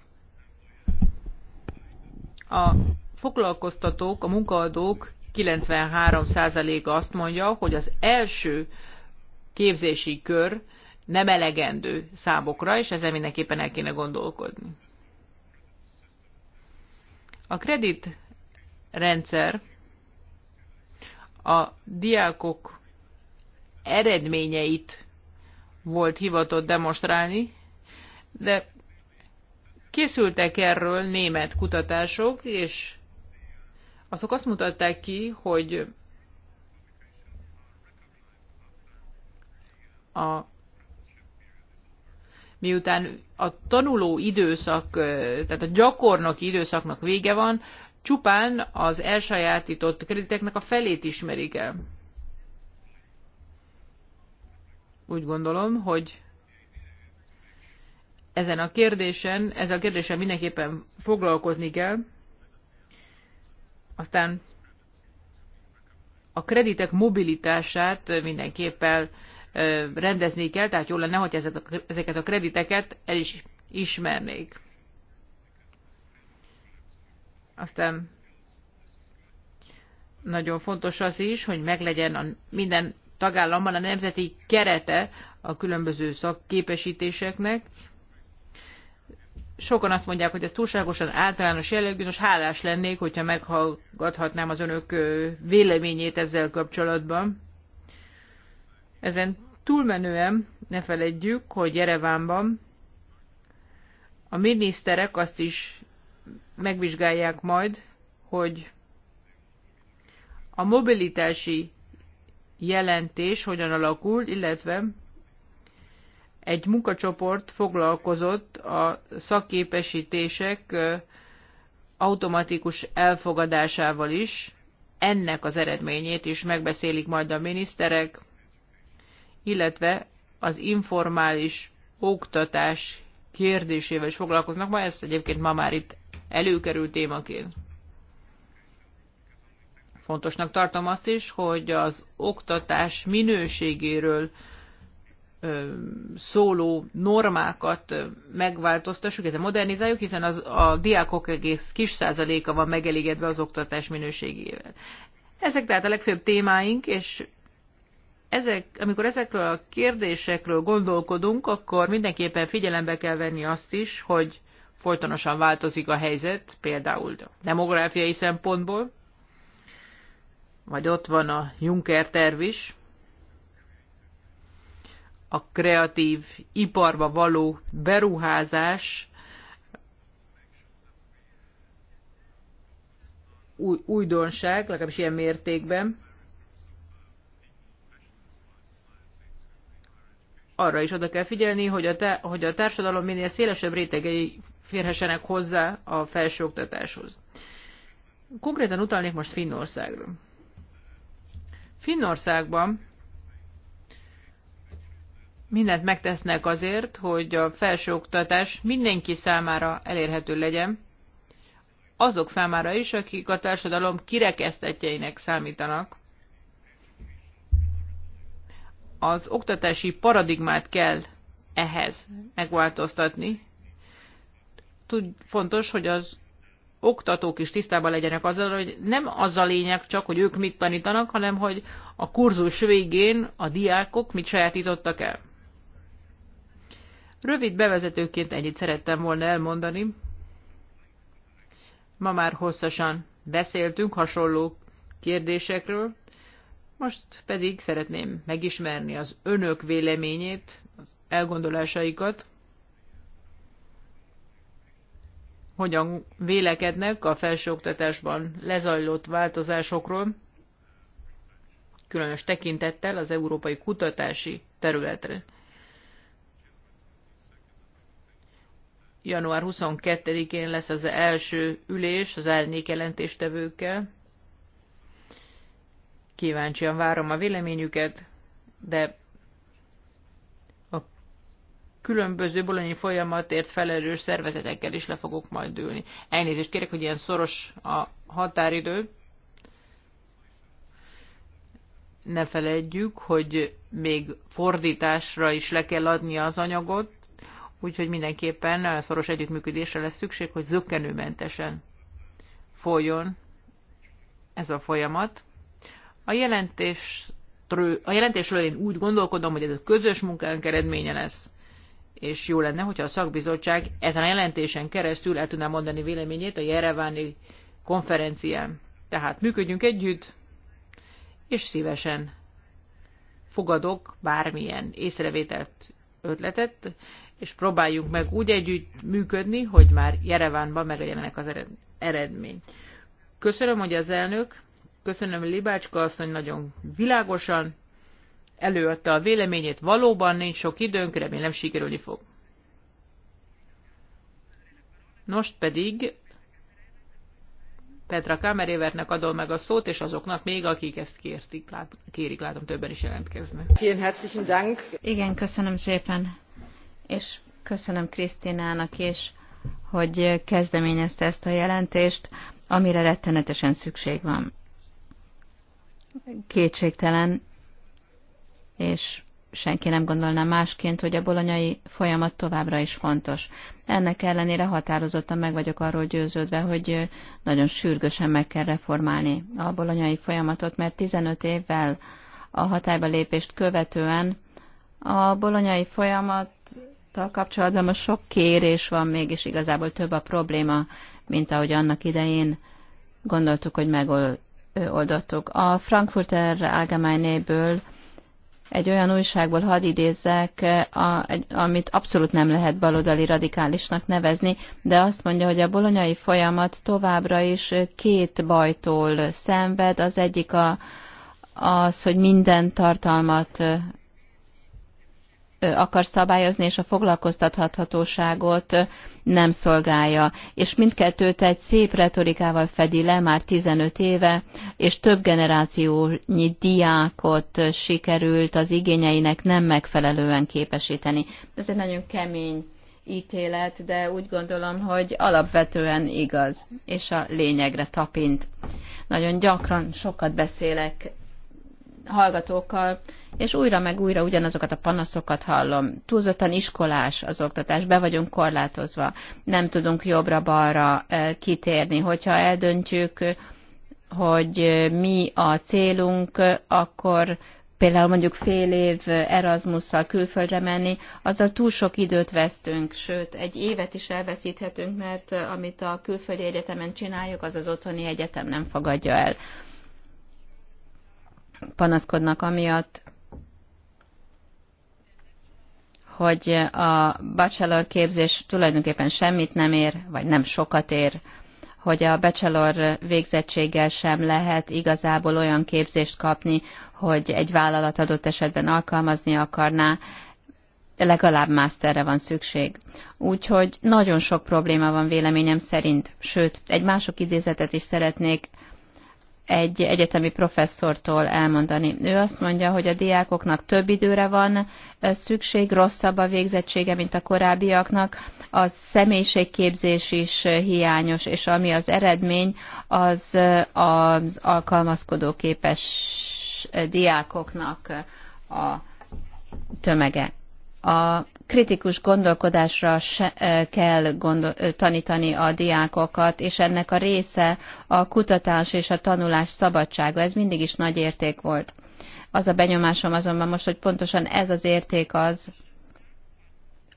A foglalkoztatók, a munkaadók 93%-a azt mondja, hogy az első képzési kör nem elegendő számokra, és ezzel mindenképpen el kéne gondolkodni. A kredit rendszer a diákok eredményeit volt hivatott demonstrálni, de készültek erről német kutatások, és azok azt mutatták ki, hogy a miután a tanuló időszak, tehát a gyakornoki időszaknak vége van, csupán az elsajátított krediteknek a felét ismerik el. Úgy gondolom, hogy ezen a kérdésen, ez a kérdésen mindenképpen foglalkozni kell. Aztán a kreditek mobilitását mindenképpen rendezni kell, tehát jó lenne, hogy ezeket a krediteket el is ismernék. Aztán nagyon fontos az is, hogy meglegyen a minden tagállamban a nemzeti kerete a különböző szakképesítéseknek. Sokan azt mondják, hogy ez túlságosan általános jellegű, most hálás lennék, hogyha meghallgathatnám az önök véleményét ezzel kapcsolatban. Ezen túlmenően ne feledjük, hogy Jerevánban a miniszterek azt is megvizsgálják majd, hogy a mobilitási jelentés hogyan alakul, illetve egy munkacsoport foglalkozott a szakképesítések automatikus elfogadásával is. Ennek az eredményét is megbeszélik majd a miniszterek illetve az informális oktatás kérdésével is foglalkoznak. Ma ezt egyébként ma már itt előkerült témaként. Fontosnak tartom azt is, hogy az oktatás minőségéről szóló normákat megváltoztassuk, illetve modernizáljuk, hiszen az, a diákok egész kis százaléka van megelégedve az oktatás minőségével. Ezek tehát a legfőbb témáink, és ezek, amikor ezekről a kérdésekről gondolkodunk, akkor mindenképpen figyelembe kell venni azt is, hogy folytonosan változik a helyzet, például a demográfiai szempontból, vagy ott van a Juncker terv is, a kreatív iparba való beruházás új, újdonság, legalábbis ilyen mértékben. arra is oda kell figyelni, hogy a, te, hogy a társadalom minél szélesebb rétegei férhessenek hozzá a felsőoktatáshoz. Konkrétan utalnék most Finnországra. Finnországban mindent megtesznek azért, hogy a felsőoktatás mindenki számára elérhető legyen, azok számára is, akik a társadalom kirekesztetjeinek számítanak az oktatási paradigmát kell ehhez megváltoztatni. Tud, fontos, hogy az oktatók is tisztában legyenek azzal, hogy nem az a lényeg csak, hogy ők mit tanítanak, hanem hogy a kurzus végén a diákok mit sajátítottak el. Rövid bevezetőként ennyit szerettem volna elmondani. Ma már hosszasan beszéltünk hasonló kérdésekről. Most pedig szeretném megismerni az önök véleményét, az elgondolásaikat, hogyan vélekednek a felsőoktatásban lezajlott változásokról, különös tekintettel az európai kutatási területre. Január 22-én lesz az első ülés az árnyék jelentéstevőkkel, kíváncsian várom a véleményüket, de a különböző bolonyi folyamatért felelős szervezetekkel is le fogok majd ülni. Elnézést kérek, hogy ilyen szoros a határidő. Ne felejtjük, hogy még fordításra is le kell adni az anyagot, úgyhogy mindenképpen szoros együttműködésre lesz szükség, hogy zöggenőmentesen folyjon ez a folyamat. A jelentés a jelentésről én úgy gondolkodom, hogy ez a közös munkánk eredménye lesz, és jó lenne, hogyha a szakbizottság ezen a jelentésen keresztül el tudná mondani véleményét a Jereváni konferencián. Tehát működjünk együtt, és szívesen fogadok bármilyen észrevételt, ötletet, és próbáljunk meg úgy együtt működni, hogy már Jerevánban meglegyenek az eredmény. Köszönöm, hogy az elnök Köszönöm Libácska asszony nagyon világosan előadta a véleményét. Valóban nincs sok időnk, remélem sikerülni fog. Most pedig Petra Kamerévertnek adom meg a szót, és azoknak még, akik ezt kértik, lát, kérik, látom, többen is jelentkeznek. Igen, köszönöm szépen. És köszönöm Krisztinának is, hogy kezdeményezte ezt a jelentést, amire rettenetesen szükség van kétségtelen, és senki nem gondolná másként, hogy a bolonyai folyamat továbbra is fontos. Ennek ellenére határozottan meg vagyok arról győződve, hogy nagyon sürgősen meg kell reformálni a bolonyai folyamatot, mert 15 évvel a hatályba lépést követően a bolonyai folyamattal kapcsolatban most sok kérés van, mégis igazából több a probléma, mint ahogy annak idején gondoltuk, hogy oldottuk. A Frankfurter Allgemeinéből egy olyan újságból hadd idézzek, a, egy, amit abszolút nem lehet baloldali radikálisnak nevezni, de azt mondja, hogy a bolonyai folyamat továbbra is két bajtól szenved. Az egyik a, az, hogy minden tartalmat akar szabályozni, és a foglalkoztathatóságot nem szolgálja. És mindkettőt egy szép retorikával fedi le már 15 éve, és több generációnyi diákot sikerült az igényeinek nem megfelelően képesíteni. Ez egy nagyon kemény ítélet, de úgy gondolom, hogy alapvetően igaz, és a lényegre tapint. Nagyon gyakran sokat beszélek hallgatókkal, és újra meg újra ugyanazokat a panaszokat hallom. Túlzottan iskolás az oktatás, be vagyunk korlátozva, nem tudunk jobbra-balra kitérni. Hogyha eldöntjük, hogy mi a célunk, akkor például mondjuk fél év Erasmusszal külföldre menni, azzal túl sok időt vesztünk, sőt, egy évet is elveszíthetünk, mert amit a külföldi egyetemen csináljuk, az az otthoni egyetem nem fogadja el panaszkodnak amiatt, hogy a bachelor képzés tulajdonképpen semmit nem ér, vagy nem sokat ér, hogy a bachelor végzettséggel sem lehet igazából olyan képzést kapni, hogy egy vállalat adott esetben alkalmazni akarná, legalább masterre van szükség. Úgyhogy nagyon sok probléma van véleményem szerint. Sőt, egy mások idézetet is szeretnék egy egyetemi professzortól elmondani. Ő azt mondja, hogy a diákoknak több időre van szükség, rosszabb a végzettsége, mint a korábbiaknak, a személyiségképzés is hiányos, és ami az eredmény, az az alkalmazkodó képes diákoknak a tömege a kritikus gondolkodásra se, kell gondol, tanítani a diákokat, és ennek a része a kutatás és a tanulás szabadsága. Ez mindig is nagy érték volt. Az a benyomásom azonban most, hogy pontosan ez az érték az,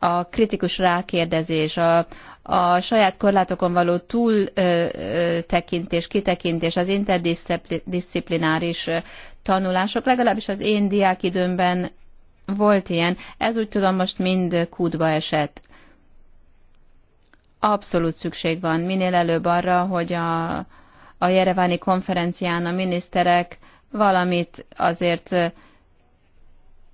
a kritikus rákérdezés, a, a saját korlátokon való túltekintés, kitekintés, az interdisziplináris tanulások, legalábbis az én diákidőmben volt ilyen. Ez úgy tudom most mind kútba esett. Abszolút szükség van minél előbb arra, hogy a, a Jereváni konferencián a miniszterek valamit azért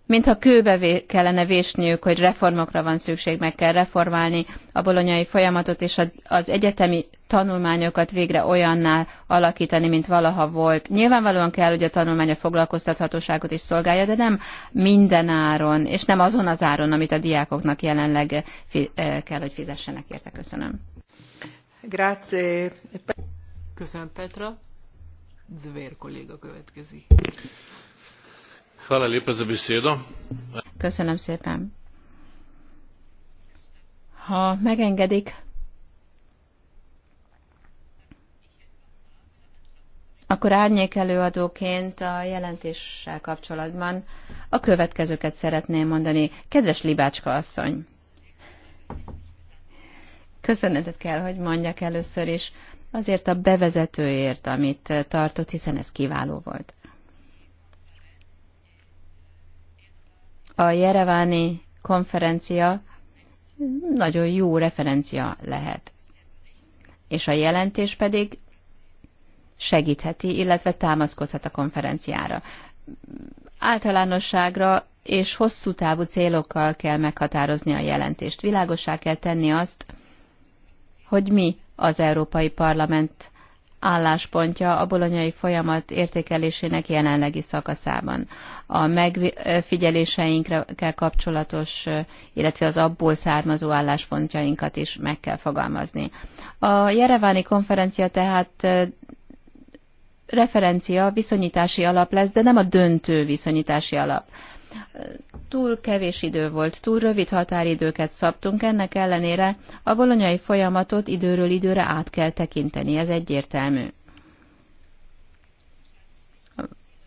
mintha kőbe kellene vésniük, hogy reformokra van szükség, meg kell reformálni a bolonyai folyamatot és az egyetemi tanulmányokat végre olyanná alakítani, mint valaha volt. Nyilvánvalóan kell, hogy a tanulmány a foglalkoztathatóságot is szolgálja, de nem minden áron, és nem azon az áron, amit a diákoknak jelenleg eh, kell, hogy fizessenek érte. Köszönöm. Grazie. Köszönöm Petra. Zver kolléga következik. Hvala lepa za besedo. Köszönöm szépen. Ha megengedik, akkor árnyék előadóként a jelentéssel kapcsolatban a következőket szeretném mondani. Kedves Libácska asszony! Köszönetet kell, hogy mondjak először is azért a bevezetőért, amit tartott, hiszen ez kiváló volt. A Jereváni konferencia nagyon jó referencia lehet. És a jelentés pedig segítheti, illetve támaszkodhat a konferenciára. Általánosságra és hosszú távú célokkal kell meghatározni a jelentést. Világosá kell tenni azt, hogy mi az Európai Parlament álláspontja a bolonyai folyamat értékelésének jelenlegi szakaszában. A megfigyeléseinkkel kapcsolatos, illetve az abból származó álláspontjainkat is meg kell fogalmazni. A Jereváni konferencia tehát referencia viszonyítási alap lesz, de nem a döntő viszonyítási alap. Túl kevés idő volt, túl rövid határidőket szabtunk, ennek ellenére a bolonyai folyamatot időről időre át kell tekinteni, ez egyértelmű.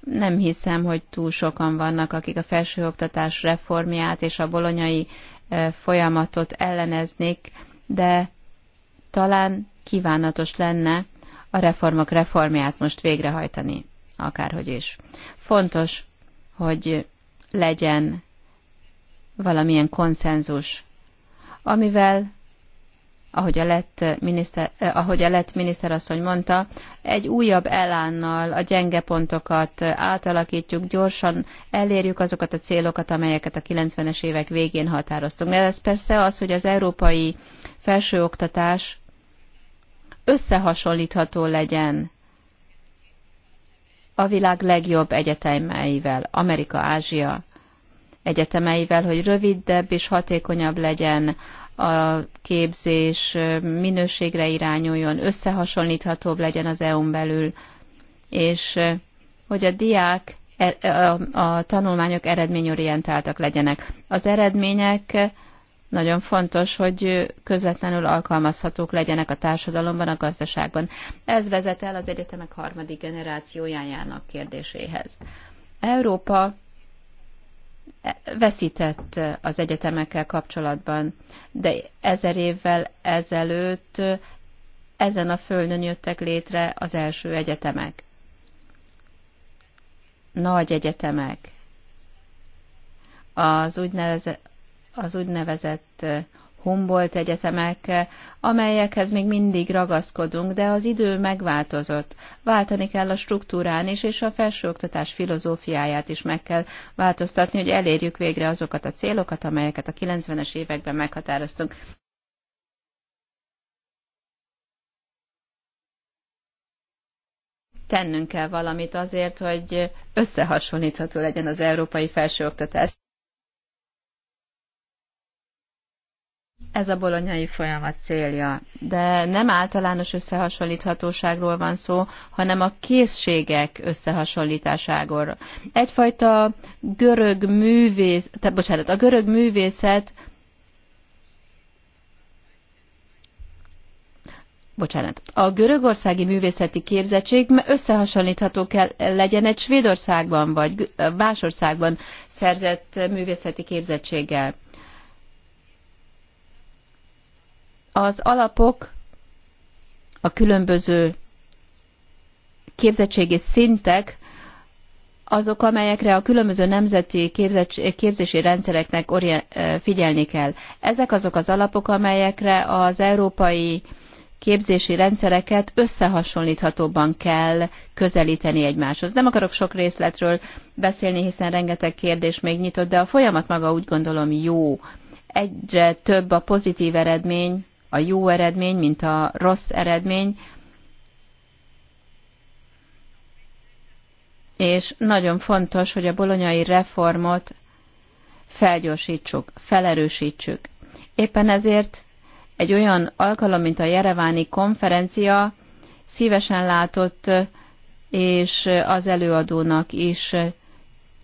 Nem hiszem, hogy túl sokan vannak, akik a felsőoktatás reformját és a bolonyai e, folyamatot elleneznék, de talán kívánatos lenne, a reformok reformját most végrehajtani, akárhogy is. Fontos, hogy legyen valamilyen konszenzus, amivel, ahogy a lett, miniszter, eh, ahogy a lett miniszterasszony mondta, egy újabb elánnal a gyenge pontokat átalakítjuk, gyorsan elérjük azokat a célokat, amelyeket a 90-es évek végén határoztunk. De ez persze az, hogy az európai felsőoktatás összehasonlítható legyen a világ legjobb egyetemeivel, Amerika-Ázsia egyetemeivel, hogy rövidebb és hatékonyabb legyen a képzés, minőségre irányuljon, összehasonlíthatóbb legyen az EU-n belül, és hogy a diák e, a, tanulmányok eredményorientáltak legyenek. Az eredmények nagyon fontos, hogy közvetlenül alkalmazhatók legyenek a társadalomban, a gazdaságban. Ez vezet el az egyetemek harmadik generációjának kérdéséhez. Európa veszített az egyetemekkel kapcsolatban, de ezer évvel ezelőtt ezen a földön jöttek létre az első egyetemek. Nagy egyetemek. Az úgynevezett az úgynevezett Humboldt egyetemek, amelyekhez még mindig ragaszkodunk, de az idő megváltozott. Váltani kell a struktúrán is, és a felsőoktatás filozófiáját is meg kell változtatni, hogy elérjük végre azokat a célokat, amelyeket a 90-es években meghatároztunk. Tennünk kell valamit azért, hogy összehasonlítható legyen az európai felsőoktatás. Ez a bolonyai folyamat célja, de nem általános összehasonlíthatóságról van szó, hanem a készségek összehasonlításáról. Egyfajta görög művész, te, bocsánat, a görög művészet bocsánat, a görögországi művészeti képzettség összehasonlítható kell legyen egy Svédországban vagy más szerzett művészeti képzettséggel. Az alapok a különböző képzettségi szintek azok, amelyekre a különböző nemzeti képzési rendszereknek figyelni kell. Ezek azok az alapok, amelyekre az európai képzési rendszereket összehasonlíthatóban kell közelíteni egymáshoz. Nem akarok sok részletről beszélni, hiszen rengeteg kérdés még nyitott, de a folyamat maga úgy gondolom jó. Egyre több a pozitív eredmény, a jó eredmény, mint a rossz eredmény, és nagyon fontos, hogy a bolonyai reformot felgyorsítsuk, felerősítsük. Éppen ezért egy olyan alkalom, mint a Jereváni konferencia, szívesen látott, és az előadónak is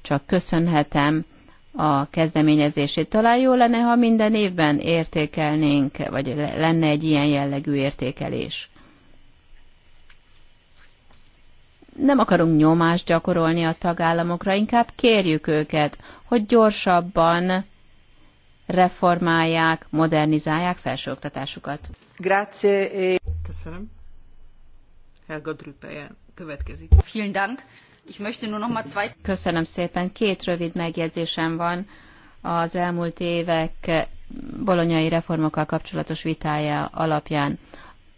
csak köszönhetem a kezdeményezését. Talán jó lenne, ha minden évben értékelnénk, vagy lenne egy ilyen jellegű értékelés. Nem akarunk nyomást gyakorolni a tagállamokra, inkább kérjük őket, hogy gyorsabban reformálják, modernizálják felsőoktatásukat. Grazie. Eh. Köszönöm. Helga Drüppel következik. Vielen Dank. Köszönöm szépen. Két rövid megjegyzésem van az elmúlt évek bolonyai reformokkal kapcsolatos vitája alapján.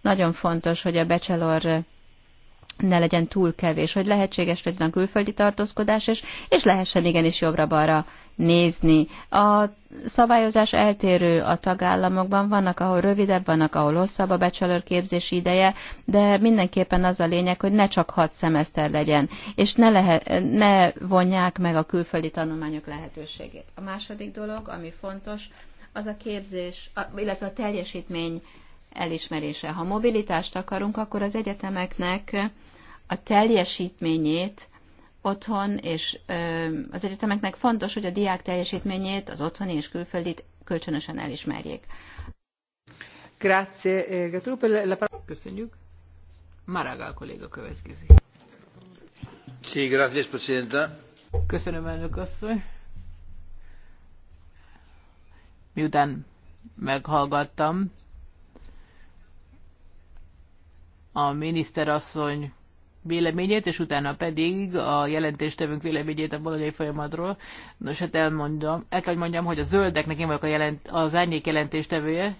Nagyon fontos, hogy a bachelor ne legyen túl kevés, hogy lehetséges legyen a külföldi tartózkodás, és, és lehessen igenis jobbra-balra nézni. A szabályozás eltérő a tagállamokban, vannak, ahol rövidebb, vannak, ahol hosszabb a bachelor képzési ideje, de mindenképpen az a lényeg, hogy ne csak hat szemeszter legyen, és ne, lehe, ne vonják meg a külföldi tanulmányok lehetőségét. A második dolog, ami fontos, az a képzés, illetve a teljesítmény elismerése. Ha mobilitást akarunk, akkor az egyetemeknek a teljesítményét otthon, és az egyetemeknek fontos, hogy a diák teljesítményét, az otthoni és külföldit kölcsönösen elismerjék. Grazie. Eh, Köszönjük. Maragall kolléga következik. Sí, gracias, presidenta. Köszönöm, elnök asszony. Miután meghallgattam a miniszterasszony véleményét, és utána pedig a jelentéstevünk véleményét a bolonyai folyamatról. Nos, hát elmondom, el kell, hogy mondjam, hogy a zöldeknek én vagyok a jelent, az árnyék jelentéstevője,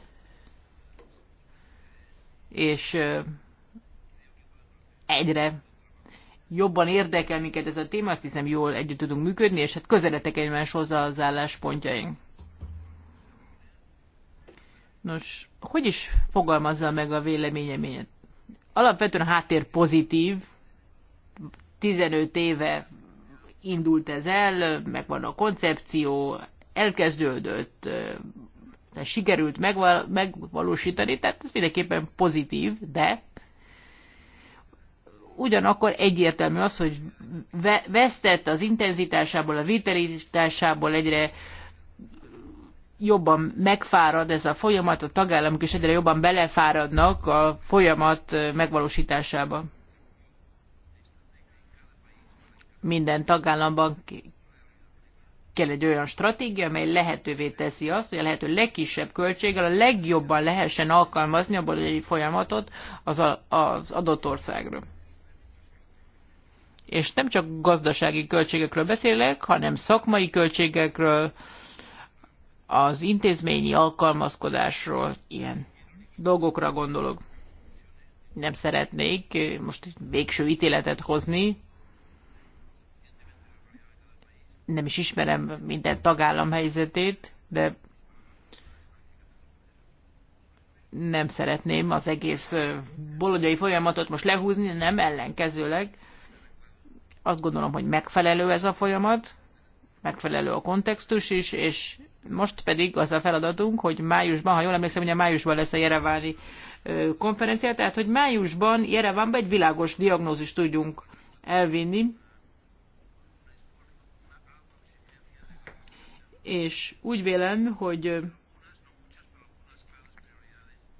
és egyre jobban érdekel minket ez a téma, azt hiszem jól együtt tudunk működni, és hát közeletek hozzá az álláspontjaink. Nos, hogy is fogalmazza meg a véleményeményet? Alapvetően a háttér pozitív, 15 éve indult ez el, megvan a koncepció, elkezdődött, sikerült megvalósítani, tehát ez mindenképpen pozitív, de ugyanakkor egyértelmű az, hogy vesztett az intenzitásából, a vitalitásából egyre jobban megfárad ez a folyamat, a tagállamok is egyre jobban belefáradnak a folyamat megvalósításába minden tagállamban kell egy olyan stratégia, amely lehetővé teszi azt, hogy a lehető legkisebb költséggel a legjobban lehessen alkalmazni a bolyai folyamatot az, a, az adott országra. És nem csak gazdasági költségekről beszélek, hanem szakmai költségekről, az intézményi alkalmazkodásról, ilyen dolgokra gondolok. Nem szeretnék most végső ítéletet hozni, nem is ismerem minden tagállam helyzetét, de nem szeretném az egész bolonyai folyamatot most lehúzni, nem ellenkezőleg. Azt gondolom, hogy megfelelő ez a folyamat, megfelelő a kontextus is, és most pedig az a feladatunk, hogy májusban, ha jól emlékszem, a májusban lesz a Jerevári konferencia, tehát hogy májusban Jerevánban egy világos diagnózist tudjunk elvinni, és úgy vélem, hogy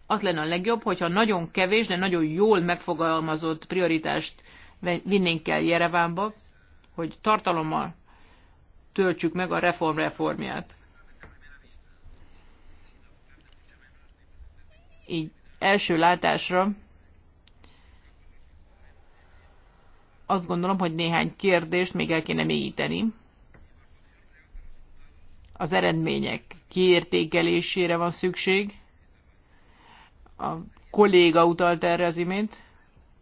az lenne a legjobb, hogyha nagyon kevés, de nagyon jól megfogalmazott prioritást vinnénk el Jerevánba, hogy tartalommal töltsük meg a reform reformját. Így első látásra azt gondolom, hogy néhány kérdést még el kéne mélyíteni az eredmények kiértékelésére van szükség. A kolléga utalt erre az imént.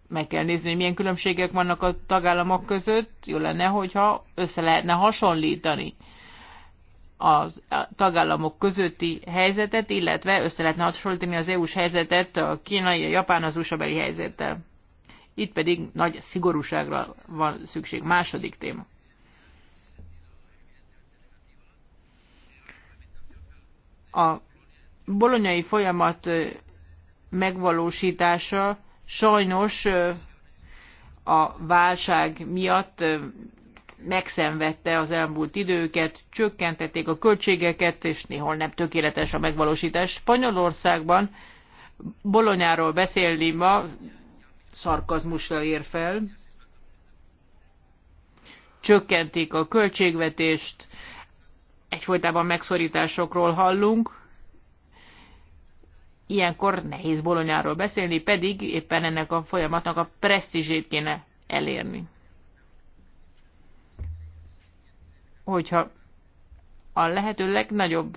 Meg kell nézni, hogy milyen különbségek vannak a tagállamok között. Jó lenne, hogyha össze lehetne hasonlítani a tagállamok közötti helyzetet, illetve össze lehetne hasonlítani az EU-s helyzetet a kínai, a japán, az USA beli helyzettel. Itt pedig nagy szigorúságra van szükség. Második téma. A bolonyai folyamat megvalósítása sajnos a válság miatt megszenvedte az elmúlt időket, csökkentették a költségeket, és néhol nem tökéletes a megvalósítás. Spanyolországban Bolonyáról beszélni ma szarkazmusra ér fel. Csökkentik a költségvetést, egyfolytában megszorításokról hallunk, ilyenkor nehéz bolonyáról beszélni, pedig éppen ennek a folyamatnak a presztízsét kéne elérni. Hogyha a lehető legnagyobb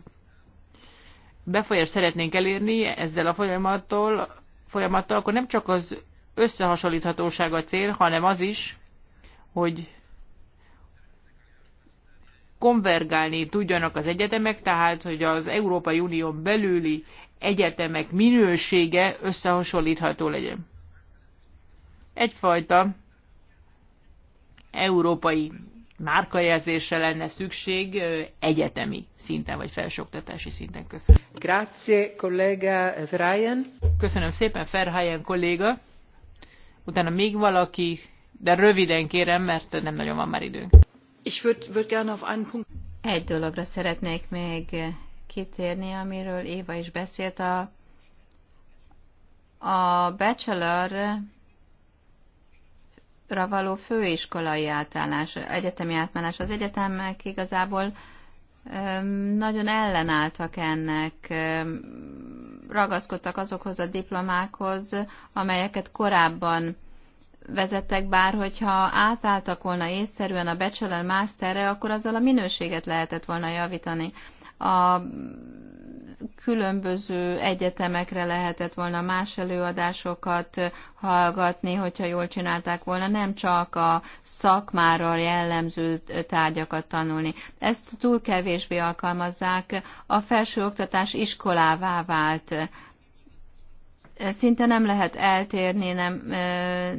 befolyást szeretnénk elérni ezzel a folyamattól, folyamattal, akkor nem csak az összehasonlíthatóság a cél, hanem az is, hogy konvergálni tudjanak az egyetemek, tehát hogy az Európai Unión belüli egyetemek minősége összehasonlítható legyen. Egyfajta európai márkajelzésre lenne szükség egyetemi szinten, vagy felsőoktatási szinten. Köszönöm. Grazie, kollega Verheyen. Köszönöm szépen, Verheyen kolléga. Utána még valaki, de röviden kérem, mert nem nagyon van már időnk. Egy dologra szeretnék még kitérni, amiről Éva is beszélt. A, a bachelor ravaló való főiskolai átállás, egyetemi átmenés az egyetemek igazából nagyon ellenálltak ennek, ragaszkodtak azokhoz a diplomákhoz, amelyeket korábban vezettek, bár hogyha átálltak volna észszerűen a Bachelor Masterre, akkor azzal a minőséget lehetett volna javítani. A különböző egyetemekre lehetett volna más előadásokat hallgatni, hogyha jól csinálták volna, nem csak a szakmára jellemző tárgyakat tanulni. Ezt túl kevésbé alkalmazzák, a felsőoktatás iskolává vált szinte nem lehet eltérni, nem,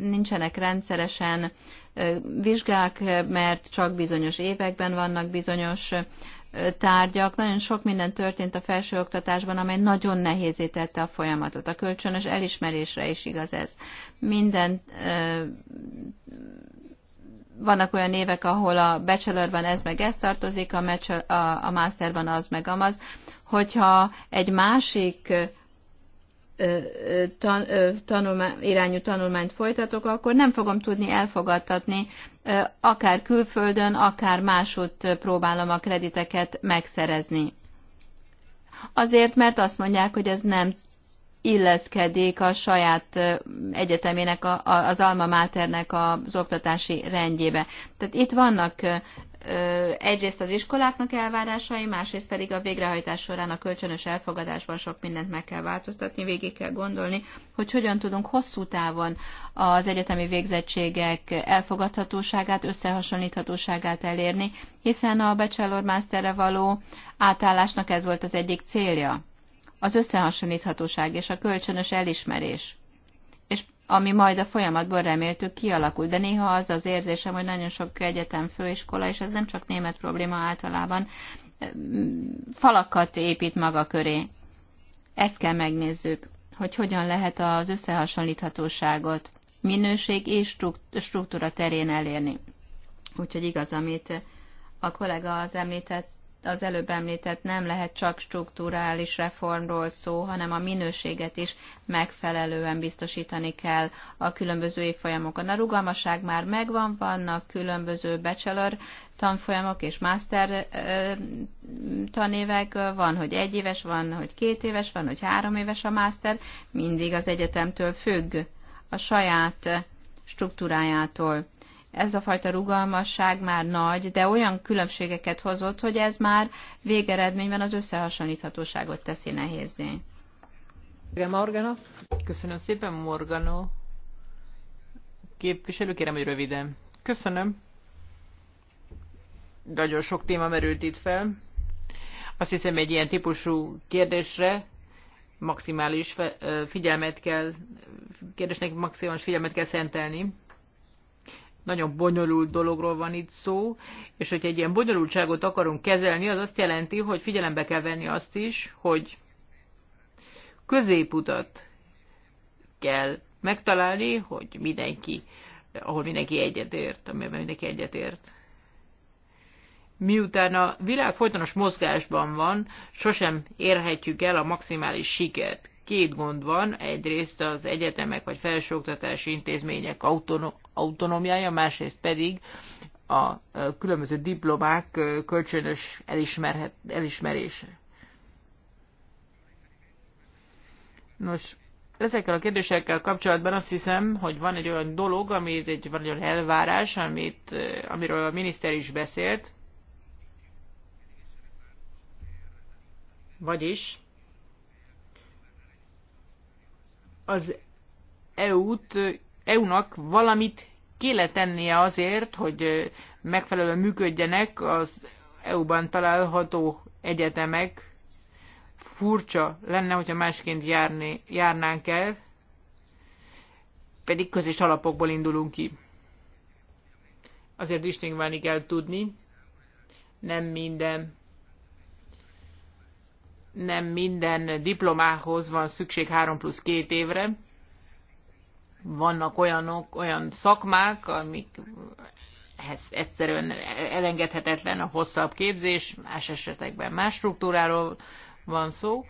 nincsenek rendszeresen vizsgák, mert csak bizonyos években vannak bizonyos tárgyak. Nagyon sok minden történt a felsőoktatásban, amely nagyon nehézítette a folyamatot. A kölcsönös elismerésre is igaz ez. Minden vannak olyan évek, ahol a bachelorban ez meg ez tartozik, a, a, a masterban az meg amaz. Hogyha egy másik tan, tanulmány, irányú tanulmányt folytatok, akkor nem fogom tudni elfogadtatni, akár külföldön, akár máshogy próbálom a krediteket megszerezni. Azért, mert azt mondják, hogy ez nem illeszkedik a saját egyetemének, az alma máternek az oktatási rendjébe. Tehát itt vannak egyrészt az iskoláknak elvárásai, másrészt pedig a végrehajtás során a kölcsönös elfogadásban sok mindent meg kell változtatni, végig kell gondolni, hogy hogyan tudunk hosszú távon az egyetemi végzettségek elfogadhatóságát, összehasonlíthatóságát elérni, hiszen a Bachelor Masterre való átállásnak ez volt az egyik célja. Az összehasonlíthatóság és a kölcsönös elismerés ami majd a folyamatban reméltük kialakul. De néha az az érzésem, hogy nagyon sok egyetem, főiskola, és ez nem csak német probléma általában, falakat épít maga köré. Ezt kell megnézzük, hogy hogyan lehet az összehasonlíthatóságot minőség és struktúra terén elérni. Úgyhogy igaz, amit a kollega az említett az előbb említett nem lehet csak strukturális reformról szó, hanem a minőséget is megfelelően biztosítani kell a különböző évfolyamokon. A rugalmasság már megvan, vannak különböző bachelor tanfolyamok és master tanévek, van, hogy egy éves, van, hogy két éves, van, hogy három éves a master, mindig az egyetemtől függ, a saját struktúrájától ez a fajta rugalmasság már nagy, de olyan különbségeket hozott, hogy ez már végeredményben az összehasonlíthatóságot teszi nehézé. Morgano. Köszönöm szépen, Morgano. Képviselő, kérem, hogy röviden. Köszönöm. Nagyon sok téma merült itt fel. Azt hiszem, egy ilyen típusú kérdésre maximális figyelmet kell, kérdésnek maximális figyelmet kell szentelni. Nagyon bonyolult dologról van itt szó, és hogyha egy ilyen bonyolultságot akarunk kezelni, az azt jelenti, hogy figyelembe kell venni azt is, hogy középutat kell megtalálni, hogy mindenki, ahol mindenki egyetért, amiben mindenki egyetért miután a világ folytonos mozgásban van, sosem érhetjük el a maximális sikert két gond van. Egyrészt az egyetemek vagy felsőoktatási intézmények autonómiája, másrészt pedig a különböző diplomák kölcsönös elismerhet, elismerése. Nos, ezekkel a kérdésekkel kapcsolatban azt hiszem, hogy van egy olyan dolog, amit egy van egy olyan elvárás, amit, amiről a miniszter is beszélt, vagyis az EU-t, EU-nak valamit kéne tennie azért, hogy megfelelően működjenek az EU-ban található egyetemek. Furcsa lenne, hogyha másként járni, járnánk el, pedig közös alapokból indulunk ki. Azért distingválni kell tudni, nem minden nem minden diplomához van szükség 3 plusz 2 évre. Vannak olyanok, olyan szakmák, amik ez egyszerűen elengedhetetlen a hosszabb képzés, más esetekben más struktúráról van szó.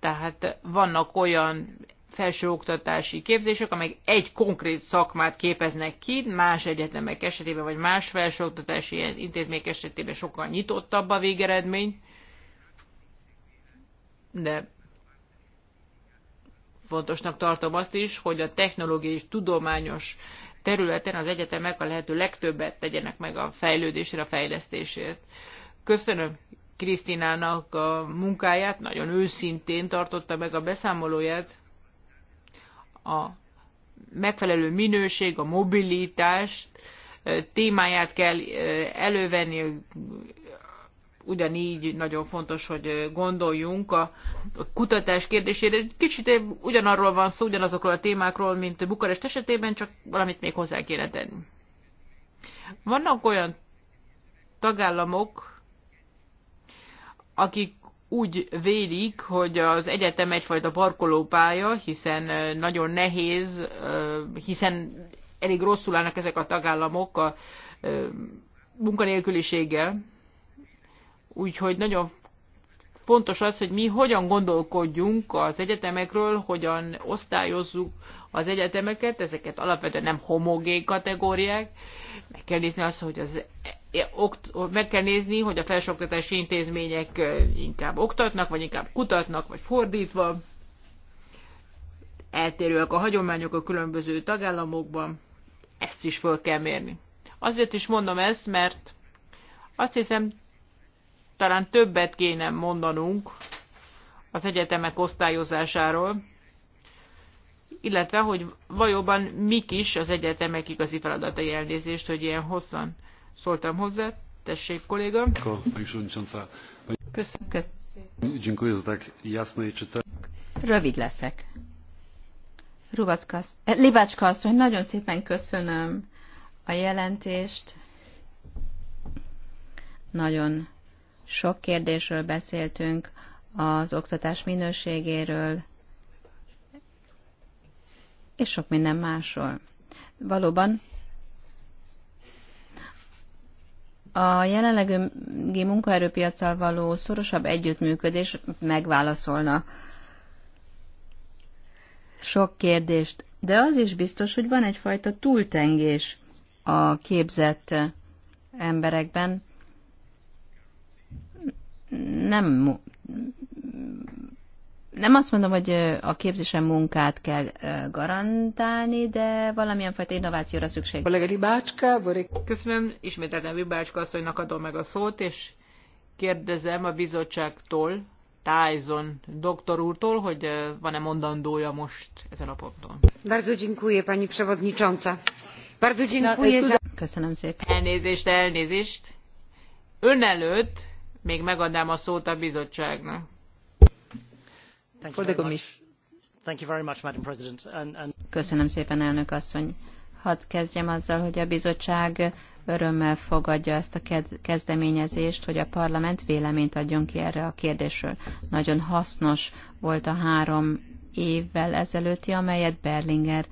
Tehát vannak olyan felsőoktatási képzések, amelyek egy konkrét szakmát képeznek ki, más egyetemek esetében, vagy más felsőoktatási intézmények esetében sokkal nyitottabb a végeredmény de fontosnak tartom azt is, hogy a technológiai és tudományos területen az egyetemek a lehető legtöbbet tegyenek meg a fejlődésre, a fejlesztésért. Köszönöm Krisztinának a munkáját, nagyon őszintén tartotta meg a beszámolóját. A megfelelő minőség, a mobilitás témáját kell elővenni, ugyanígy nagyon fontos, hogy gondoljunk a kutatás kérdésére. Kicsit ugyanarról van szó, ugyanazokról a témákról, mint Bukarest esetében, csak valamit még hozzá kéne tenni. Vannak olyan tagállamok, akik úgy vélik, hogy az egyetem egyfajta parkolópálya, hiszen nagyon nehéz, hiszen elég rosszul állnak ezek a tagállamok a munkanélküliséggel, Úgyhogy nagyon fontos az, hogy mi hogyan gondolkodjunk az egyetemekről, hogyan osztályozzuk az egyetemeket, ezeket alapvetően nem homogén kategóriák. Meg kell nézni azt, hogy az e- meg kell nézni, hogy a felsőoktatási intézmények inkább oktatnak, vagy inkább kutatnak, vagy fordítva. Eltérőek a hagyományok a különböző tagállamokban. Ezt is föl kell mérni. Azért is mondom ezt, mert azt hiszem talán többet kéne mondanunk az egyetemek osztályozásáról, illetve, hogy valóban mik is az egyetemek igazi feladatai elnézést, hogy ilyen hosszan szóltam hozzá. Tessék, kolléga. Köszönöm. Rövid leszek. Rubacka, eh, Libácska asszony, nagyon szépen köszönöm a jelentést. Nagyon sok kérdésről beszéltünk, az oktatás minőségéről, és sok minden másról. Valóban a jelenlegi munkaerőpiacsal való szorosabb együttműködés megválaszolna sok kérdést, de az is biztos, hogy van egyfajta túltengés a képzett emberekben, nem nem azt mondom, hogy a képzésen munkát kell garantálni, de valamilyen fajta innovációra szükség. bácska, Ribácska, Köszönöm, ismételten Bácska, asszonynak adom meg a szót, és kérdezem a bizottságtól, Tyson doktor úrtól, hogy van-e mondandója most ezen a ponton. Bardzo dziękuję, pani przewodnicząca. Bardzo dziękuję Köszönöm szépen. Elnézést, elnézést. Ön előtt még megadnám a szót a bizottságnak. Köszönöm szépen, elnök asszony. Hadd kezdjem azzal, hogy a bizottság örömmel fogadja ezt a kezdeményezést, hogy a parlament véleményt adjon ki erre a kérdésről. Nagyon hasznos volt a három évvel ezelőtti, amelyet Berlinger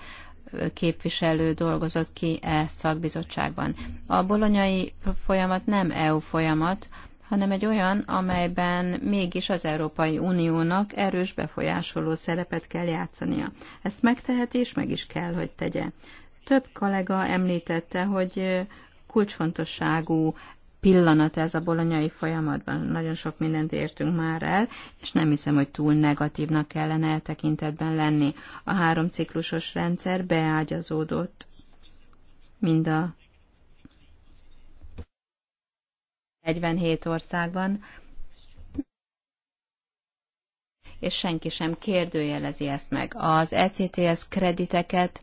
képviselő dolgozott ki e szakbizottságban. A bolonyai folyamat nem EU folyamat, hanem egy olyan, amelyben mégis az Európai Uniónak erős befolyásoló szerepet kell játszania. Ezt megteheti, és meg is kell, hogy tegye. Több kollega említette, hogy kulcsfontosságú pillanat ez a bolonyai folyamatban. Nagyon sok mindent értünk már el, és nem hiszem, hogy túl negatívnak kellene eltekintetben lenni. A három ciklusos rendszer beágyazódott mind a 47 országban, és senki sem kérdőjelezi ezt meg. Az ECTS krediteket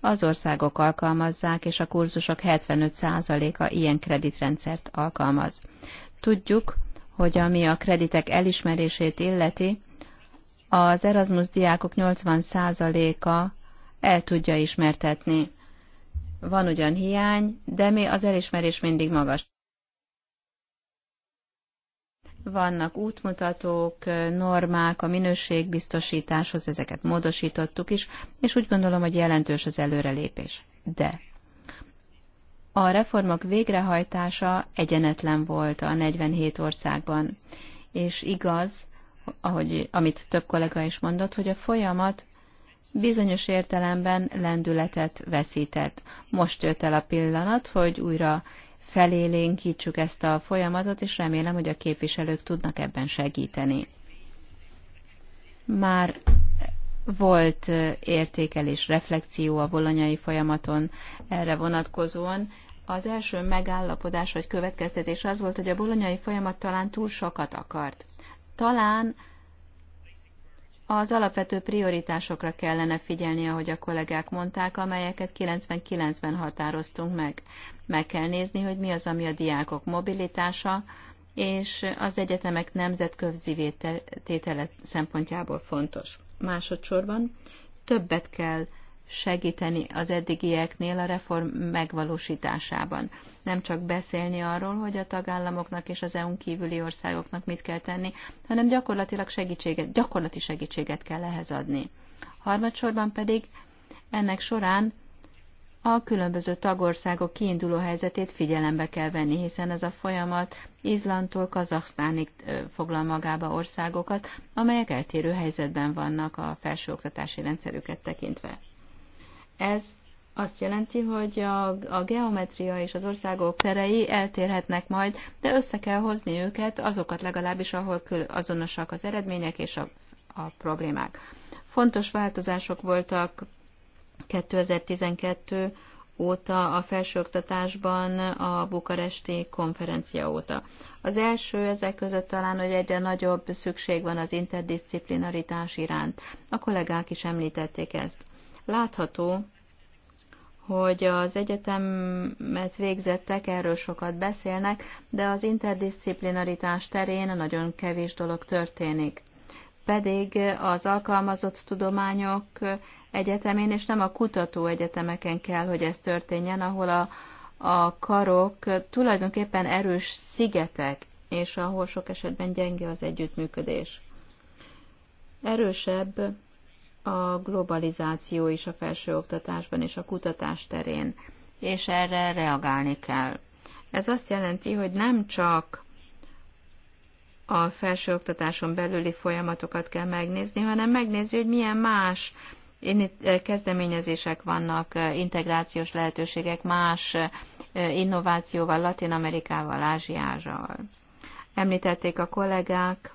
az országok alkalmazzák, és a kurzusok 75%-a ilyen kreditrendszert alkalmaz. Tudjuk, hogy ami a kreditek elismerését illeti, az Erasmus diákok 80%-a el tudja ismertetni. Van ugyan hiány, de mi az elismerés mindig magas vannak útmutatók, normák a minőségbiztosításhoz, ezeket módosítottuk is, és úgy gondolom, hogy jelentős az előrelépés. De a reformok végrehajtása egyenetlen volt a 47 országban, és igaz, ahogy, amit több kollega is mondott, hogy a folyamat bizonyos értelemben lendületet veszített. Most jött el a pillanat, hogy újra felélénkítsük ezt a folyamatot, és remélem, hogy a képviselők tudnak ebben segíteni. Már volt értékelés, reflexió a bolonyai folyamaton erre vonatkozóan. Az első megállapodás vagy következtetés az volt, hogy a bolonyai folyamat talán túl sokat akart. Talán az alapvető prioritásokra kellene figyelni, ahogy a kollégák mondták, amelyeket 99-ben határoztunk meg. Meg kell nézni, hogy mi az, ami a diákok mobilitása, és az egyetemek nemzetközi tétele szempontjából fontos. Másodszorban többet kell segíteni az eddigieknél a reform megvalósításában. Nem csak beszélni arról, hogy a tagállamoknak és az EU-n kívüli országoknak mit kell tenni, hanem gyakorlatilag segítséget, gyakorlati segítséget kell ehhez adni. Harmadsorban pedig ennek során a különböző tagországok kiinduló helyzetét figyelembe kell venni, hiszen ez a folyamat Izlandtól Kazaksztánig foglal magába országokat, amelyek eltérő helyzetben vannak a felsőoktatási rendszerüket tekintve. Ez azt jelenti, hogy a, a geometria és az országok terei eltérhetnek majd, de össze kell hozni őket, azokat legalábbis, ahol kül, azonosak az eredmények és a, a problémák. Fontos változások voltak 2012 óta, a felsőoktatásban a bukaresti konferencia óta. Az első ezek között talán, hogy egyre nagyobb szükség van az interdisziplinaritás iránt. A kollégák is említették ezt. Látható, hogy az egyetemet végzettek, erről sokat beszélnek, de az interdisziplinaritás terén nagyon kevés dolog történik. Pedig az alkalmazott tudományok egyetemén, és nem a kutató egyetemeken kell, hogy ez történjen, ahol a, a karok tulajdonképpen erős szigetek, és ahol sok esetben gyenge az együttműködés. Erősebb a globalizáció is a felsőoktatásban és a kutatás terén, és erre reagálni kell. Ez azt jelenti, hogy nem csak a felsőoktatáson belüli folyamatokat kell megnézni, hanem megnézni, hogy milyen más Eh, kezdeményezések vannak, eh, integrációs lehetőségek más eh, innovációval, Latin Amerikával, Ázsiával. Említették a kollégák,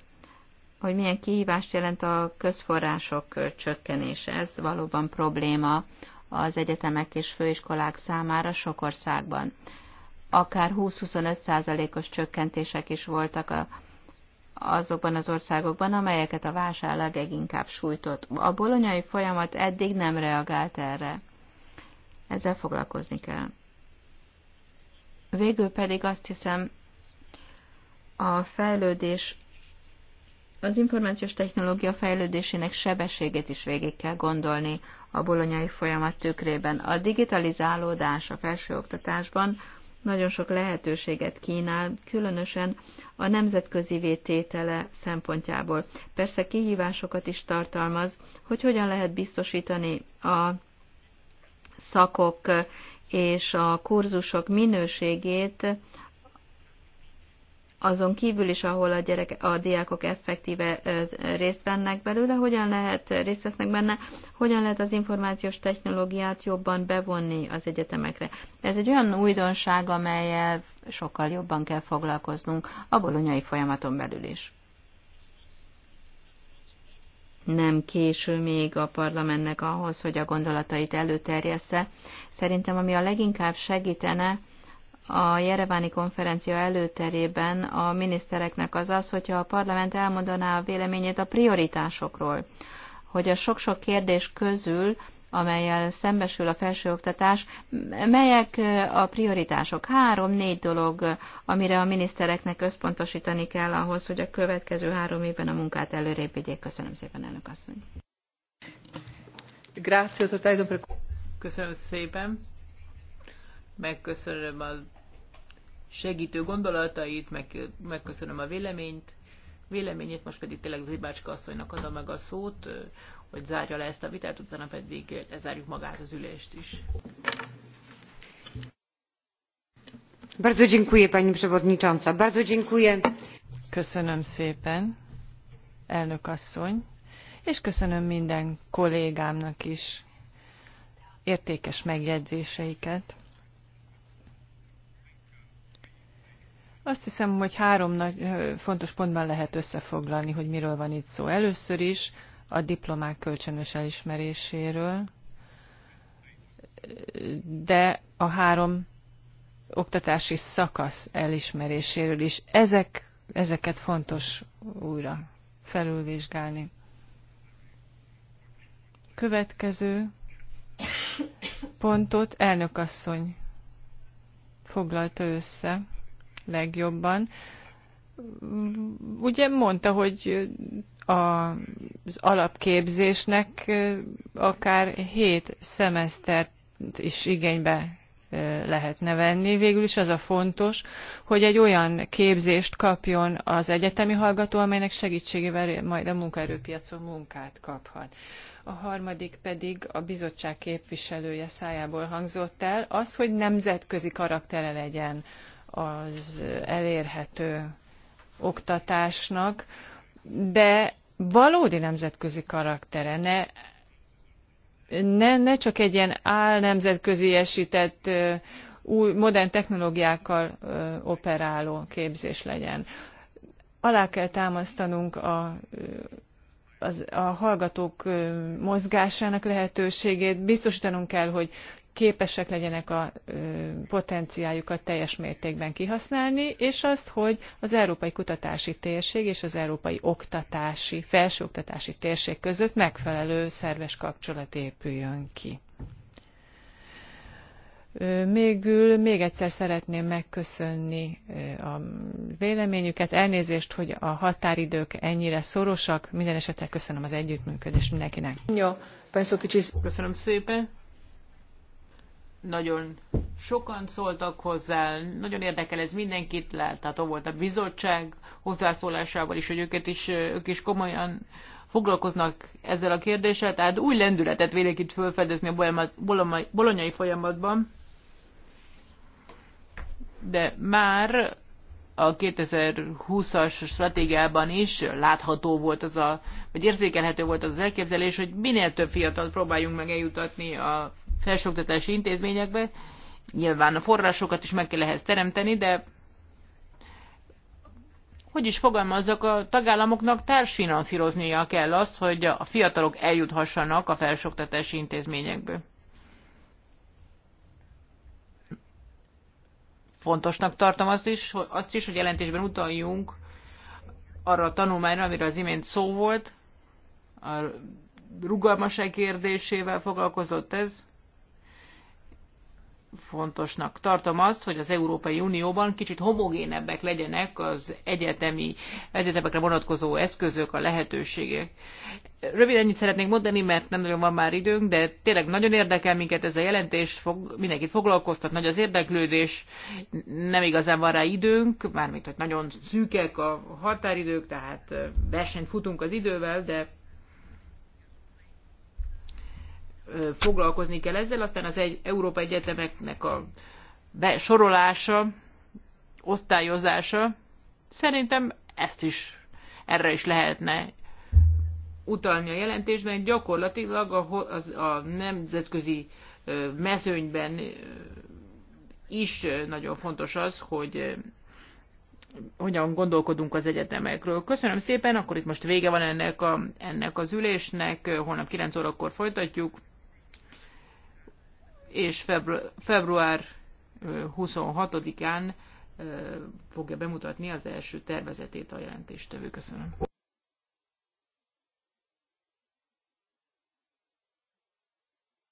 hogy milyen kihívást jelent a közforrások csökkenése. Ez valóban probléma az egyetemek és főiskolák számára sok országban. Akár 20-25 százalékos csökkentések is voltak a azokban az országokban, amelyeket a válság leginkább sújtott. A bolonyai folyamat eddig nem reagált erre. Ezzel foglalkozni kell. Végül pedig azt hiszem, a fejlődés, az információs technológia fejlődésének sebességét is végig kell gondolni a bolonyai folyamat tükrében. A digitalizálódás a felsőoktatásban nagyon sok lehetőséget kínál, különösen a nemzetközi vététele szempontjából. Persze kihívásokat is tartalmaz, hogy hogyan lehet biztosítani a szakok és a kurzusok minőségét azon kívül is, ahol a, gyerek, a diákok effektíve részt vennek belőle, hogyan lehet, részt vesznek benne, hogyan lehet az információs technológiát jobban bevonni az egyetemekre. Ez egy olyan újdonság, amelyel sokkal jobban kell foglalkoznunk a bolonyai folyamaton belül is. Nem késő még a parlamentnek ahhoz, hogy a gondolatait előterjessze. Szerintem ami a leginkább segítene, a Jereváni konferencia előterében a minisztereknek az az, hogyha a parlament elmondaná a véleményét a prioritásokról, hogy a sok-sok kérdés közül, amelyel szembesül a felsőoktatás, melyek a prioritások? Három-négy dolog, amire a minisztereknek összpontosítani kell ahhoz, hogy a következő három évben a munkát előrébb vigyék. Köszönöm szépen, elnök asszony. Köszönöm szépen megköszönöm az segítő gondolatait, meg, megköszönöm a véleményt, véleményét, most pedig tényleg Zibácska asszonynak adom meg a szót, hogy zárja le ezt a vitát, utána pedig lezárjuk magát az ülést is. Bardzo dziękuję pani przewodnicząca. Bardzo dziękuję. Köszönöm szépen, elnök asszony, és köszönöm minden kollégámnak is értékes megjegyzéseiket. Azt hiszem, hogy három nagy, fontos pontban lehet összefoglalni, hogy miről van itt szó. Először is a diplomák kölcsönös elismeréséről, de a három oktatási szakasz elismeréséről is. Ezek, ezeket fontos újra felülvizsgálni. Következő pontot elnökasszony foglalta össze legjobban. Ugye mondta, hogy az alapképzésnek akár hét szemesztert is igénybe lehetne venni. Végül is az a fontos, hogy egy olyan képzést kapjon az egyetemi hallgató, amelynek segítségével majd a munkaerőpiacon munkát kaphat. A harmadik pedig a bizottság képviselője szájából hangzott el, az, hogy nemzetközi karaktere legyen az elérhető oktatásnak, de valódi nemzetközi karaktere, ne, ne, ne csak egy ilyen áll esített új modern technológiákkal operáló képzés legyen. Alá kell támasztanunk a az, a hallgatók mozgásának lehetőségét. Biztosítanunk kell, hogy képesek legyenek a potenciáljukat teljes mértékben kihasználni, és azt, hogy az európai kutatási térség és az európai oktatási, felsőoktatási térség között megfelelő szerves kapcsolat épüljön ki. Mégül még egyszer szeretném megköszönni a véleményüket. Elnézést, hogy a határidők ennyire szorosak. Minden esetre köszönöm az együttműködést mindenkinek. Jó, persze kicsit. Köszönöm szépen nagyon sokan szóltak hozzá, nagyon érdekel ez mindenkit, látható volt a bizottság hozzászólásával is, hogy őket is, ők is komolyan foglalkoznak ezzel a kérdéssel, tehát új lendületet vélek itt felfedezni a bolonyai folyamatban, de már a 2020-as stratégiában is látható volt az a, vagy érzékelhető volt az, az elképzelés, hogy minél több fiatal próbáljunk meg eljutatni a felsőoktatási intézményekbe. Nyilván a forrásokat is meg kell ehhez teremteni, de hogy is fogalmazzak, a tagállamoknak társfinanszíroznia kell azt, hogy a fiatalok eljuthassanak a felsőoktatási intézményekbe. Fontosnak tartom azt is, hogy azt is, hogy jelentésben utaljunk arra a tanulmányra, amire az imént szó volt, a rugalmaság kérdésével foglalkozott ez fontosnak tartom azt, hogy az Európai Unióban kicsit homogénebbek legyenek az egyetemi, egyetemekre vonatkozó eszközök, a lehetőségek. Röviden ennyit szeretnék mondani, mert nem nagyon van már időnk, de tényleg nagyon érdekel minket ez a jelentés, fog, mindenkit foglalkoztat, nagy az érdeklődés, nem igazán van rá időnk, mármint, hogy nagyon szűkek a határidők, tehát versenyt futunk az idővel, de foglalkozni kell ezzel, aztán az egy, Európa Egyetemeknek a besorolása, osztályozása, szerintem ezt is, erre is lehetne utalni a jelentésben, gyakorlatilag a, az, a nemzetközi mezőnyben is nagyon fontos az, hogy hogyan gondolkodunk az egyetemekről. Köszönöm szépen, akkor itt most vége van ennek, a, ennek az ülésnek, holnap 9 órakor folytatjuk és február, február 26-án fogja bemutatni az első tervezetét a jelentéstevő. Köszönöm.